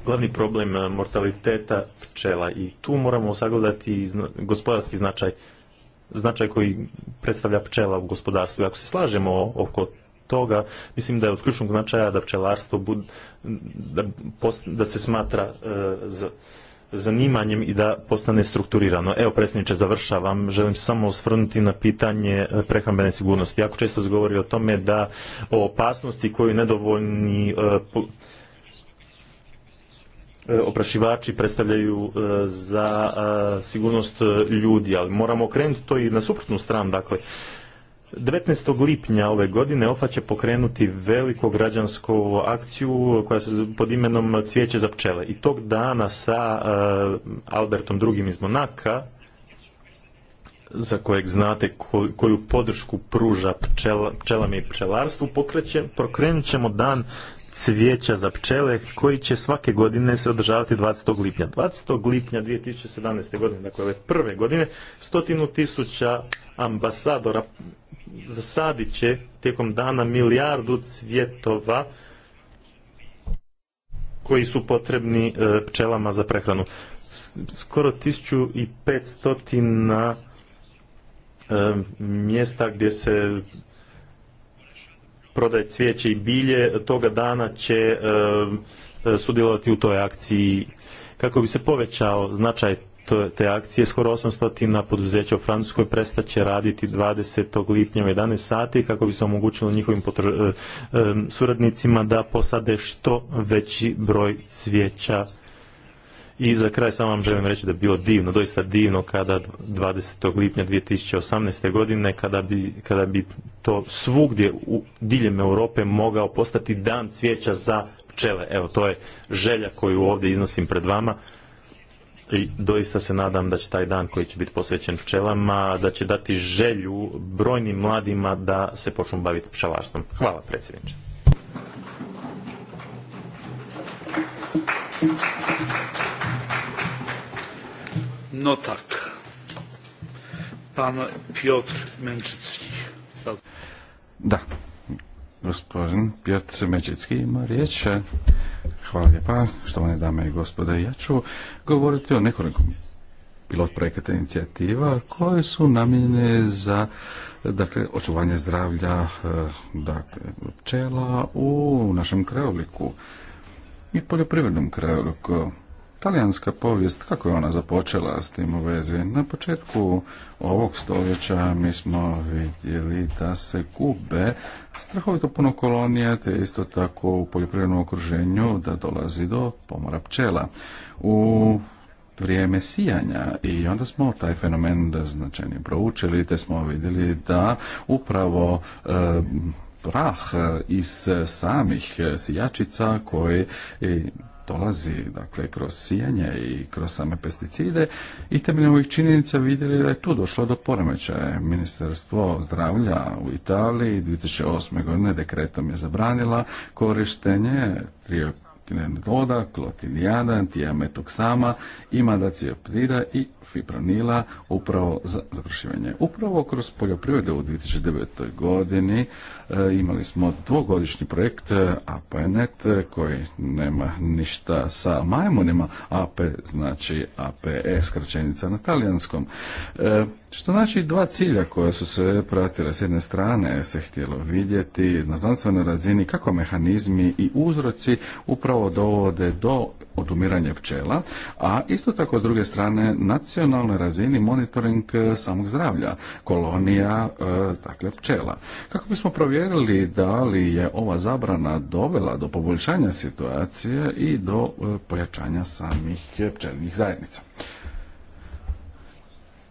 glavni problem mortaliteta pčela i tu moramo sagledati gospodarski značaj značaj koji predstavlja pčela u gospodarstvu. ako se slažemo oko toga, mislim da je od ključnog značaja da pčelarstvo bud, da, se smatra e, zanimanjem i da postane strukturirano. Evo, predsjedniče, završavam. Želim samo osvrnuti na pitanje e, prehrambene sigurnosti. Jako često se govori o tome da o opasnosti koju nedovoljni e, E, oprašivači predstavljaju e, za e, sigurnost ljudi, ali moramo okrenuti to i na suprotnu stranu. Dakle, 19. lipnja ove godine OFA će pokrenuti veliku građansku akciju koja se pod imenom Cvijeće za pčele. I tog dana sa Albertom II. iz Monaka, za kojeg znate koju podršku pruža pčela, pčelama i pčelarstvu, pokrenut ćemo dan cvijeća za pčele koji će svake godine se održavati 20. lipnja. 20. lipnja 2017. godine, dakle ove prve godine, stotinu tisuća ambasadora zasadit će tijekom dana milijardu cvjetova koji su potrebni e, pčelama za prehranu. Skoro 1500 e, mjesta gdje se prodaje cvijeće i bilje toga dana će e, e, sudjelovati u toj akciji. Kako bi se povećao značaj te akcije, skoro 800 poduzeća u Francuskoj će raditi 20. lipnja u 11 sati kako bi se omogućilo njihovim e, suradnicima da posade što veći broj cvijeća i za kraj samo vam želim reći da je bilo divno, doista divno kada 20. lipnja 2018. godine kada bi, kada bi to svugdje u diljem Europe mogao postati dan cvijeća za pčele. Evo, to je želja koju ovdje iznosim pred vama i doista se nadam da će taj dan koji će biti posvećen pčelama, da će dati želju brojnim mladima da se počnu baviti pčelarstvom. Hvala predsjedniče. No tak. Pan Piotr Męczycki. Da. Gospodin Piotr Męczycki ima riječ. Hvala lijepa, štovane dame i gospode. Ja ću govoriti o nekoliko pilot projekata inicijativa koje su namijenjene za dakle, očuvanje zdravlja eh, dakle, pčela u našem krajoliku i poljoprivrednom krajoliku. Talijanska povijest, kako je ona započela s tim u vezi? Na početku ovog stoljeća mi smo vidjeli da se kube strahovito puno kolonija, te isto tako u poljoprivrednom okruženju da dolazi do pomora pčela. U vrijeme sijanja i onda smo taj fenomen da značajno proučili te smo vidjeli da upravo prah eh, iz samih sijačica koji dolazi dakle, kroz sijanje i kroz same pesticide i temeljem ovih činjenica vidjeli da je tu došlo do poremećaja. Ministarstvo zdravlja u Italiji 2008. godine dekretom je zabranila korištenje triokinen voda, klotinijada, tijametoksama, imadacioprida i fipronila upravo za završivanje. Upravo kroz poljoprivode u 2009. godini E, imali smo dvogodišnji projekt e, APNet e, koji nema ništa sa majmunima. AP znači APS, skraćenica na talijanskom. Što znači dva cilja koja su se pratile s jedne strane se htjelo vidjeti na znanstvenoj razini kako mehanizmi i uzroci upravo dovode do odumiranje pčela, a isto tako s druge strane nacionalnoj razini monitoring e, samog zdravlja kolonija e, dakle pčela. Kako bismo provjerili da li je ova zabrana dovela do poboljšanja situacije i do e, pojačanja samih e, pčelnih zajednica.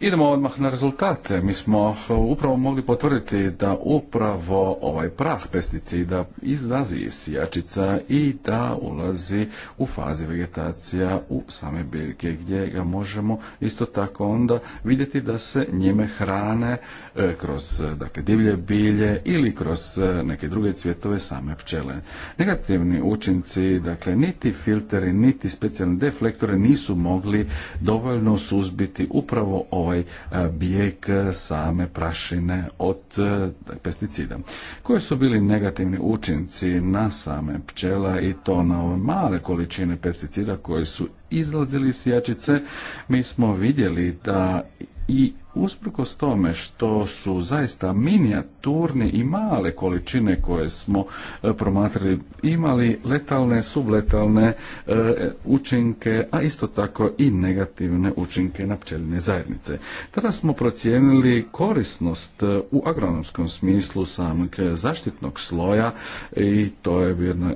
Idemo odmah na rezultate. Mi smo eh, upravo mogli potvrditi da upravo ovaj prah pesticida izlazi iz sijačica i da ulazi u fazi vegetacija u same biljke gdje ga možemo isto tako onda vidjeti da se njime hrane eh, kroz eh, dakle, divlje bilje ili kroz neke druge cvjetove same pčele. Negativni učinci, dakle niti filteri, niti specijalni deflektori nisu mogli dovoljno suzbiti upravo ovaj ovaj bijeg same prašine od e, pesticida. Koji su bili negativni učinci na same pčela i to na ove male količine pesticida koje su izlazili iz sjačice, mi smo vidjeli da i usprkos tome što su zaista minijaturne i male količine koje smo e, promatrali imali letalne, subletalne e, učinke, a isto tako i negativne učinke na pčeline zajednice. Tada smo procijenili korisnost e, u agronomskom smislu samog zaštitnog sloja i to je jedna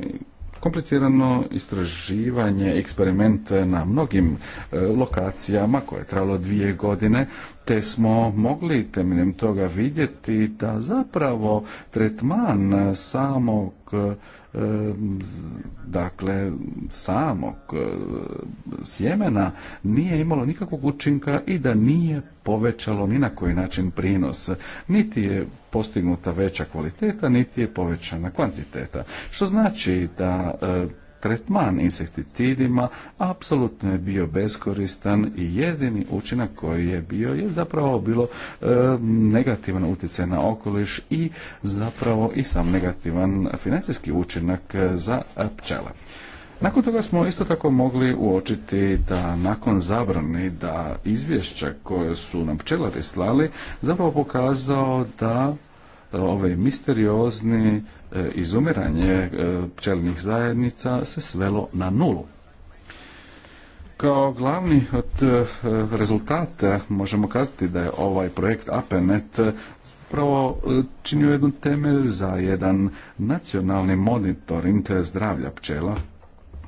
komplicirano istraživanje, eksperiment na mnogim e, lokacijama koje je trajalo dvije godine, te smo mogli temeljem toga vidjeti da zapravo tretman samog E, dakle samog e, sjemena nije imalo nikakvog učinka i da nije povećalo ni na koji način prinos, niti je postignuta veća kvaliteta, niti je povećana kvantiteta. Što znači da e, tretman insekticidima apsolutno je bio beskoristan i jedini učinak koji je bio je zapravo bilo e, negativan utjecaj na okoliš i zapravo i sam negativan financijski učinak e, za e, pčela. Nakon toga smo isto tako mogli uočiti da nakon zabrane da izvješća koje su nam pčelari slali zapravo pokazao da e, ovaj misteriozni E, izumiranje pčelnih e, zajednica se svelo na nulu. Kao glavni od e, rezultata možemo kazati da je ovaj projekt APENET zapravo činio jedan temelj za jedan nacionalni monitoring zdravlja pčela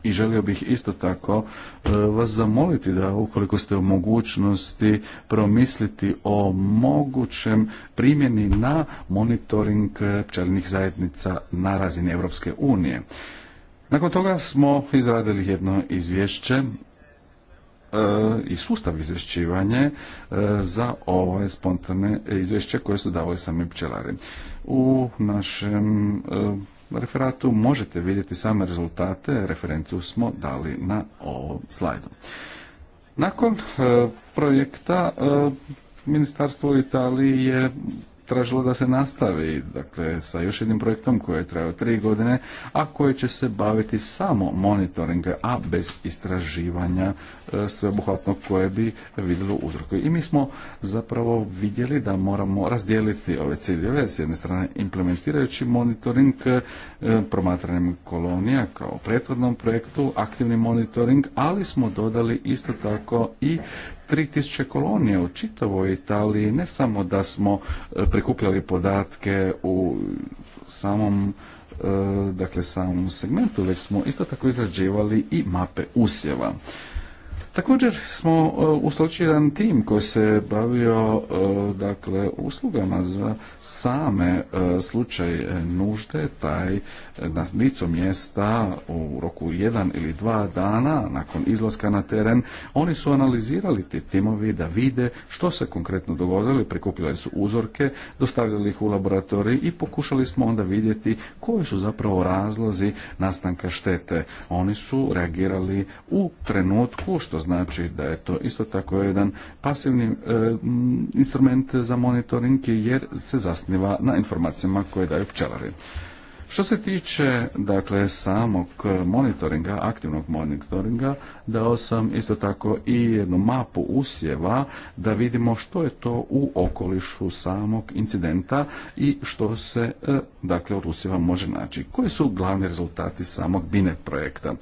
i želio bih isto tako e, vas zamoliti da ukoliko ste u mogućnosti promisliti o mogućem primjeni na monitoring e, pčelnih zajednica na razini Europske unije. Nakon toga smo izradili jedno izvješće e, i sustav izvješćivanje za ove spontane izvješće koje su davali sami pčelari. U našem referatu možete vidjeti same rezultate, referencu smo dali na ovom slajdu. Nakon e, projekta e, Ministarstvo u Italiji je tražilo da se nastavi dakle, sa još jednim projektom koji je trajao tri godine, a koji će se baviti samo monitoringa, a bez istraživanja e, sveobuhvatnog koje bi vidjelo uzroku. I mi smo zapravo vidjeli da moramo razdijeliti ove ciljeve, s jedne strane implementirajući monitoring e, promatranjem kolonija kao prethodnom projektu, aktivni monitoring, ali smo dodali isto tako i 3000 kolonije u čitavoj Italiji, ne samo da smo e, prikupljali podatke u samom e, dakle samom segmentu, već smo isto tako izrađivali i mape usjeva. Također smo e, slučaju jedan tim koji se bavio e, dakle uslugama za same e, slučaj nužde, taj na licu mjesta u roku jedan ili dva dana nakon izlaska na teren, oni su analizirali ti timovi da vide što se konkretno dogodilo, prikupljali su uzorke, dostavljali ih u laboratoriji i pokušali smo onda vidjeti koji su zapravo razlozi nastanka štete. Oni su reagirali u trenutku što znači znači da je to isto tako jedan pasivni e, instrument za monitoring jer se zasniva na informacijama koje daju pčelari. Što se tiče dakle samog monitoringa, aktivnog monitoringa, dao sam isto tako i jednu mapu usjeva da vidimo što je to u okolišu samog incidenta i što se e, dakle od usjeva može naći. Koji su glavni rezultati samog BINET projekta?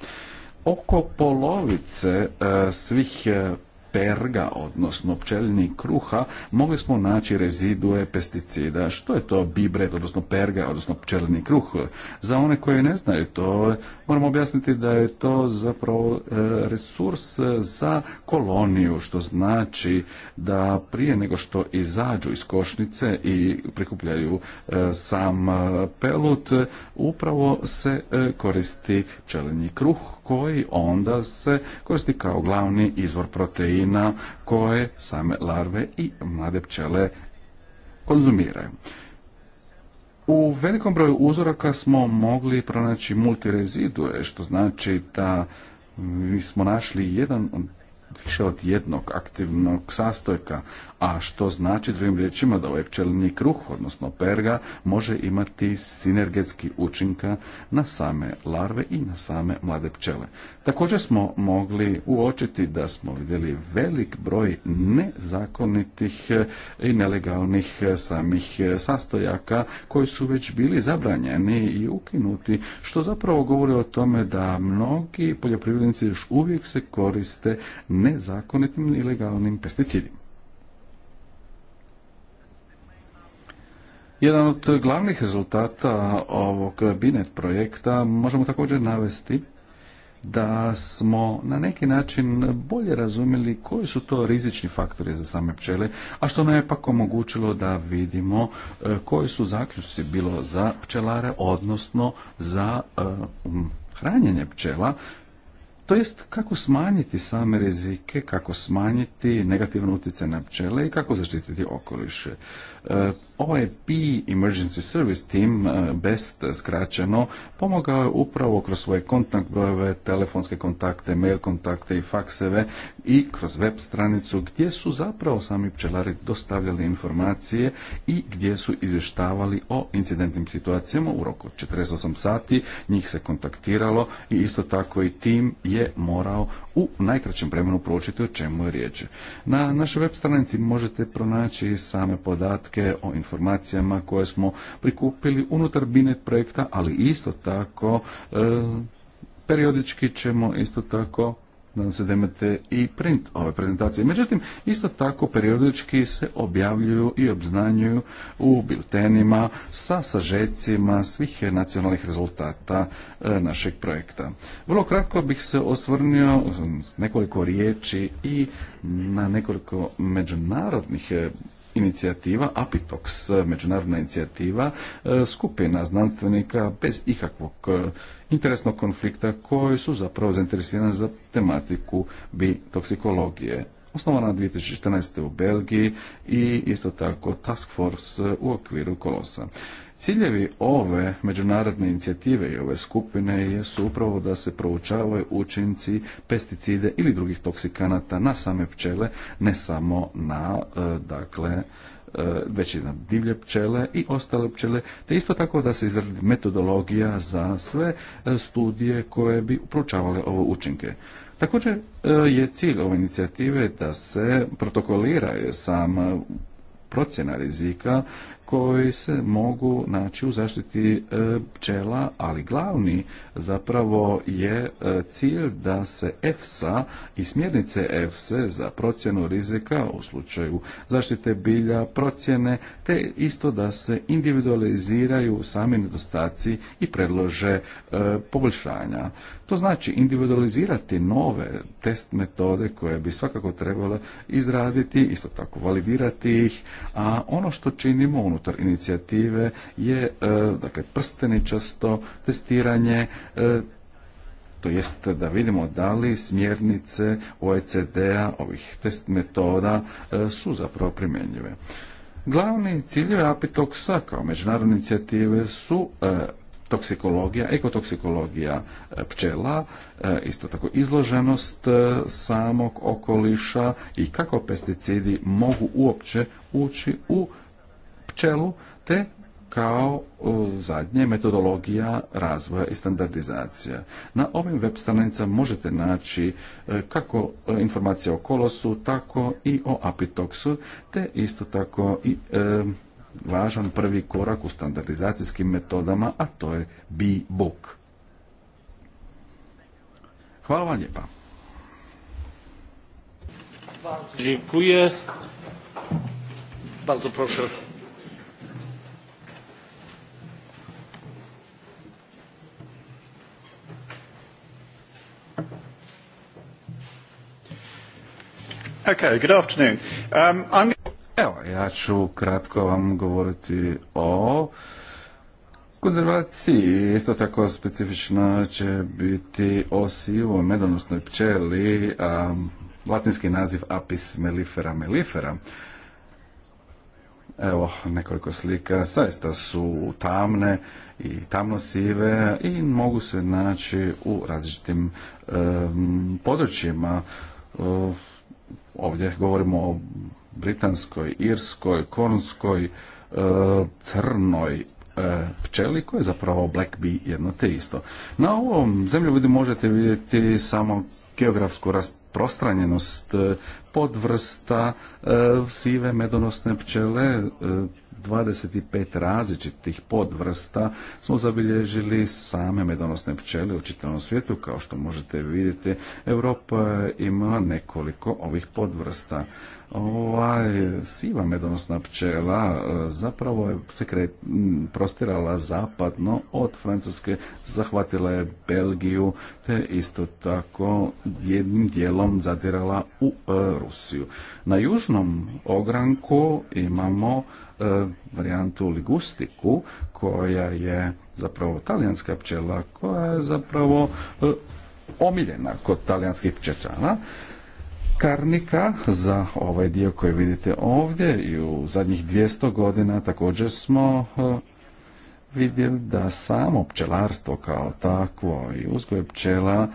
oko polovice e, svih e, perga, odnosno pčeljni kruha, mogli smo naći rezidue pesticida. Što je to bibret, odnosno perga, odnosno pčeljni kruh? Za one koji ne znaju to, moramo objasniti da je to zapravo e, resurs za koloniju, što znači da prije nego što izađu iz košnice i prikupljaju e, sam e, pelut, upravo se koristi pčeljni kruh koji onda se koristi kao glavni izvor proteina proteina koje same larve i mlade pčele konzumiraju. U velikom broju uzoraka smo mogli pronaći multirezidue, što znači da smo našli jedan više od jednog aktivnog sastojka a što znači drugim riječima da ovaj pčelinji kruh, odnosno perga, može imati sinergetski učinka na same larve i na same mlade pčele. Također smo mogli uočiti da smo vidjeli velik broj nezakonitih e, i nelegalnih e, samih e, sastojaka koji su već bili zabranjeni i ukinuti, što zapravo govori o tome da mnogi poljoprivrednici još uvijek se koriste nezakonitim i ilegalnim pesticidima. Jedan od glavnih rezultata ovog BINET projekta možemo također navesti da smo na neki način bolje razumjeli koji su to rizični faktori za same pčele, a što nam je pak omogućilo da vidimo e, koji su zaključci bilo za pčelare, odnosno za e, um, hranjenje pčela, to jest kako smanjiti same rizike, kako smanjiti negativne utjecaj na pčele i kako zaštititi okoliše. OEP Emergency Service Team, eh, BEST skraćeno, pomogao je upravo kroz svoje kontakt brojeve, telefonske kontakte, mail kontakte i fakseve i kroz web stranicu gdje su zapravo sami pčelari dostavljali informacije i gdje su izvještavali o incidentnim situacijama u roku 48 sati, njih se kontaktiralo i isto tako i tim je morao u najkraćem vremenu proučiti o čemu je riječ. Na našoj web stranici možete pronaći same podatke o informacijama koje smo prikupili unutar Binet projekta, ali isto tako e, periodički ćemo isto tako nadam se da imate i print ove prezentacije. Međutim, isto tako periodički se objavljuju i obznanjuju u biltenima sa sažecima svih nacionalnih rezultata e, našeg projekta. Vrlo kratko bih se osvrnio nekoliko riječi i na nekoliko međunarodnih e, inicijativa Apitox, međunarodna inicijativa, e, skupina znanstvenika bez ikakvog e, interesnog konflikta koji su zapravo zainteresirani za tematiku bitoksikologije osnovana 2014. u Belgiji i isto tako Task Force u okviru Kolosa. Ciljevi ove međunarodne inicijative i ove skupine jesu upravo da se proučavaju učinci pesticide ili drugih toksikanata na same pčele, ne samo na e, dakle e, već i na divlje pčele i ostale pčele, te isto tako da se izradi metodologija za sve e, studije koje bi proučavale ove učinke. Također je cilj ove inicijative da se protokolira sam procjena rizika koji se mogu naći u zaštiti e, pčela, ali glavni zapravo je e, cilj da se EFSA i smjernice EFSA za procjenu rizika u slučaju zaštite bilja, procjene, te isto da se individualiziraju sami nedostaci i predlože e, poboljšanja. To znači individualizirati nove test metode koje bi svakako trebalo izraditi, isto tako validirati ih, a ono što činimo unutar inicijative je e, dakle prsteničasto testiranje e, to jest da vidimo da li smjernice OECD-a ovih test metoda e, su zapravo primjenjive. Glavni ciljevi Apitoksa kao međunarodne inicijative su toksikologija, ekotoksikologija pčela, isto tako izloženost samog okoliša i kako pesticidi mogu uopće ući u čelu, te kao zadnje metodologija razvoja i standardizacija. Na ovim web stranicama možete naći e, kako e, informacije o kolosu, tako i o apitoksu, te isto tako i e, važan prvi korak u standardizacijskim metodama, a to je B-Book. Hvala vam lijepa. Hvala Bardzo proszę. Okay, good afternoon. Um, Evo, ja ću kratko vam govoriti o konzervaciji. Isto tako specifično će biti o sivoj medonosnoj pčeli, latinski naziv Apis mellifera mellifera. Evo nekoliko slika, saista su tamne i tamno sive i mogu se naći u različitim područjima. Ovdje govorimo o britanskoj, irskoj, konskoj, e, crnoj e, pčeli koja je zapravo black bee jedno te isto. Na ovom zemljovidu možete vidjeti samo geografsku rasprostranjenost e, podvrsta sive medonosne pčele 25 različitih podvrsta smo zabilježili same medonosne pčele u čitavom svijetu. Kao što možete vidjeti, Europa ima nekoliko ovih podvrsta ovaj, siva medonosna pčela e, zapravo je se prostirala zapadno od Francuske, zahvatila je Belgiju, te isto tako jednim dijelom zadirala u e, Rusiju. Na južnom ogranku imamo e, varijantu ligustiku koja je zapravo talijanska pčela koja je zapravo omiljena kod talijanskih pčečana karnika za ovaj dio koji vidite ovdje i u zadnjih 200 godina također smo e, vidjeli da samo pčelarstvo kao takvo i uzgoj pčela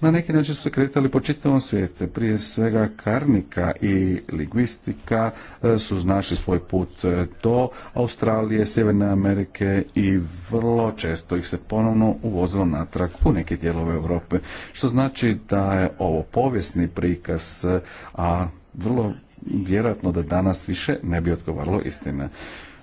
na neki način su se kretali po čitavom svijetu. Prije svega karnika i lingvistika e, su našli svoj put e, do Australije, Sjeverne Amerike i vrlo često ih se ponovno uvozilo natrag u neke dijelove Europe. Što znači da je ovo povijesni prikaz, a vrlo vjerojatno da danas više ne bi odgovaralo istine.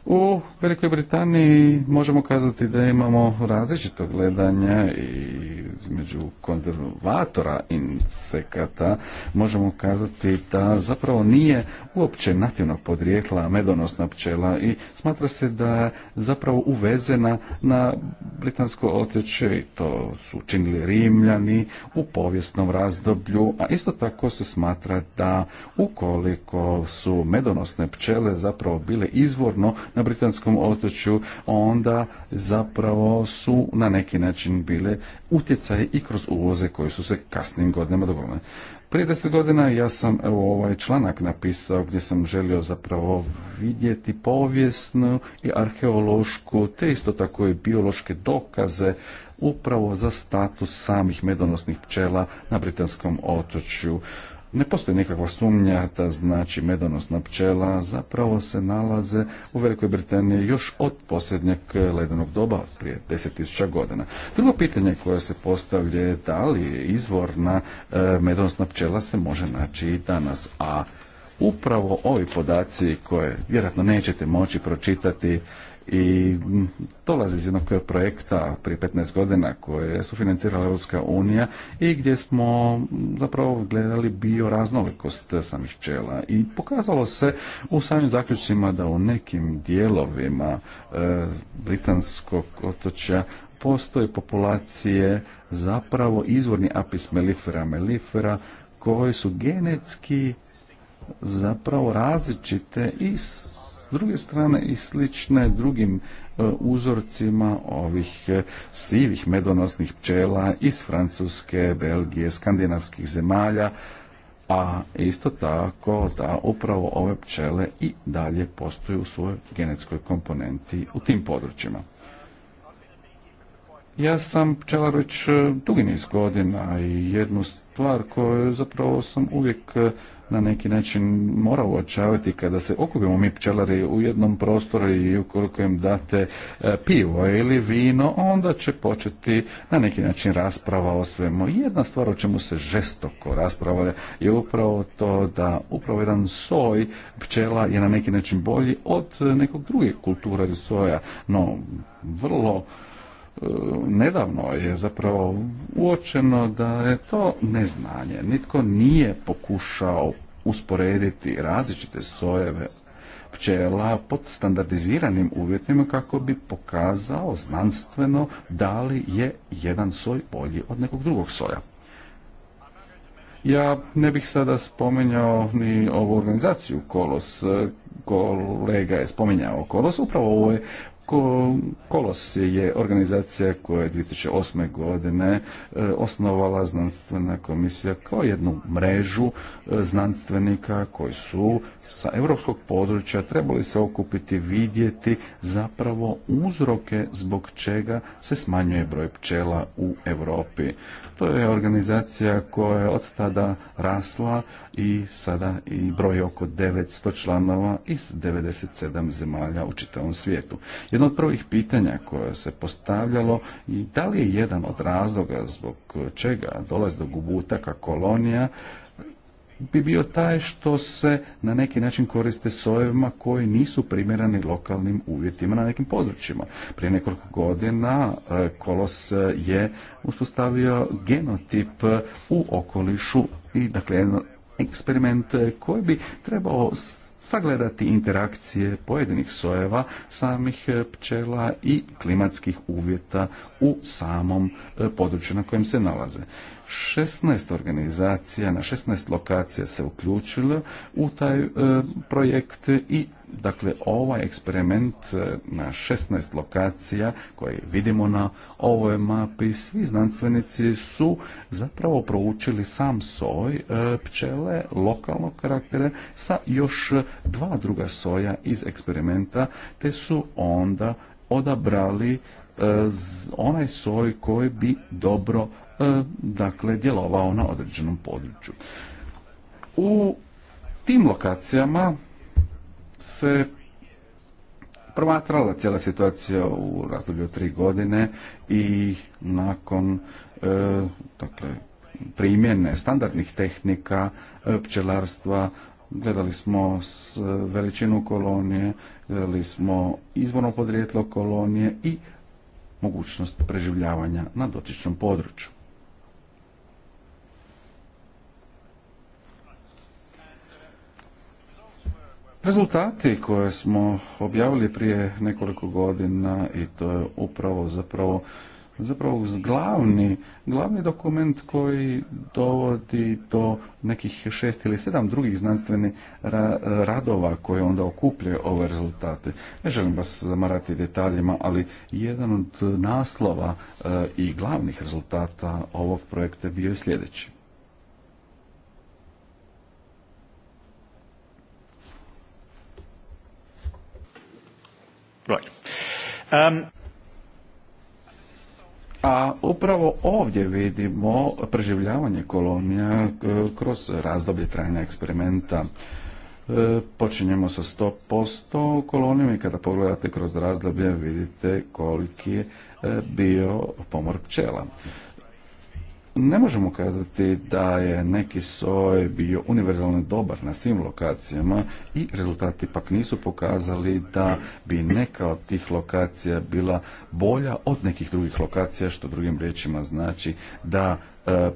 U Velikoj Britaniji možemo kazati da imamo različito gledanje i između konzervatora insekata možemo kazati da zapravo nije uopće nativnog podrijetla medonosna pčela i smatra se da je zapravo uvezena na britansko otječe i to su učinili Rimljani u povijesnom razdoblju, a isto tako se smatra da ukoliko su medonosne pčele zapravo bile izvorno na britanskom otočju, onda zapravo su na neki način bile utjecaje i kroz uvoze koje su se kasnim godinama dogodile. Prije deset godina ja sam evo ovaj članak napisao gdje sam želio zapravo vidjeti povijesnu i arheološku, te isto tako i biološke dokaze upravo za status samih medonosnih pčela na britanskom otočju ne postoji nikakva sumnja da znači medonosna pčela zapravo se nalaze u Velikoj Britaniji još od posljednjeg ledenog doba, prije 10.000 godina. Drugo pitanje koje se postavlja je da li izvorna e, medonosna pčela se može naći i danas, a upravo ovi podaci koje vjerojatno nećete moći pročitati i dolazi iz jednog projekta prije 15 godina koje su financirala Europska unija i gdje smo zapravo gledali bioraznolikost samih pčela i pokazalo se u samim zaključcima da u nekim dijelovima britanskog e, otočja postoje populacije zapravo izvorni apis melifera melifera koji su genetski zapravo različite i s druge strane i slične drugim e, uzorcima ovih e, sivih medonosnih pčela iz Francuske, Belgije, skandinavskih zemalja, a isto tako da upravo ove pčele i dalje postoje u svojoj genetskoj komponenti u tim područjima. Ja sam pčela već e, dugi niz godina i jednu stvar koju zapravo sam uvijek na neki način mora uočavati kada se okupimo mi pčelari u jednom prostoru i ukoliko im date e, pivo ili vino, onda će početi na neki način rasprava o svemu. Jedna stvar o čemu se žestoko raspravlja je upravo to da upravo jedan soj pčela je na neki način bolji od nekog druge kulture soja, no vrlo nedavno je zapravo uočeno da je to neznanje. Nitko nije pokušao usporediti različite sojeve pčela pod standardiziranim uvjetima kako bi pokazao znanstveno da li je jedan soj bolji od nekog drugog soja. Ja ne bih sada spominjao ni ovu organizaciju Kolos, kolega je spominjao Kolos, upravo ovo je Kolos je organizacija koja je 2008. godine e, osnovala znanstvena komisija kao jednu mrežu e, znanstvenika koji su sa europskog područja trebali se okupiti, vidjeti zapravo uzroke zbog čega se smanjuje broj pčela u Europi. To je organizacija koja je od tada rasla, i sada i broj oko 900 članova iz 97 zemalja u čitavom svijetu. Jedno od prvih pitanja koje se postavljalo i da li je jedan od razloga zbog čega dolazi do gubutaka kolonija bi bio taj što se na neki način koriste sojevima koji nisu primjerani lokalnim uvjetima na nekim područjima. Prije nekoliko godina e, Kolos e, je uspostavio genotip u okolišu i dakle eksperiment eh, koji bi trebao sagledati interakcije pojedinih sojeva, samih eh, pčela i klimatskih uvjeta u samom eh, području na kojem se nalaze. 16 organizacija na 16 lokacija se uključilo u taj projekt i Dakle, ovaj eksperiment e, na 16 lokacija koje vidimo na ovoj mapi, svi znanstvenici su zapravo proučili sam soj e, pčele lokalnog karaktere sa još dva druga soja iz eksperimenta, te su onda odabrali e, onaj soj koji bi dobro dakle djelovao na određenom području. U tim lokacijama se promatrala cijela situacija u razdoblju tri godine i nakon e, dakle, primjene standardnih tehnika e, pčelarstva gledali smo veličinu kolonije, gledali smo izvorno podrijetlo kolonije i mogućnost preživljavanja na dotičnom području. Rezultati koje smo objavili prije nekoliko godina i to je upravo zapravo zapravo glavni, glavni dokument koji dovodi do nekih šest ili sedam drugih znanstvenih radova koje onda okuplje ove rezultate. Ne želim vas zamarati detaljima, ali jedan od naslova e, i glavnih rezultata ovog projekta bio je sljedeći. Right. Um, A upravo ovdje vidimo preživljavanje kolonija e, kroz razdoblje trajanja eksperimenta. E, počinjemo sa 100% kolonijom i kada pogledate kroz razdoblje vidite koliki je e, bio pomor pčela. Ne možemo kazati da je neki soj bio univerzalno dobar na svim lokacijama i rezultati pak nisu pokazali da bi neka od tih lokacija bila bolja od nekih drugih lokacija, što drugim riječima znači da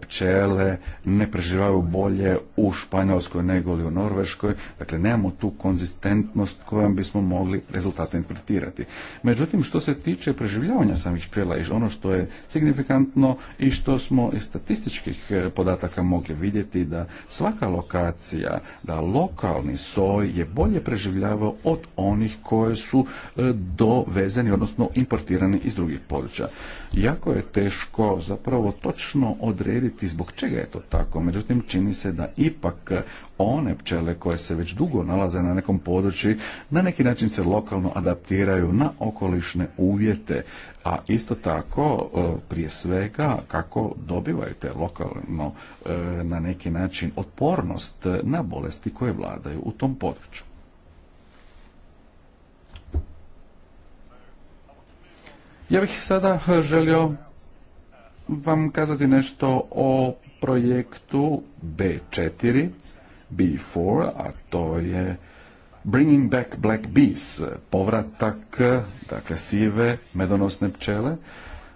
pčele ne preživaju bolje u Španjolskoj nego li u Norveškoj. Dakle, nemamo tu konzistentnost kojom bismo mogli rezultate interpretirati. Međutim, što se tiče preživljavanja samih pčela i ono što je signifikantno i što smo iz statističkih e, podataka mogli vidjeti da svaka lokacija, da lokalni soj je bolje preživljavao od onih koje su e, dovezeni, odnosno importirani iz drugih područja. Jako je teško zapravo točno od odrediti zbog čega je to tako. Međutim, čini se da ipak one pčele koje se već dugo nalaze na nekom području, na neki način se lokalno adaptiraju na okolišne uvjete, a isto tako e, prije svega kako dobivaju te lokalno e, na neki način otpornost e, na bolesti koje vladaju u tom području. Ja bih sada želio vam kazati nešto o projektu B4, B4, a to je Bringing Back Black Bees, povratak dakle, sive medonosne pčele.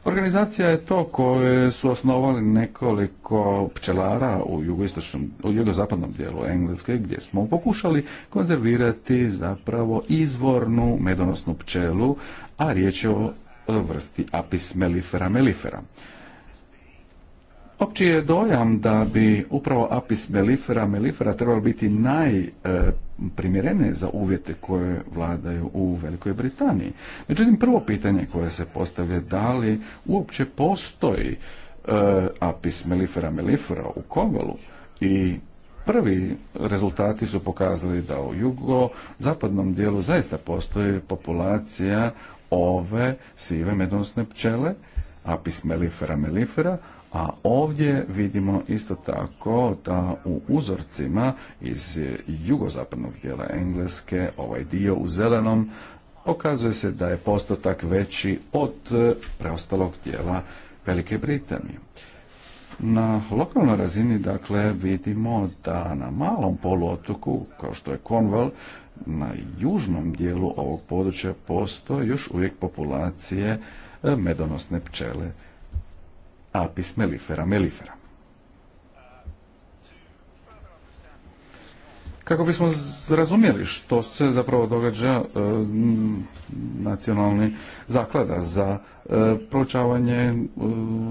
Organizacija je to koje su osnovali nekoliko pčelara u, jugozapadnom dijelu Engleske gdje smo pokušali konzervirati zapravo izvornu medonosnu pčelu, a riječ je o vrsti Apis mellifera mellifera. Opći je dojam da bi upravo apis melifera, melifera trebalo biti najprimjerenije za uvjete koje vladaju u Velikoj Britaniji. Međutim, prvo pitanje koje se postavlja da li uopće postoji e, apis melifera, melifera u Kongolu. i Prvi rezultati su pokazali da u jugo-zapadnom dijelu zaista postoji populacija ove sive medonosne pčele, apis melifera melifera, a ovdje vidimo isto tako da u uzorcima iz jugozapadnog dijela Engleske, ovaj dio u zelenom, pokazuje se da je postotak veći od e, preostalog dijela Velike Britanije. Na lokalnoj razini, dakle, vidimo da na malom poluotoku, kao što je Cornwall, na južnom dijelu ovog područja postoje još uvijek populacije e, medonosne pčele apis melifera, melifera. Kako bismo razumjeli što se zapravo događa e, nacionalni zaklada za pročavanje proučavanje e,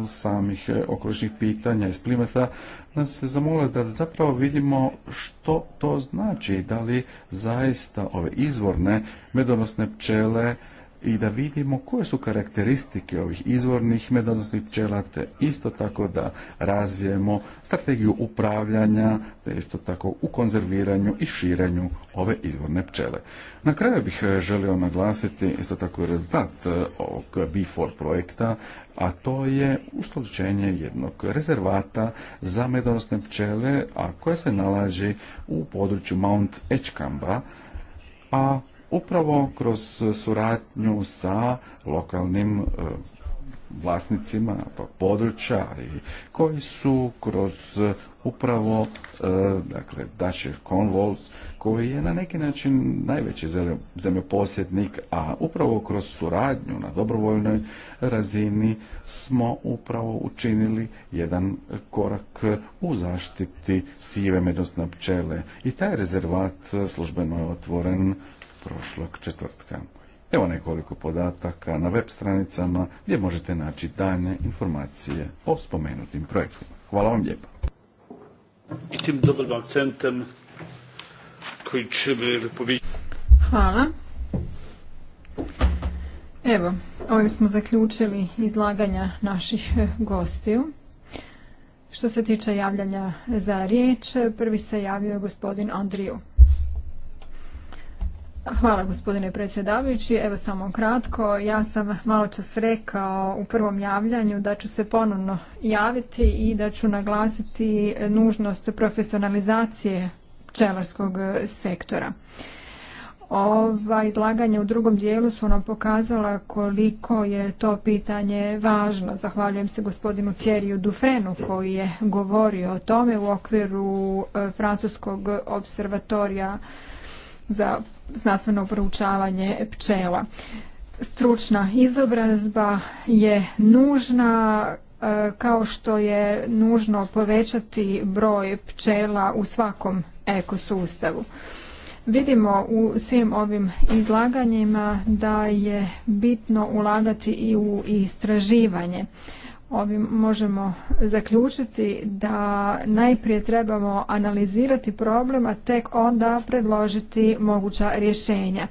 samih e, okolišnih pitanja iz Plimeta, nas se zamole da zapravo vidimo što to znači, da li zaista ove izvorne medonosne pčele i da vidimo koje su karakteristike ovih izvornih medonosnih pčela, te isto tako da razvijemo strategiju upravljanja, te isto tako u konzerviranju i širenju ove izvorne pčele. Na kraju bih e, želio naglasiti isto tako i rezultat e, ovog B4 projekta, a to je uslučenje jednog rezervata za medonosne pčele, a koje se nalaži u području Mount Echkamba a upravo kroz suradnju sa lokalnim e, vlasnicima područja i koji su kroz e, upravo e, dakle Dutch Convols koji je na neki način najveći zemljoposjednik, a upravo kroz suradnju na dobrovoljnoj razini smo upravo učinili jedan korak u zaštiti sive medosne pčele i taj rezervat službeno je otvoren prošlog četvrtka. Evo nekoliko podataka na web stranicama gdje možete naći daljne informacije o spomenutim projektima. Hvala vam lijepa. I tim koji će Hvala. Evo, ovim smo zaključili izlaganja naših eh, gostiju. Što se tiče javljanja za riječ, prvi se javio gospodin Andriju. Hvala gospodine predsjedavajući. Evo samo kratko. Ja sam malo čas rekao u prvom javljanju da ću se ponovno javiti i da ću naglasiti nužnost profesionalizacije pčelarskog sektora. Ova izlaganja u drugom dijelu su nam pokazala koliko je to pitanje važno. Zahvaljujem se gospodinu Thierryu Dufrenu koji je govorio o tome u okviru e, Francuskog observatorija za znanstveno proučavanje pčela. Stručna izobrazba je nužna e, kao što je nužno povećati broj pčela u svakom ekosustavu. Vidimo u svim ovim izlaganjima da je bitno ulagati i u istraživanje ovim možemo zaključiti da najprije trebamo analizirati problem, a tek onda predložiti moguća rješenja.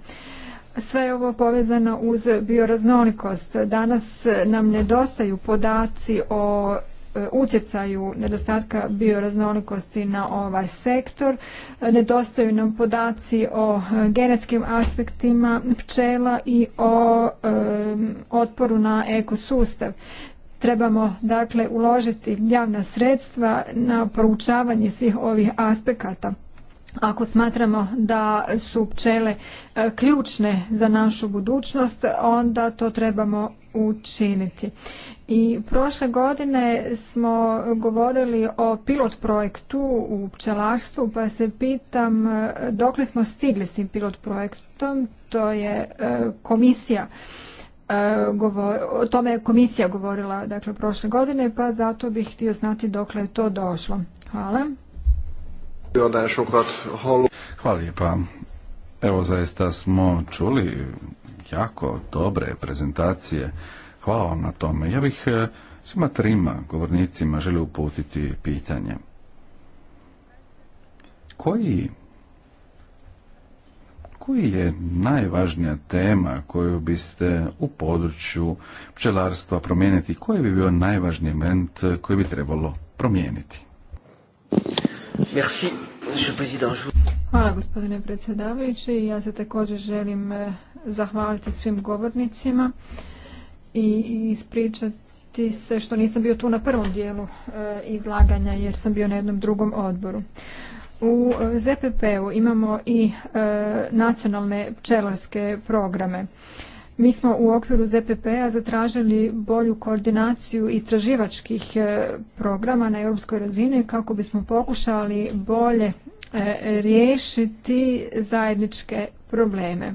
Sve je ovo povezano uz bioraznolikost. Danas nam nedostaju podaci o e, utjecaju nedostatka bioraznolikosti na ovaj sektor. Nedostaju nam podaci o genetskim aspektima pčela i o e, otporu na ekosustav. Trebamo dakle uložiti javna sredstva na proučavanje svih ovih aspekata. Ako smatramo da su pčele e, ključne za našu budućnost, onda to trebamo učiniti. I prošle godine smo govorili o pilot projektu u pčelarstvu, pa se pitam e, dokle smo stigli s tim pilot projektom, to je e, komisija E, o tome je komisija govorila dakle, prošle godine, pa zato bih htio znati dokle je to došlo. Hvala. Hvala lijepa. Evo zaista smo čuli jako dobre prezentacije. Hvala vam na tome. Ja bih e, svima trima govornicima želio uputiti pitanje. Koji koji je najvažnija tema koju biste u području pčelarstva promijeniti? Koji bi bio najvažniji moment koji bi trebalo promijeniti? Merci, Hvala gospodine predsjedavajući. Ja se također želim eh, zahvaliti svim govornicima i ispričati se što nisam bio tu na prvom dijelu eh, izlaganja jer sam bio na jednom drugom odboru. U ZPP-u imamo i e, nacionalne pčelarske programe. Mi smo u okviru ZPP-a zatražili bolju koordinaciju istraživačkih e, programa na europskoj razini kako bismo pokušali bolje e, riješiti zajedničke probleme.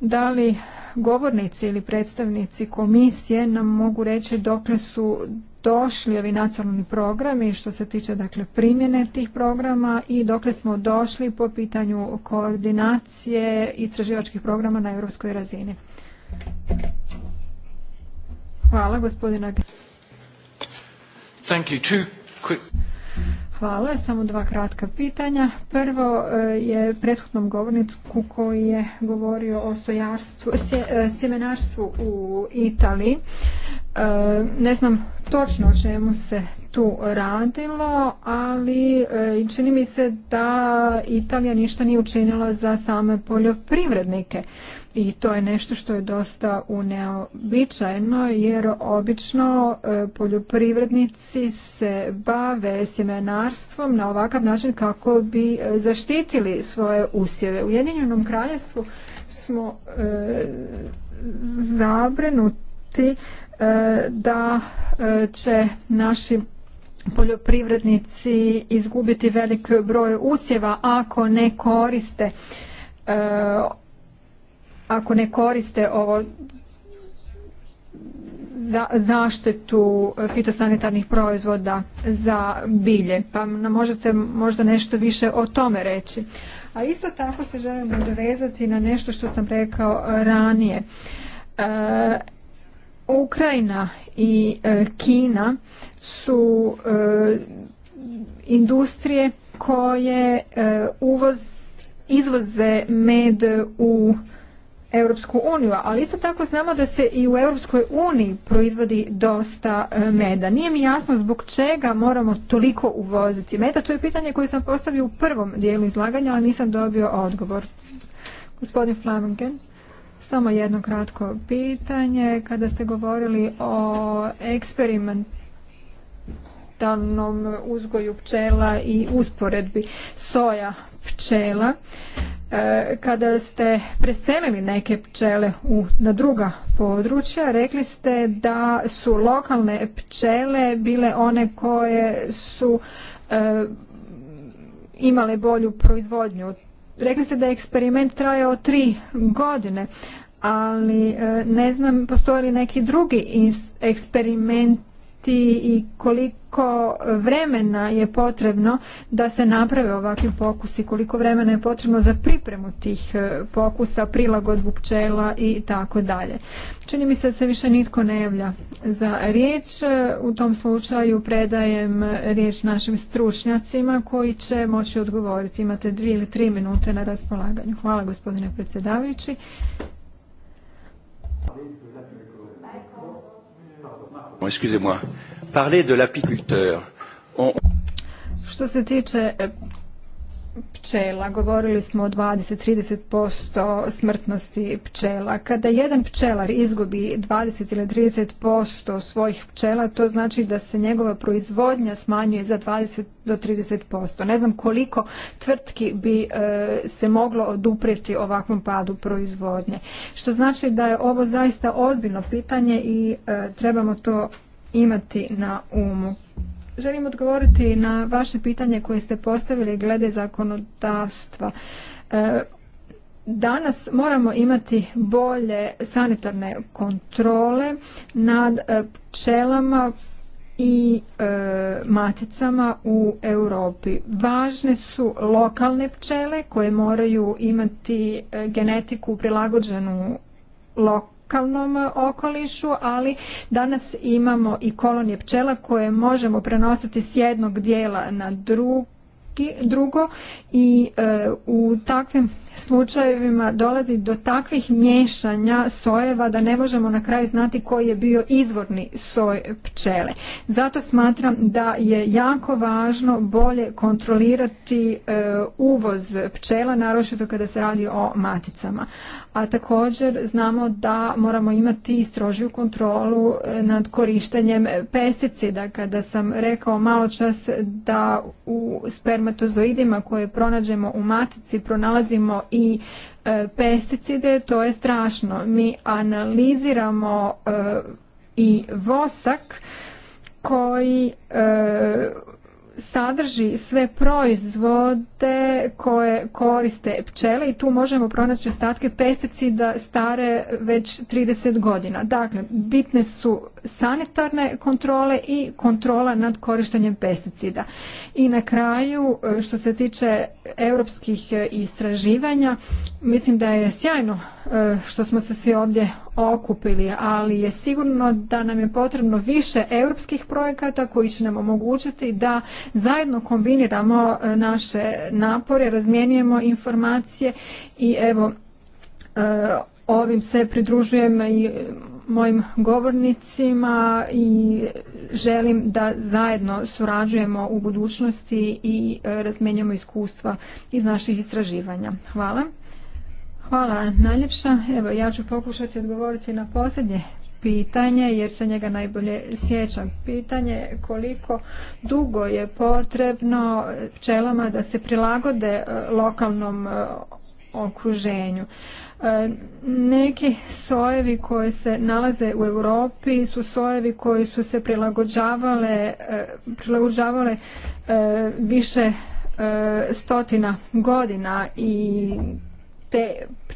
Da li govornici ili predstavnici komisije nam mogu reći dokle su došli ovi nacionalni programi što se tiče dakle primjene tih programa i dokle smo došli po pitanju koordinacije istraživačkih programa na europskoj razini. Hvala gospodina. Thank you. quick... Hvala. Samo dva kratka pitanja. Prvo e, je prethodnom govorniku koji je govorio o sojarstvu, e, sjemenarstvu u Italiji. E, ne znam točno o čemu se tu radilo, ali čini mi se da Italija ništa nije učinila za same poljoprivrednike i to je nešto što je dosta uneobičajno jer obično e, poljoprivrednici se bave sjemenarstvom na ovakav način kako bi e, zaštitili svoje usjeve. U Jedinjenom kraljestvu smo zabrenuti zabrinuti e, da će naši poljoprivrednici izgubiti velik broj usjeva ako ne koriste ako ne koriste ovo za zaštitu fitosanitarnih proizvoda za bilje. Pa nam možete možda nešto više o tome reći. A isto tako se želim dovezati na nešto što sam rekao ranije. E, Ukrajina i e, Kina su e, industrije koje e, uvoz izvoze med u Europsku uniju, ali isto tako znamo da se i u Europskoj uniji proizvodi dosta e, meda. Nije mi jasno zbog čega moramo toliko uvoziti meda. To je pitanje koje sam postavio u prvom dijelu izlaganja, ali nisam dobio odgovor. Gospodin Flamengen, samo jedno kratko pitanje. Kada ste govorili o eksperimentalnom uzgoju pčela i usporedbi soja pčela, E, kada ste preselili neke pčele u, na druga područja, rekli ste da su lokalne pčele bile one koje su e, imale bolju proizvodnju. Rekli ste da je eksperiment trajao tri godine, ali e, ne znam postoji li neki drugi eksperiment i koliko vremena je potrebno da se naprave ovakvi pokusi, koliko vremena je potrebno za pripremu tih e, pokusa, prilagodbu pčela i tako dalje. Čini mi se da se više nitko ne javlja za riječ. E, u tom slučaju predajem riječ našim stručnjacima koji će moći odgovoriti. Imate dvije ili tri minute na raspolaganju. Hvala gospodine predsjedavajući. Oh, excusez-moi. Parler de l'apiculteur. On... Što se tiče pčela. Govorili smo o 20-30% smrtnosti pčela. Kada jedan pčelar izgubi 20 ili 30% svojih pčela, to znači da se njegova proizvodnja smanjuje za 20 do 30%. Ne znam koliko tvrtki bi e, se moglo oduprijeti ovakvom padu proizvodnje. Što znači da je ovo zaista ozbiljno pitanje i e, trebamo to imati na umu. Želim odgovoriti na vaše pitanje koje ste postavili glede zakonodavstva. E, danas moramo imati bolje sanitarne kontrole nad e, pčelama i e, maticama u Europi. Važne su lokalne pčele koje moraju imati genetiku prilagođenu lokalnu lokalnom okolišu, ali danas imamo i kolonije pčela koje možemo prenositi s jednog dijela na drugi drugo i e, u takvim slučajevima dolazi do takvih miješanja sojeva da ne možemo na kraju znati koji je bio izvorni soj pčele. Zato smatram da je jako važno bolje kontrolirati e, uvoz pčela, naročito kada se radi o maticama a također znamo da moramo imati strožiju kontrolu e, nad korištenjem pesticida. Kada sam rekao malo čas da u spermatozoidima koje pronađemo u matici pronalazimo i e, pesticide, to je strašno. Mi analiziramo e, i vosak koji sadrži sve proizvode koje koriste pčele i tu možemo pronaći ostatke pesticida stare već 30 godina. Dakle, bitne su sanitarne kontrole i kontrola nad korištenjem pesticida. I na kraju, što se tiče europskih istraživanja, mislim da je sjajno e, što smo se svi ovdje okupili, ali je sigurno da nam je potrebno više europskih projekata koji će nam omogućiti da zajedno kombiniramo e, naše napore, razmjenjujemo informacije i evo e, ovim se pridružujem i mojim govornicima i želim da zajedno surađujemo u budućnosti i e, razmenjamo iskustva iz naših istraživanja. Hvala. Hvala najljepša. Evo, ja ću pokušati odgovoriti na posljednje pitanje jer se njega najbolje sjećam. Pitanje je koliko dugo je potrebno pčelama da se prilagode e, lokalnom e, okruženju. E, neki sojevi koji se nalaze u Europi su sojevi koji su se prilagođavale, prilagođavale više stotina godina i te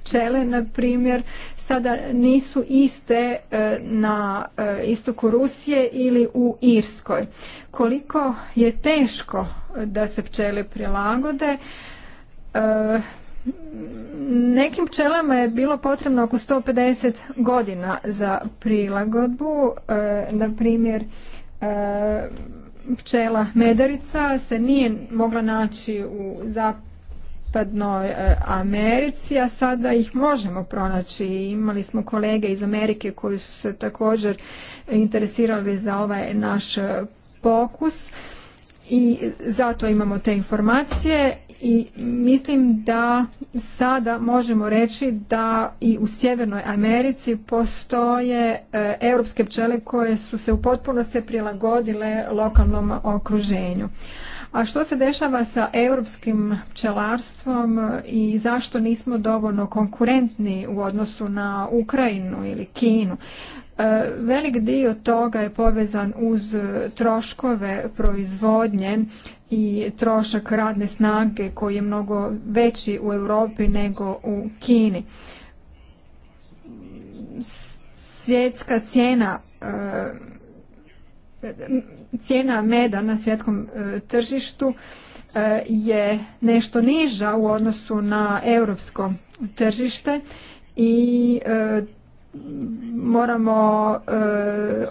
pčele, na primjer, sada nisu iste e, na e, istoku Rusije ili u Irskoj. Koliko je teško da se pčele prilagode, e, Nekim pčelama je bilo potrebno oko 150 godina za prilagodbu. na primjer, pčela medarica se nije mogla naći u zap zapadnoj e, Americi, a sada ih možemo pronaći. Imali smo kolege iz Amerike koji su se također interesirali za ovaj naš pokus i zato imamo te informacije i mislim da sada možemo reći da i u Sjevernoj Americi postoje e, europske pčele koje su se u potpunosti prilagodile lokalnom okruženju. A što se dešava sa europskim pčelarstvom i zašto nismo dovoljno konkurentni u odnosu na Ukrajinu ili Kinu? E, velik dio toga je povezan uz troškove proizvodnje i trošak radne snage koji je mnogo veći u Europi nego u Kini. Svjetska cijena e, cijena meda na svjetskom e, tržištu e, je nešto niža u odnosu na europsko tržište i e, moramo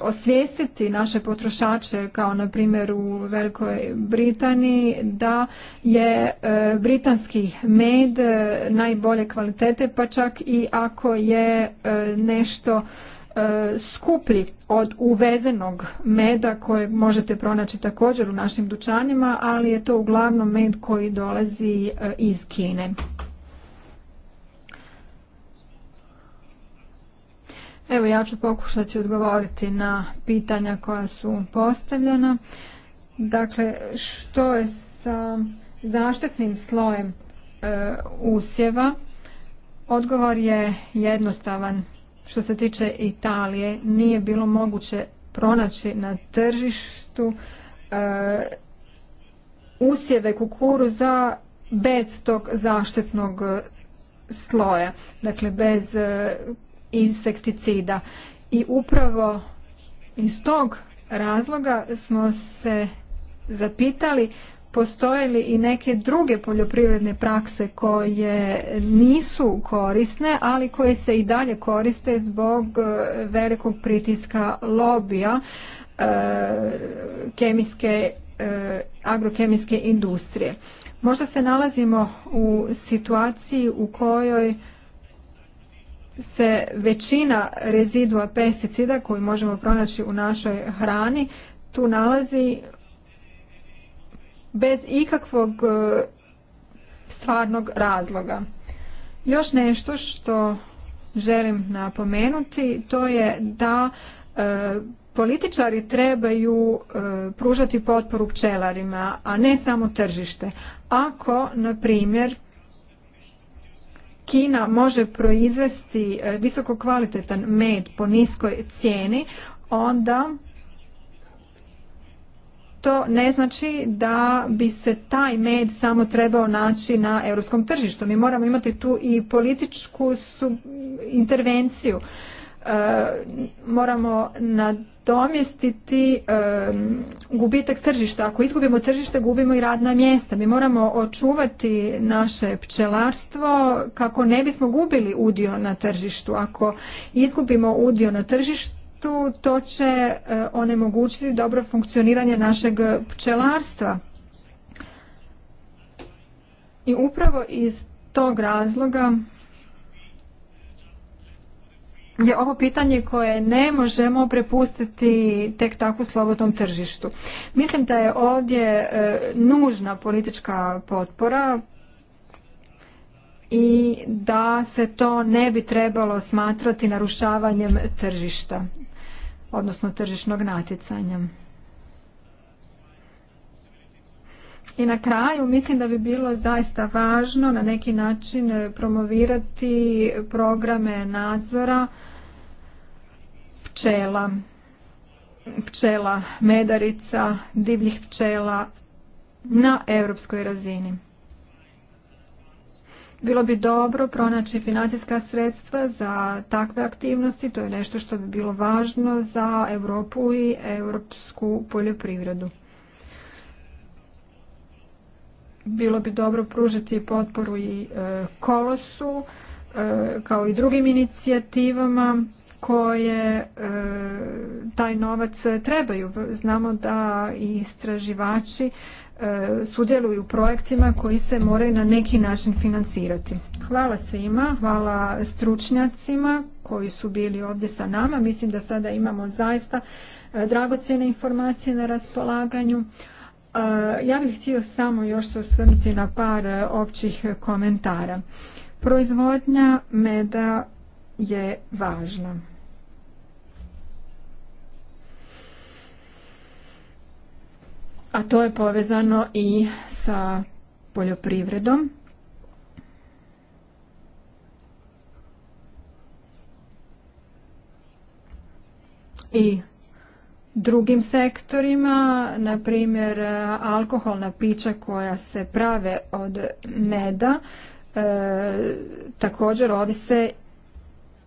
osvijestiti naše potrošače kao na primjer u Velikoj Britaniji da je britanski med najbolje kvalitete pa čak i ako je nešto skuplji od uvezenog meda koje možete pronaći također u našim dućanima, ali je to uglavnom med koji dolazi e, iz Kine. Evo ja ću pokušati odgovoriti na pitanja koja su postavljena. Dakle, što je sa zaštitnim slojem e, usjeva? Odgovor je jednostavan što se tiče Italije nije bilo moguće pronaći na tržištu e, usjeve kukuruza bez tog zaštitnog e, sloja, dakle bez e, insekticida. I upravo iz tog razloga smo se zapitali postoje li i neke druge poljoprivredne prakse koje nisu korisne, ali koje se i dalje koriste zbog e, velikog pritiska lobija e, kemijske, e, agrokemijske industrije. Možda se nalazimo u situaciji u kojoj se većina rezidua pesticida koju možemo pronaći u našoj hrani tu nalazi bez ikakvog e, stvarnog razloga. Još nešto što želim napomenuti, to je da e, političari trebaju e, pružati potporu pčelarima, a ne samo tržište. Ako, na primjer, Kina može proizvesti visoko kvalitetan med po niskoj cijeni, onda to ne znači da bi se taj med samo trebao naći na europskom tržištu. Mi moramo imati tu i političku intervenciju. E, moramo nadomjestiti e, gubitak tržišta. Ako izgubimo tržište, gubimo i radna mjesta. Mi moramo očuvati naše pčelarstvo kako ne bismo gubili udio na tržištu. Ako izgubimo udio na tržištu, to će e, onemogućiti dobro funkcioniranje našeg pčelarstva. I upravo iz tog razloga je ovo pitanje koje ne možemo prepustiti tek tako slobodnom tržištu. Mislim da je ovdje e, nužna politička potpora i da se to ne bi trebalo smatrati narušavanjem tržišta odnosno tržišnog natjecanja. I na kraju mislim da bi bilo zaista važno na neki način promovirati programe nadzora pčela, pčela medarica, divljih pčela na europskoj razini. Bilo bi dobro pronaći financijska sredstva za takve aktivnosti, to je nešto što bi bilo važno za Europu i europsku poljoprivredu. Bilo bi dobro pružiti potporu i e, kolosu e, kao i drugim inicijativama koje e, taj novac trebaju. Znamo da i istraživači E, sudjeluju u projektima koji se moraju na neki način financirati. Hvala svima, hvala stručnjacima koji su bili ovdje sa nama. Mislim da sada imamo zaista e, dragocjene informacije na raspolaganju. E, ja bih htio samo još se osvrnuti na par općih komentara. Proizvodnja meda je važna. a to je povezano i sa poljoprivredom. I drugim sektorima, na primjer alkoholna pića koja se prave od meda, e, također ovise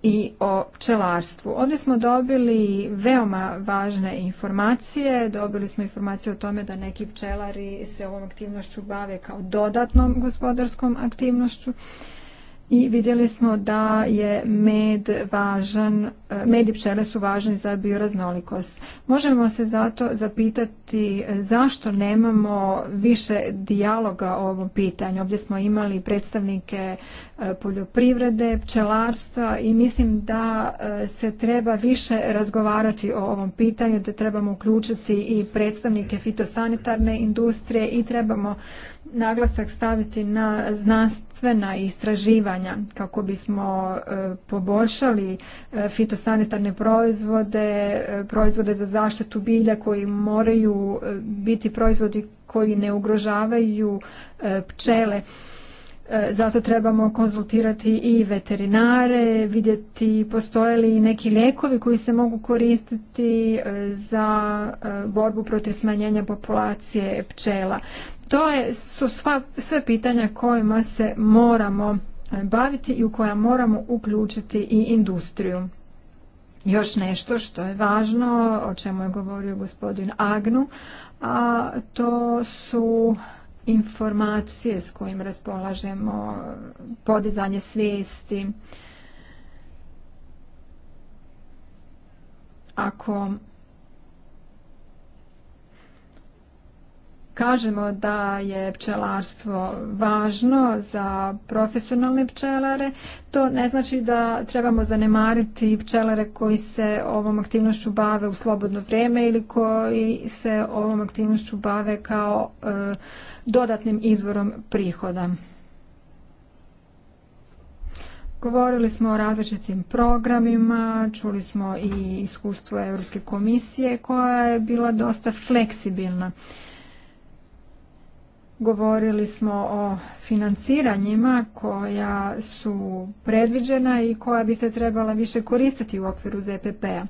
i o pčelarstvu. Ovdje smo dobili veoma važne informacije. Dobili smo informacije o tome da neki pčelari se ovom aktivnošću bave kao dodatnom gospodarskom aktivnošću i vidjeli smo da je med važan, eh, med i pčele su važni za bioraznolikost. Možemo se zato zapitati eh, zašto nemamo više dijaloga o ovom pitanju. Ovdje smo imali predstavnike eh, poljoprivrede, pčelarstva i mislim da se treba više razgovarati o ovom pitanju, da trebamo uključiti i predstavnike fitosanitarne industrije i trebamo naglasak staviti na znanstvena istraživanja kako bismo e, poboljšali e, fitosanitarne proizvode, e, proizvode za zaštitu bilja koji moraju biti proizvodi koji ne ugrožavaju pčele. Zato trebamo konzultirati i veterinare, vidjeti postoje li neki lijekovi koji se mogu koristiti za borbu protiv smanjenja populacije pčela. To je, su sva, sve pitanja kojima se moramo e, baviti i u koja moramo uključiti i industriju. Još nešto što je važno, o čemu je govorio gospodin Agnu, a to su informacije s kojim raspolažemo, podizanje svijesti. Ako kažemo da je pčelarstvo važno za profesionalne pčelare, to ne znači da trebamo zanemariti pčelare koji se ovom aktivnošću bave u slobodno vrijeme ili koji se ovom aktivnošću bave kao e, dodatnim izvorom prihoda. Govorili smo o različitim programima, čuli smo i iskustvo Europske komisije koja je bila dosta fleksibilna. Govorili smo o financiranjima koja su predviđena i koja bi se trebala više koristiti u okviru ZPP-a.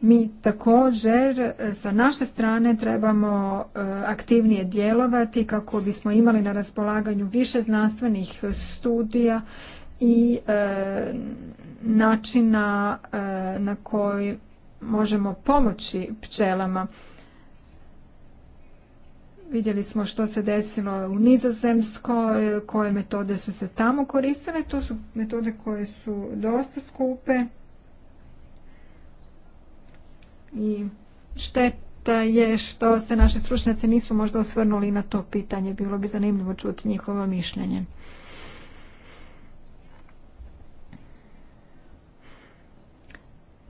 Mi također sa naše strane trebamo e, aktivnije djelovati kako bismo imali na raspolaganju više znanstvenih studija i e, načina e, na koji možemo pomoći pčelama Vidjeli smo što se desilo u Nizozemskoj, koje metode su se tamo koristile. To su metode koje su dosta skupe i šteta je što se naši stručnjaci nisu možda osvrnuli na to pitanje. Bilo bi zanimljivo čuti njihovo mišljenje.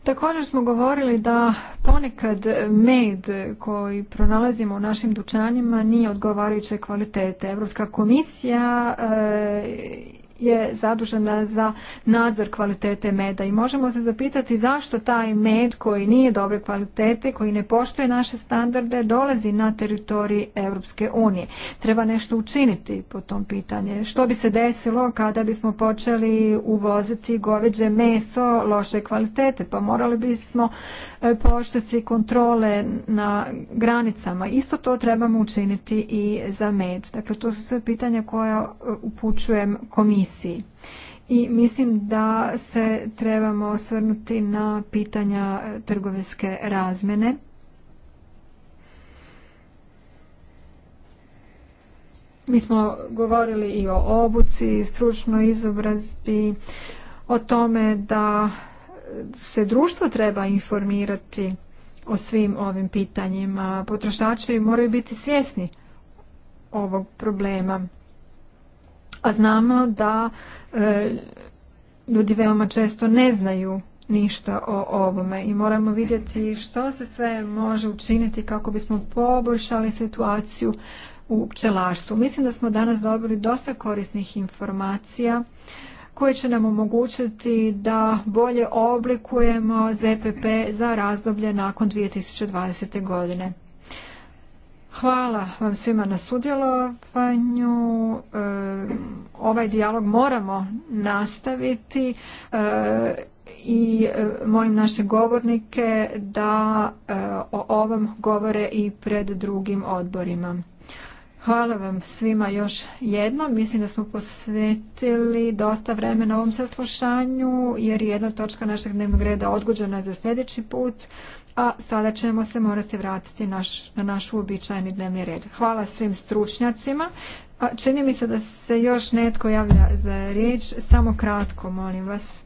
Također smo govorili da ponekad med koji pronalazimo u našim dućanima nije odgovarajuće kvalitete. Europska komisija e, je zadužena za nadzor kvalitete meda i možemo se zapitati zašto taj med koji nije dobre kvalitete, koji ne poštuje naše standarde, dolazi na teritorij Europske unije. Treba nešto učiniti po tom pitanju. Što bi se desilo kada bismo počeli uvoziti goveđe meso loše kvalitete? Pa morali bismo e, poštati kontrole na granicama. Isto to trebamo učiniti i za med. Dakle, to su sve pitanja koja e, upućujem komisiji. I mislim da se trebamo osvrnuti na pitanja e, trgovinske razmjene. Mi smo govorili i o obuci, stručnoj izobrazbi, o tome da se društvo treba informirati o svim ovim pitanjima. Potrošači moraju biti svjesni ovog problema a znamo da e, ljudi veoma često ne znaju ništa o ovome i moramo vidjeti što se sve može učiniti kako bismo poboljšali situaciju u pčelarstvu. Mislim da smo danas dobili dosta korisnih informacija koje će nam omogućiti da bolje oblikujemo ZPP za razdoblje nakon 2020. godine. Hvala vam svima na sudjelovanju. E, ovaj dijalog moramo nastaviti e, i e, molim naše govornike da o ovom govore i pred drugim odborima. Hvala vam svima još jednom. Mislim da smo posvetili dosta vremena ovom saslušanju jer jedna točka našeg dnevnog reda odgođena je za sljedeći put a sada ćemo se morati vratiti naš, na naš uobičajeni dnevni red. Hvala svim stručnjacima. Čini mi se da se još netko javlja za riječ. Samo kratko, molim vas.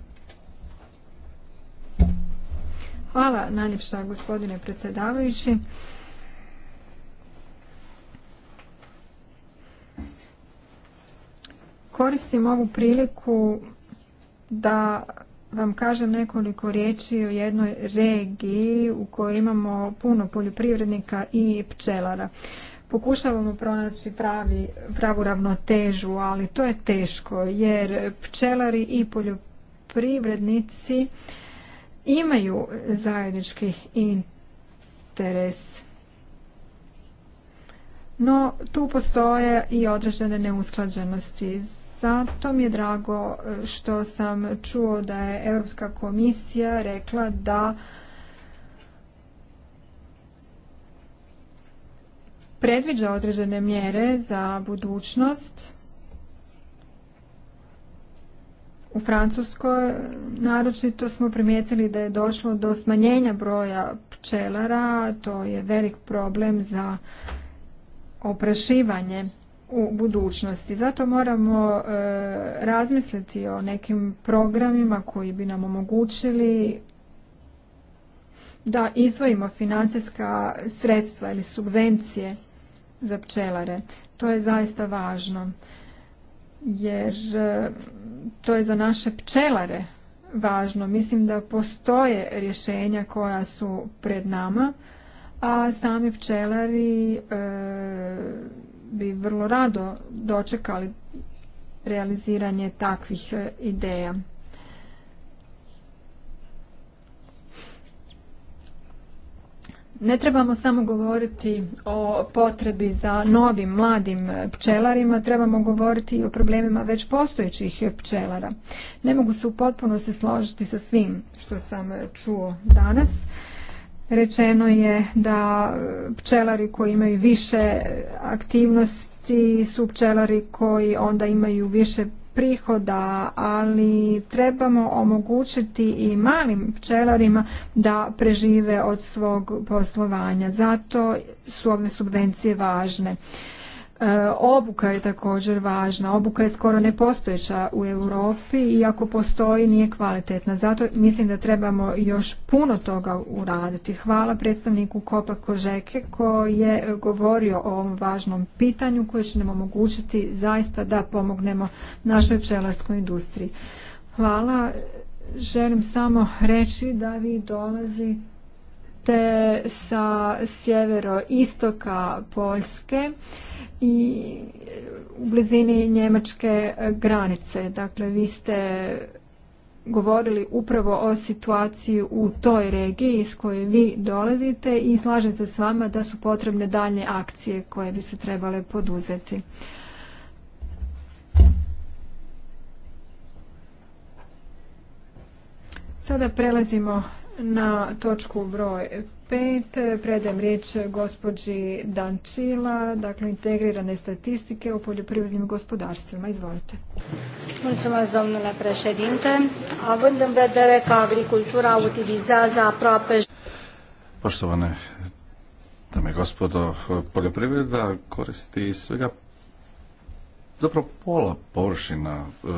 Hvala najljepša gospodine predsjedavajući. Koristim ovu priliku da vam kažem nekoliko riječi o jednoj regiji u kojoj imamo puno poljoprivrednika i pčelara. Pokušavamo pronaći pravi, pravu ravnotežu, ali to je teško jer pčelari i poljoprivrednici imaju zajednički interes. No, tu postoje i određene neusklađenosti. Zato mi je drago e, što sam čuo da je Europska komisija rekla da predviđa određene mjere za budućnost u Francuskoj naročito smo primijetili da je došlo do smanjenja broja pčelara, to je velik problem za oprašivanje u budućnosti. Zato moramo e, razmisliti o nekim programima koji bi nam omogućili da izvojimo financijska sredstva ili subvencije za pčelare. To je zaista važno jer e, to je za naše pčelare važno. Mislim da postoje rješenja koja su pred nama, a sami pčelari e, bi vrlo rado dočekali realiziranje takvih e, ideja. Ne trebamo samo govoriti o potrebi za novim, mladim e, pčelarima, trebamo govoriti i o problemima već postojećih e, pčelara. Ne mogu se u potpunosti složiti sa svim što sam čuo danas. Rečeno je da pčelari koji imaju više aktivnosti su pčelari koji onda imaju više prihoda, ali trebamo omogućiti i malim pčelarima da prežive od svog poslovanja. Zato su ove subvencije važne. E, obuka je također važna. Obuka je skoro nepostojeća u Europi i ako postoji nije kvalitetna. Zato mislim da trebamo još puno toga uraditi. Hvala predstavniku Kopa Kožeke koji je govorio o ovom važnom pitanju koje će nam omogućiti zaista da pomognemo našoj pčelarskoj industriji. Hvala. Želim samo reći da vi dolazite sa sjevero istoka Poljske i e, u blizini njemačke e, granice. Dakle, vi ste govorili upravo o situaciji u toj regiji iz koje vi dolazite i slažem se s vama da su potrebne dalje akcije koje bi se trebale poduzeti. Sada prelazimo na točku broj 5 predajem riječ gospođi Dančila, dakle integrirane statistike o poljoprivrednim gospodarstvima. Izvolite. Mulțumesc, domnule președinte. Având în vedere că agricultura utilizează aproape... Poštovane dame i gospodo, poljoprivreda koristi svega zapravo pola površina e,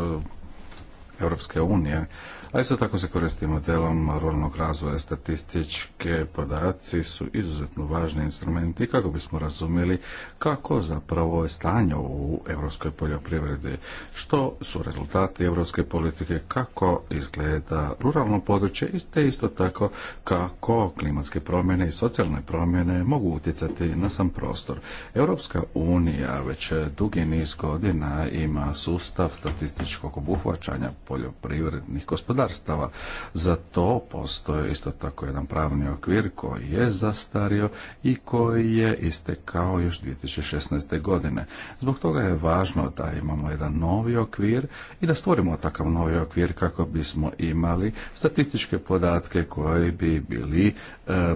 Europske unije, a isto tako se koristi modelom ruralnog razvoja. Statističke podaci su izuzetno važni instrumenti kako bismo razumjeli kako zapravo je stanje u europskoj poljoprivredi, što su rezultati europske politike, kako izgleda ruralno područje i te isto tako kako klimatske promjene i socijalne promjene mogu utjecati na sam prostor. Europska unija već dugi niz godina ima sustav statističkog obuhvaćanja poljoprivrednih gospodarstva gospodarstava. Za to postoje isto tako jedan pravni okvir koji je zastario i koji je istekao još 2016. godine. Zbog toga je važno da imamo jedan novi okvir i da stvorimo takav novi okvir kako bismo imali statističke podatke koji bi bili e,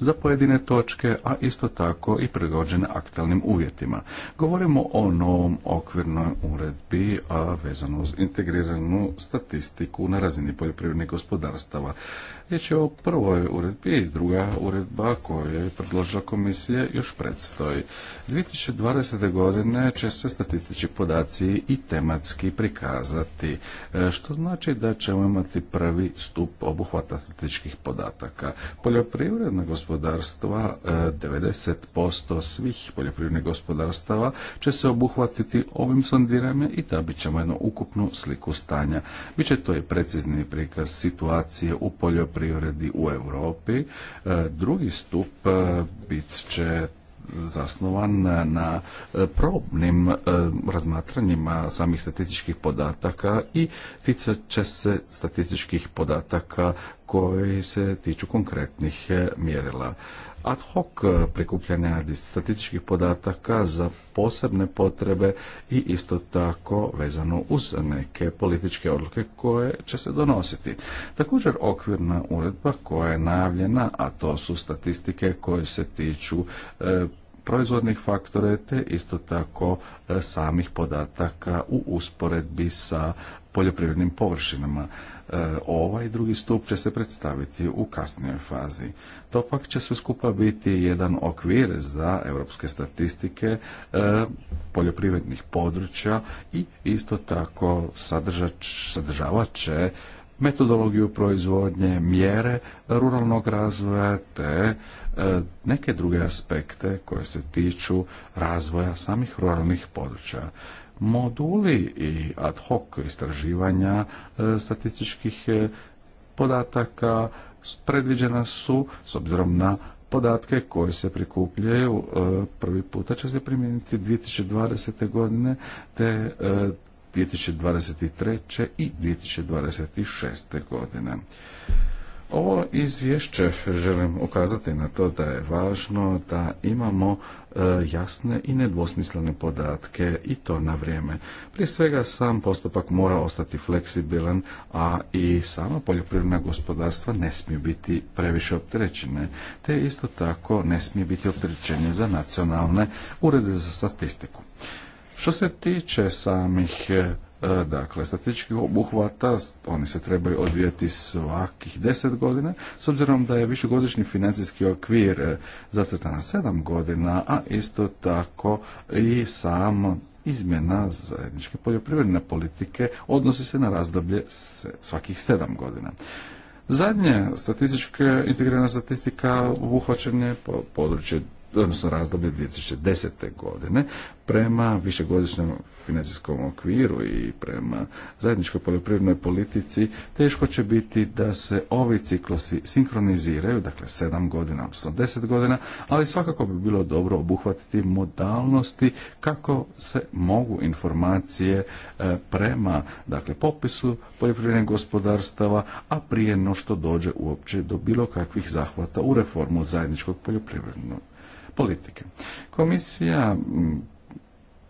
za pojedine točke, a isto tako i prilagođene aktualnim uvjetima. Govorimo o novom okvirnoj uredbi a vezano uz integriranu statistiku na razini poljoprivrednih gospodarstava. Riječ je o prvoj uredbi i druga uredba koju je predložila komisija još predstoji. 2020. godine će se statistički podaci i tematski prikazati, e, što znači da ćemo imati prvi stup obuhvata statističkih podataka. Poljoprivredna gospodarstva gospodarstva, 90% e, svih poljoprivrednih gospodarstava će se obuhvatiti ovim sondiranjem i bit ćemo jednu ukupnu sliku stanja. Biće to i precizni prikaz situacije u poljoprivredi u Europi. E, drugi stup e, bit će zasnovan na probnim razmatranjima samih statističkih podataka i ticat će se statističkih podataka koji se tiču konkretnih e, mjerila. Ad hoc e, prikupljanja statističkih podataka za posebne potrebe i isto tako vezano uz neke političke odluke koje će se donositi. Također okvirna uredba koja je najavljena, a to su statistike koje se tiču e, proizvodnih faktore te isto tako samih podataka u usporedbi sa poljoprivrednim površinama. E, ovaj drugi stup će se predstaviti u kasnijoj fazi. To pak će sve skupa biti jedan okvir za europske statistike e, poljoprivrednih područja i isto tako sadržavat će metodologiju proizvodnje, mjere ruralnog razvoja te e, neke druge aspekte koje se tiču razvoja samih ruralnih područja moduli i ad hoc istraživanja e, statističkih e, podataka predviđena su s obzirom na podatke koje se prikupljaju e, prvi puta će se primijeniti 2020. godine te 2023. i 2026. godine. Ovo izvješće želim ukazati na to da je važno da imamo e, jasne i nedvosmislene podatke i to na vrijeme. Prije svega sam postupak mora ostati fleksibilan, a i sama poljoprivredna gospodarstva ne smiju biti previše opterećene, te isto tako ne smije biti opterećenje za nacionalne urede za statistiku. Što se tiče samih e, E, dakle statističkih obuhvata, oni se trebaju odvijati svakih deset godina, s obzirom da je višegodišnji financijski okvir e, zacrtan na sedam godina, a isto tako i sam izmjena zajedničke poljoprivredne politike odnosi se na razdoblje svakih sedam godina. Zadnje statističke integrirana statistika obuhvaćen je područje odnosno razdoblje 2010. godine prema višegodišnjem financijskom okviru i prema zajedničkoj poljoprivrednoj politici teško će biti da se ovi ciklosi sinkroniziraju, dakle 7 godina, odnosno 10 godina, ali svakako bi bilo dobro obuhvatiti modalnosti kako se mogu informacije e, prema dakle, popisu poljoprivrednih gospodarstava, a prije no što dođe uopće do bilo kakvih zahvata u reformu zajedničkog poljoprivrednog politike. Komisija mm,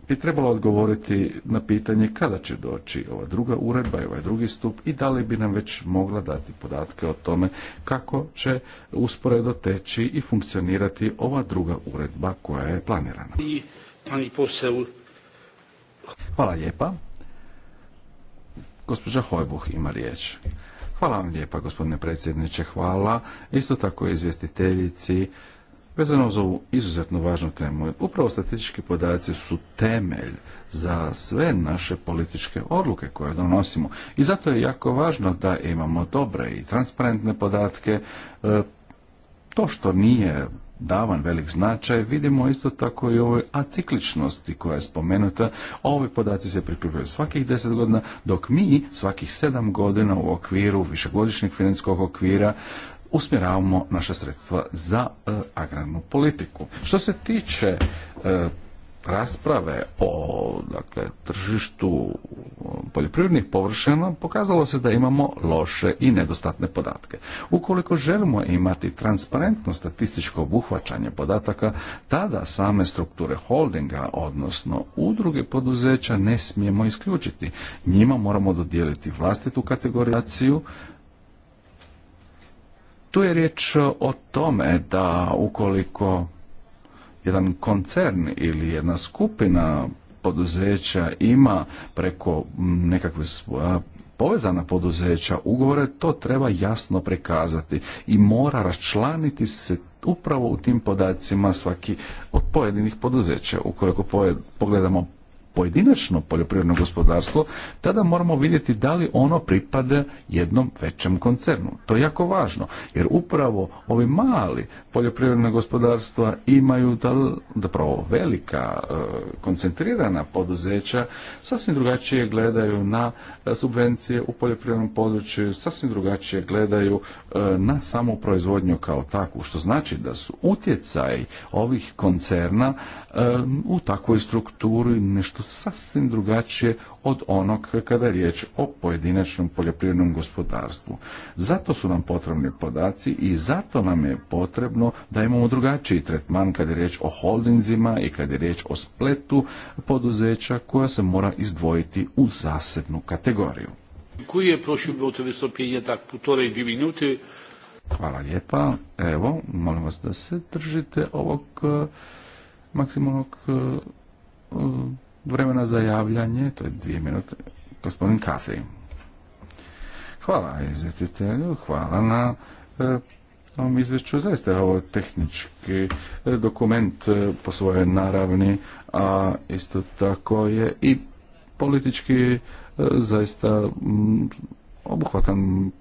bi trebala odgovoriti na pitanje kada će doći ova druga uredba i ovaj drugi stup i da li bi nam već mogla dati podatke o tome kako će usporedo teći i funkcionirati ova druga uredba koja je planirana. Hvala lijepa. Gospođa Hojbuh ima riječ. Hvala vam lijepa, gospodine predsjedniče. Hvala. Isto tako izvjestiteljici Vezano za ovu izuzetno važnu temu, upravo statistički podaci su temelj za sve naše političke odluke koje donosimo. I zato je jako važno da imamo dobre i transparentne podatke. E, to što nije davan velik značaj, vidimo isto tako i ovoj acikličnosti koja je spomenuta. Ovi podaci se prikupljaju svakih deset godina, dok mi svakih sedam godina u okviru višegodišnjeg financijskog okvira usmjeravamo naša sredstva za e, agrarnu politiku. Što se tiče e, rasprave o dakle, tržištu poljoprivrednih površina pokazalo se da imamo loše i nedostatne podatke. Ukoliko želimo imati transparentno statističko obuhvaćanje podataka, tada same strukture holdinga, odnosno udruge poduzeća, ne smijemo isključiti. Njima moramo dodijeliti vlastitu kategorizaciju tu je riječ o tome da ukoliko jedan koncern ili jedna skupina poduzeća ima preko nekakve povezana poduzeća ugovore, to treba jasno prikazati i mora račlaniti se upravo u tim podacima svaki od pojedinih poduzeća. Ukoliko pogledamo pojedinačno poljoprivredno gospodarstvo, tada moramo vidjeti da li ono pripada jednom većem koncernu. To je jako važno, jer upravo ovi mali poljoprivredne gospodarstva imaju zapravo velika e, koncentrirana poduzeća, sasvim drugačije gledaju na e, subvencije u poljoprivrednom području, sasvim drugačije gledaju e, na samu proizvodnju kao takvu, što znači da su utjecaj ovih koncerna u takvoj strukturi nešto sasvim drugačije od onog kada je riječ o pojedinačnom poljoprivrednom gospodarstvu. Zato su nam potrebni podaci i zato nam je potrebno da imamo drugačiji tretman kada je riječ o holdinzima i kada je riječ o spletu poduzeća koja se mora izdvojiti u zasebnu kategoriju. koji je prošli tak Hvala lijepa. Evo, molim vas da se držite ovog maksimalnog e, e, vremena za javljanje, to je dvije minute, gospodin Kathy. Hvala izvjetitelju, hvala na e, ovom izvješću. Zaista je ovo tehnički dokument po svojoj naravni, a isto tako je i politički zaista obuhvatan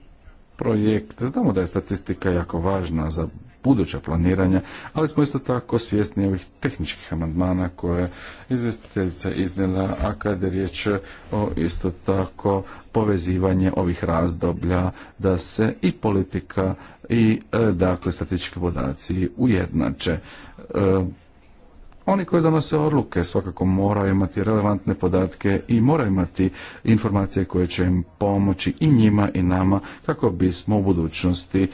projekt. Znamo da je statistika jako važna za buduća planiranja, ali smo isto tako svjesni ovih tehničkih amandmana koje izvjestiteljica iznijela, a kada je riječ o isto tako povezivanje ovih razdoblja da se i politika i e, dakle statistički podaci ujednače. E, oni koji donose odluke svakako moraju imati relevantne podatke i moraju imati informacije koje će im pomoći i njima i nama kako bismo u budućnosti e,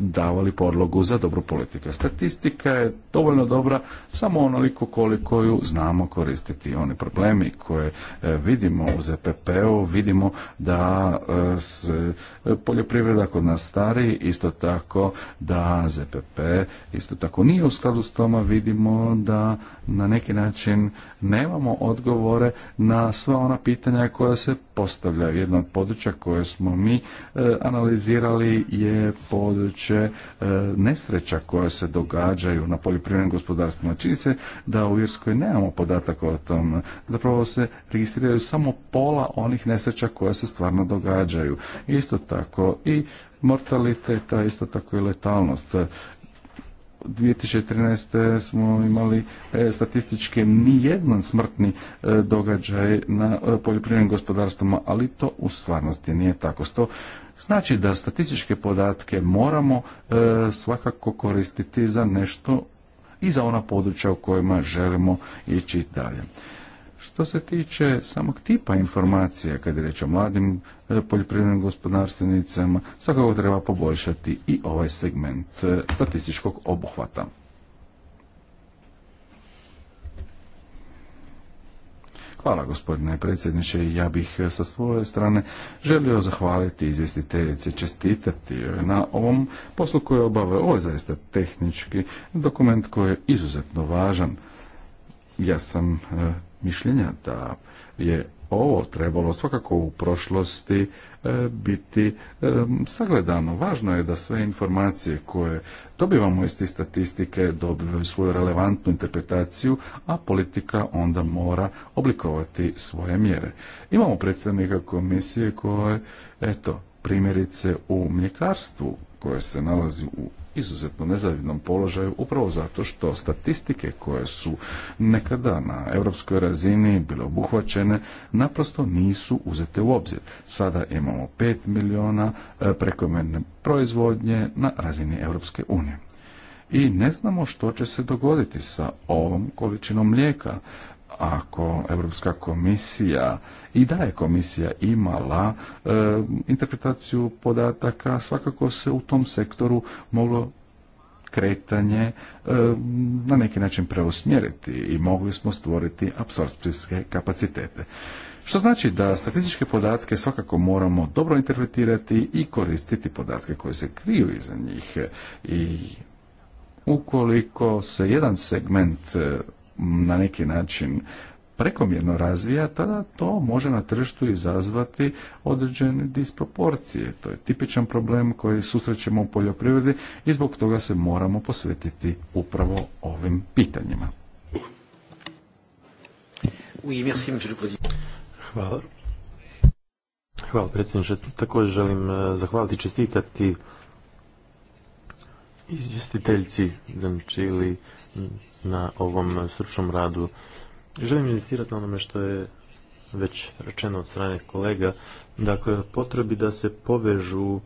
davali podlogu za dobru politiku. Statistika je dovoljno dobra samo onoliko koliko ju znamo koristiti. Oni problemi koje e, vidimo u ZPP-u, vidimo da e, s poljoprivreda kod nas stari, isto tako da ZPP isto tako nije u skladu s toma, vidimo da na neki način nemamo odgovore na sva ona pitanja koja se postavljaju. Jedno od područja koje smo mi e, analizirali je područje e, nesreća koje se događaju na poljoprivrednim gospodarstvima. Čini se da u Irskoj nemamo podataka o tom. Zapravo se registriraju samo pola onih nesreća koje se stvarno događaju. Isto tako i mortaliteta, isto tako i letalnost. 2013. smo imali e, statistički nijedan smrtni e, događaj na e, poljoprivrednim gospodarstvima, ali to u stvarnosti nije tako. To znači da statističke podatke moramo svakako koristiti za nešto i za ona područja u kojima želimo ići dalje. Što se tiče samog tipa informacija, kad je reč o mladim e, poljoprivrednim gospodarstvenicama, svakako treba poboljšati i ovaj segment e, statističkog obuhvata. Hvala gospodine predsjedniče. Ja bih e, sa svoje strane želio zahvaliti izvjestiteljice, čestitati na ovom poslu koje je Ovo je zaista tehnički dokument koji je izuzetno važan. Ja sam mišljenja da je ovo trebalo svakako u prošlosti e, biti e, sagledano. Važno je da sve informacije koje dobivamo iz statistike dobivaju svoju relevantnu interpretaciju, a politika onda mora oblikovati svoje mjere. Imamo predstavnika komisije koje, eto, primjerice u mljekarstvu koje se nalazi u izuzetno nezavidnom položaju upravo zato što statistike koje su nekada na europskoj razini bile obuhvaćene naprosto nisu uzete u obzir. Sada imamo 5 miliona e, prekomjerne proizvodnje na razini Europske unije i ne znamo što će se dogoditi sa ovom količinom mlijeka ako Europska komisija i da je komisija imala e, interpretaciju podataka, svakako se u tom sektoru moglo kretanje e, na neki način preusmjeriti i mogli smo stvoriti apsorpcijske kapacitete. Što znači da statističke podatke svakako moramo dobro interpretirati i koristiti podatke koji se kriju iza njih i ukoliko se jedan segment e, na neki način prekomjerno razvija, tada to može na tržištu izazvati određene disproporcije. To je tipičan problem koji susrećemo u poljoprivredi i zbog toga se moramo posvetiti upravo ovim pitanjima. Hvala. Hvala predsjedniče. Također želim e, zahvaliti i čestitati izvjestiteljci Dančili na ovom stručnom radu. Želim inzistirati na onome što je već rečeno od strane kolega, dakle potrebi da se povežu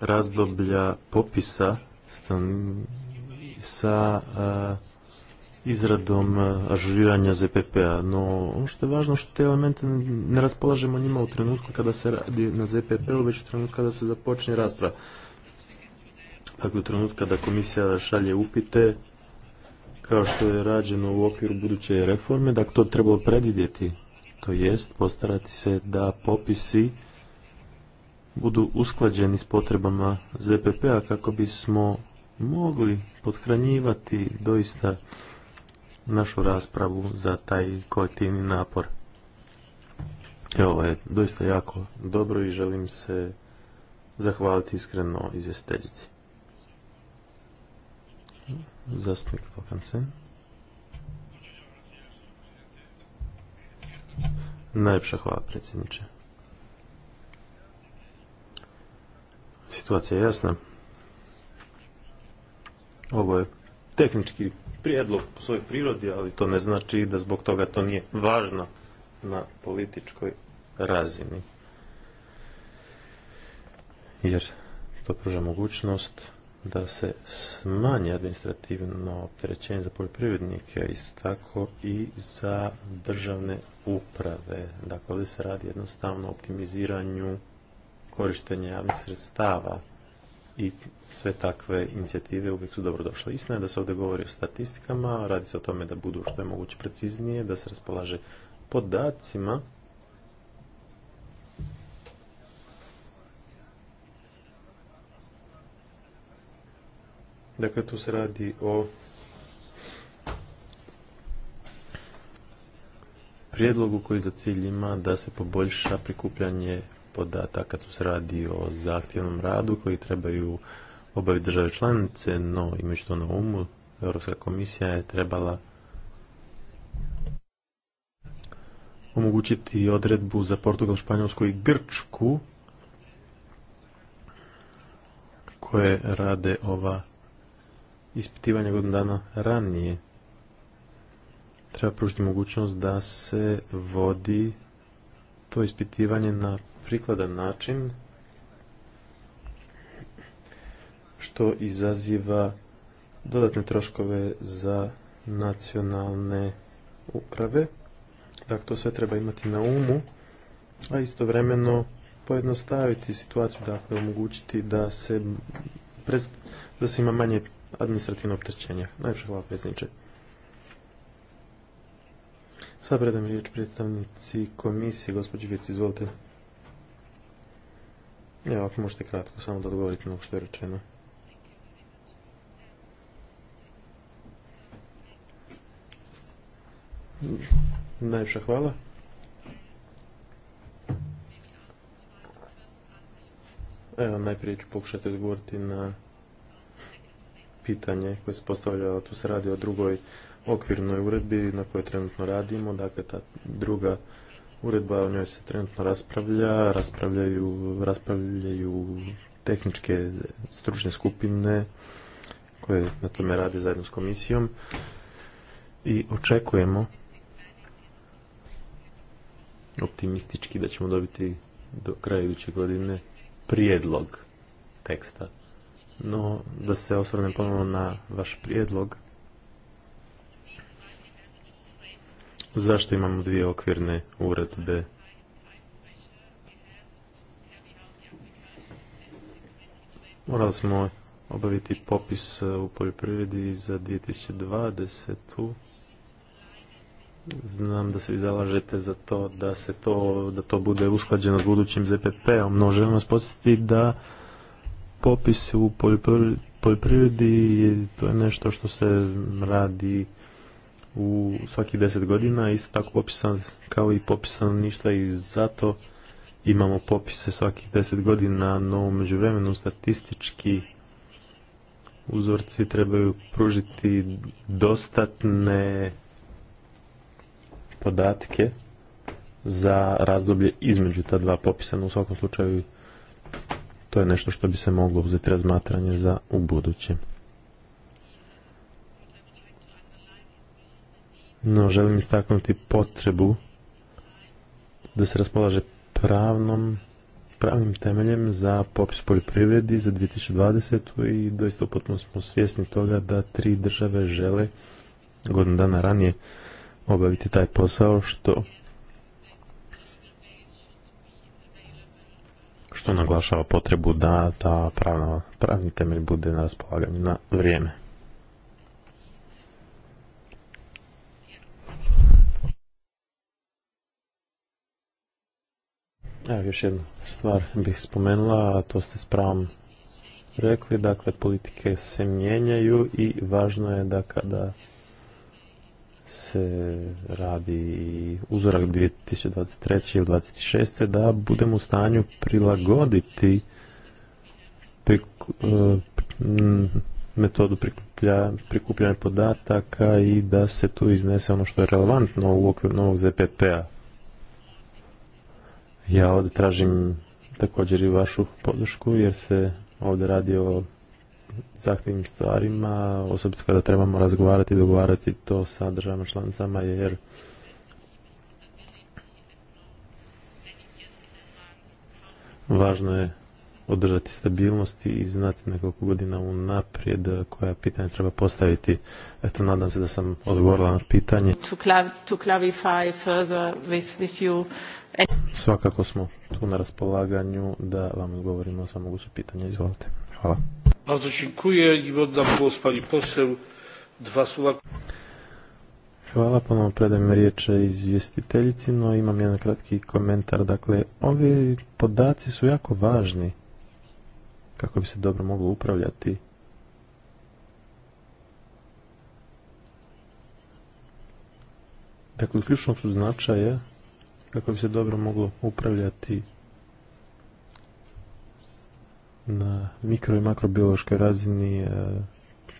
razdoblja popisa sa izradom ažuriranja ZPP-a, no ono što je važno što te elemente ne raspolažemo njima u trenutku kada se radi na ZPP-u, već u trenutku kada se započne rasprava. Dakle, u trenutku kada komisija šalje upite, kao što je rađeno u okviru buduće reforme, dakle to trebalo predvidjeti, to jest postarati se da popisi budu usklađeni s potrebama ZPP-a kako bismo mogli podhranjivati doista našu raspravu za taj kolektivni napor. Evo je doista jako dobro i želim se zahvaliti iskreno izvjestiteljici. Zastupnik Pokansen. Najljepša hvala, predsjedniče. Situacija je jasna. Ovo je tehnički prijedlog po svojoj prirodi, ali to ne znači da zbog toga to nije važno na političkoj razini. Jer to pruža mogućnost da se smanji administrativno opterećenje za poljoprivrednike, isto tako i za državne uprave. Dakle, ovdje se radi jednostavno o optimiziranju korištenja javnih sredstava i sve takve inicijative uvijek su došle. Istina je da se ovdje govori o statistikama, radi se o tome da budu što je moguće preciznije, da se raspolaže podacima Dakle, tu se radi o prijedlogu koji za cilj ima da se poboljša prikupljanje podataka. Tu se radi o zahtjevnom radu koji trebaju obaviti države članice, no imajući to na umu, Europska komisija je trebala omogućiti odredbu za Portugal, Španjolsku i Grčku koje rade ova ispitivanja godinu dana ranije. Treba pružiti mogućnost da se vodi to ispitivanje na prikladan način, što izaziva dodatne troškove za nacionalne uprave. Dakle, to sve treba imati na umu, a istovremeno pojednostaviti situaciju, dakle, omogućiti da se, da se ima manje administrativno optrećenje. Najviše hvala predsjedniče. Sad predam riječ predstavnici komisije, gospođi vici, izvolite. Evo, ako možete kratko, samo da odgovorite na što je rečeno. najviše hvala. Evo, najprije ću pokušati odgovoriti na pitanje koje se postavlja, tu se radi o drugoj okvirnoj uredbi na kojoj trenutno radimo, dakle ta druga uredba, o njoj se trenutno raspravlja, raspravljaju, raspravljaju tehničke stručne skupine koje na tome rade zajedno s komisijom i očekujemo optimistički da ćemo dobiti do kraja iduće godine prijedlog teksta no, da se osvrnem ponovno na vaš prijedlog. Zašto imamo dvije okvirne uredbe? Morali smo obaviti popis e, u poljoprivredi za 2020. Znam da se vi zalažete za to da se to, da to bude usklađeno s budućim ZPP-om, no želim vas podsjetiti da popis u poljoprivredi, to je nešto što se radi u svakih deset godina, isto tako popisan kao i popisan ništa i zato imamo popise svakih deset godina, no u međuvremenu statistički uzorci trebaju pružiti dostatne podatke za razdoblje između ta dva popisa. u svakom slučaju to je nešto što bi se moglo uzeti razmatranje za u No, želim istaknuti potrebu da se raspolaže pravnom, pravnim temeljem za popis poljoprivredi za 2020. i doista potpuno smo svjesni toga da tri države žele godinu dana ranije obaviti taj posao što što naglašava potrebu da ta pravna, pravni temelj bude na raspolaganju na vrijeme. Evo još jednu stvar bih spomenula, a to ste s pravom rekli, dakle politike se mijenjaju i važno je da kada se radi uzorak 2023. ili 2026. da budemo u stanju prilagoditi e, metodu prikupljanja podataka i da se tu iznese ono što je relevantno u okviru novog ZPP-a. Ja ovdje tražim također i vašu podršku jer se ovdje radi o zahtjevnim stvarima, osobito kada trebamo razgovarati i dogovarati to sa državama članicama, jer važno je održati stabilnost i znati nekoliko godina unaprijed koja pitanja treba postaviti. Eto, nadam se da sam odgovorila na pitanje. Svakako smo tu na raspolaganju da vam odgovorimo sa su pitanje. Izvolite. Hvala. Bardzo dziękuję i oddam głos pani poseł. Dwa słowa. Hvala, ponovno predajem riječe izvjestiteljici, no imam jedan kratki komentar. Dakle, ovi podaci su jako važni kako bi se dobro moglo upravljati Dakle, ključnog su značaja kako bi se dobro moglo upravljati na mikro i makrobiološkoj razini e,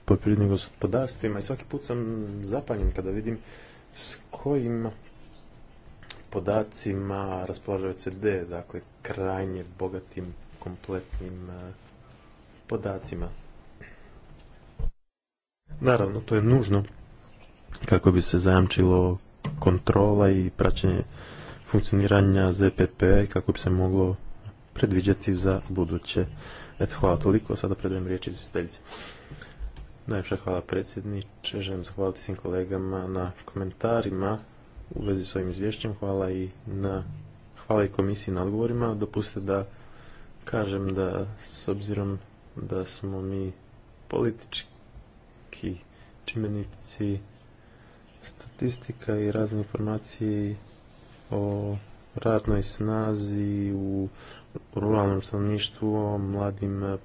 poljoprivrednim gospodarstvima i svaki put sam zapanjen kada vidim s kojim podacima raspolaže CD, dakle krajnje bogatim, kompletnim e, podacima. Naravno, to je nužno kako bi se zajamčilo kontrola i praćenje funkcioniranja ZPP p-a i kako bi se moglo predviđati za buduće. Eto, hvala toliko, sada predajem riječ izvjestiteljici. Najljepša hvala predsjedniče, želim zahvaliti svim kolegama na komentarima u vezi s ovim izvješćem, hvala i na hvala i komisiji na odgovorima. Dopustite da kažem da s obzirom da smo mi politički čimenici statistika i razne informacije o radnoj snazi u ruralnom stanovništvu, o mladim eh,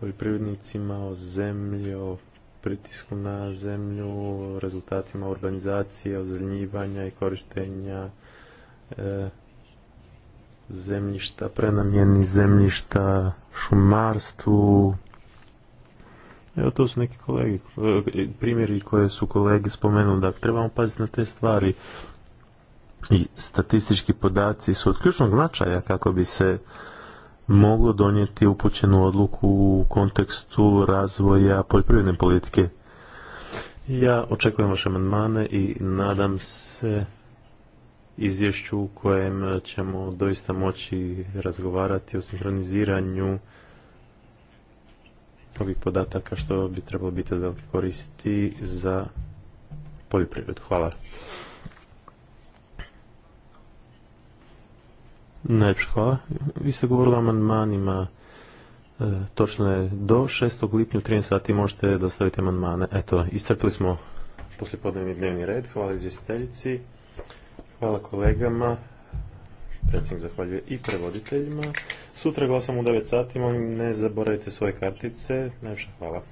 poljoprivrednicima, o zemlji, o pritisku na zemlju, rezultatima urbanizacije, zeljnjivanja i korištenja eh, zemljišta, prenamjeni zemljišta, šumarstvu. Evo to su neki kolegi, eh, primjeri koje su kolege spomenuli, da dakle, trebamo paziti na te stvari i statistički podaci su od ključnog značaja kako bi se moglo donijeti upućenu odluku u kontekstu razvoja poljoprivredne politike. Ja očekujem vaše amandmane i nadam se izvješću u kojem ćemo doista moći razgovarati o sinhroniziranju ovih podataka što bi trebalo biti od velike koristi za poljoprivredu. Hvala. Najljepša hvala. Vi ste govorili o amandmanima. E, točno je, do 6. lipnja u 13 sati možete dostaviti amandmane. Eto, iscrpili smo poslije poslijepodnevni dnevni red. Hvala izvjestiteljici. Hvala kolegama. Predsjednik zahvaljuje i prevoditeljima. Sutra glasamo u 9 sati, molim ne zaboravite svoje kartice. Najljepša hvala.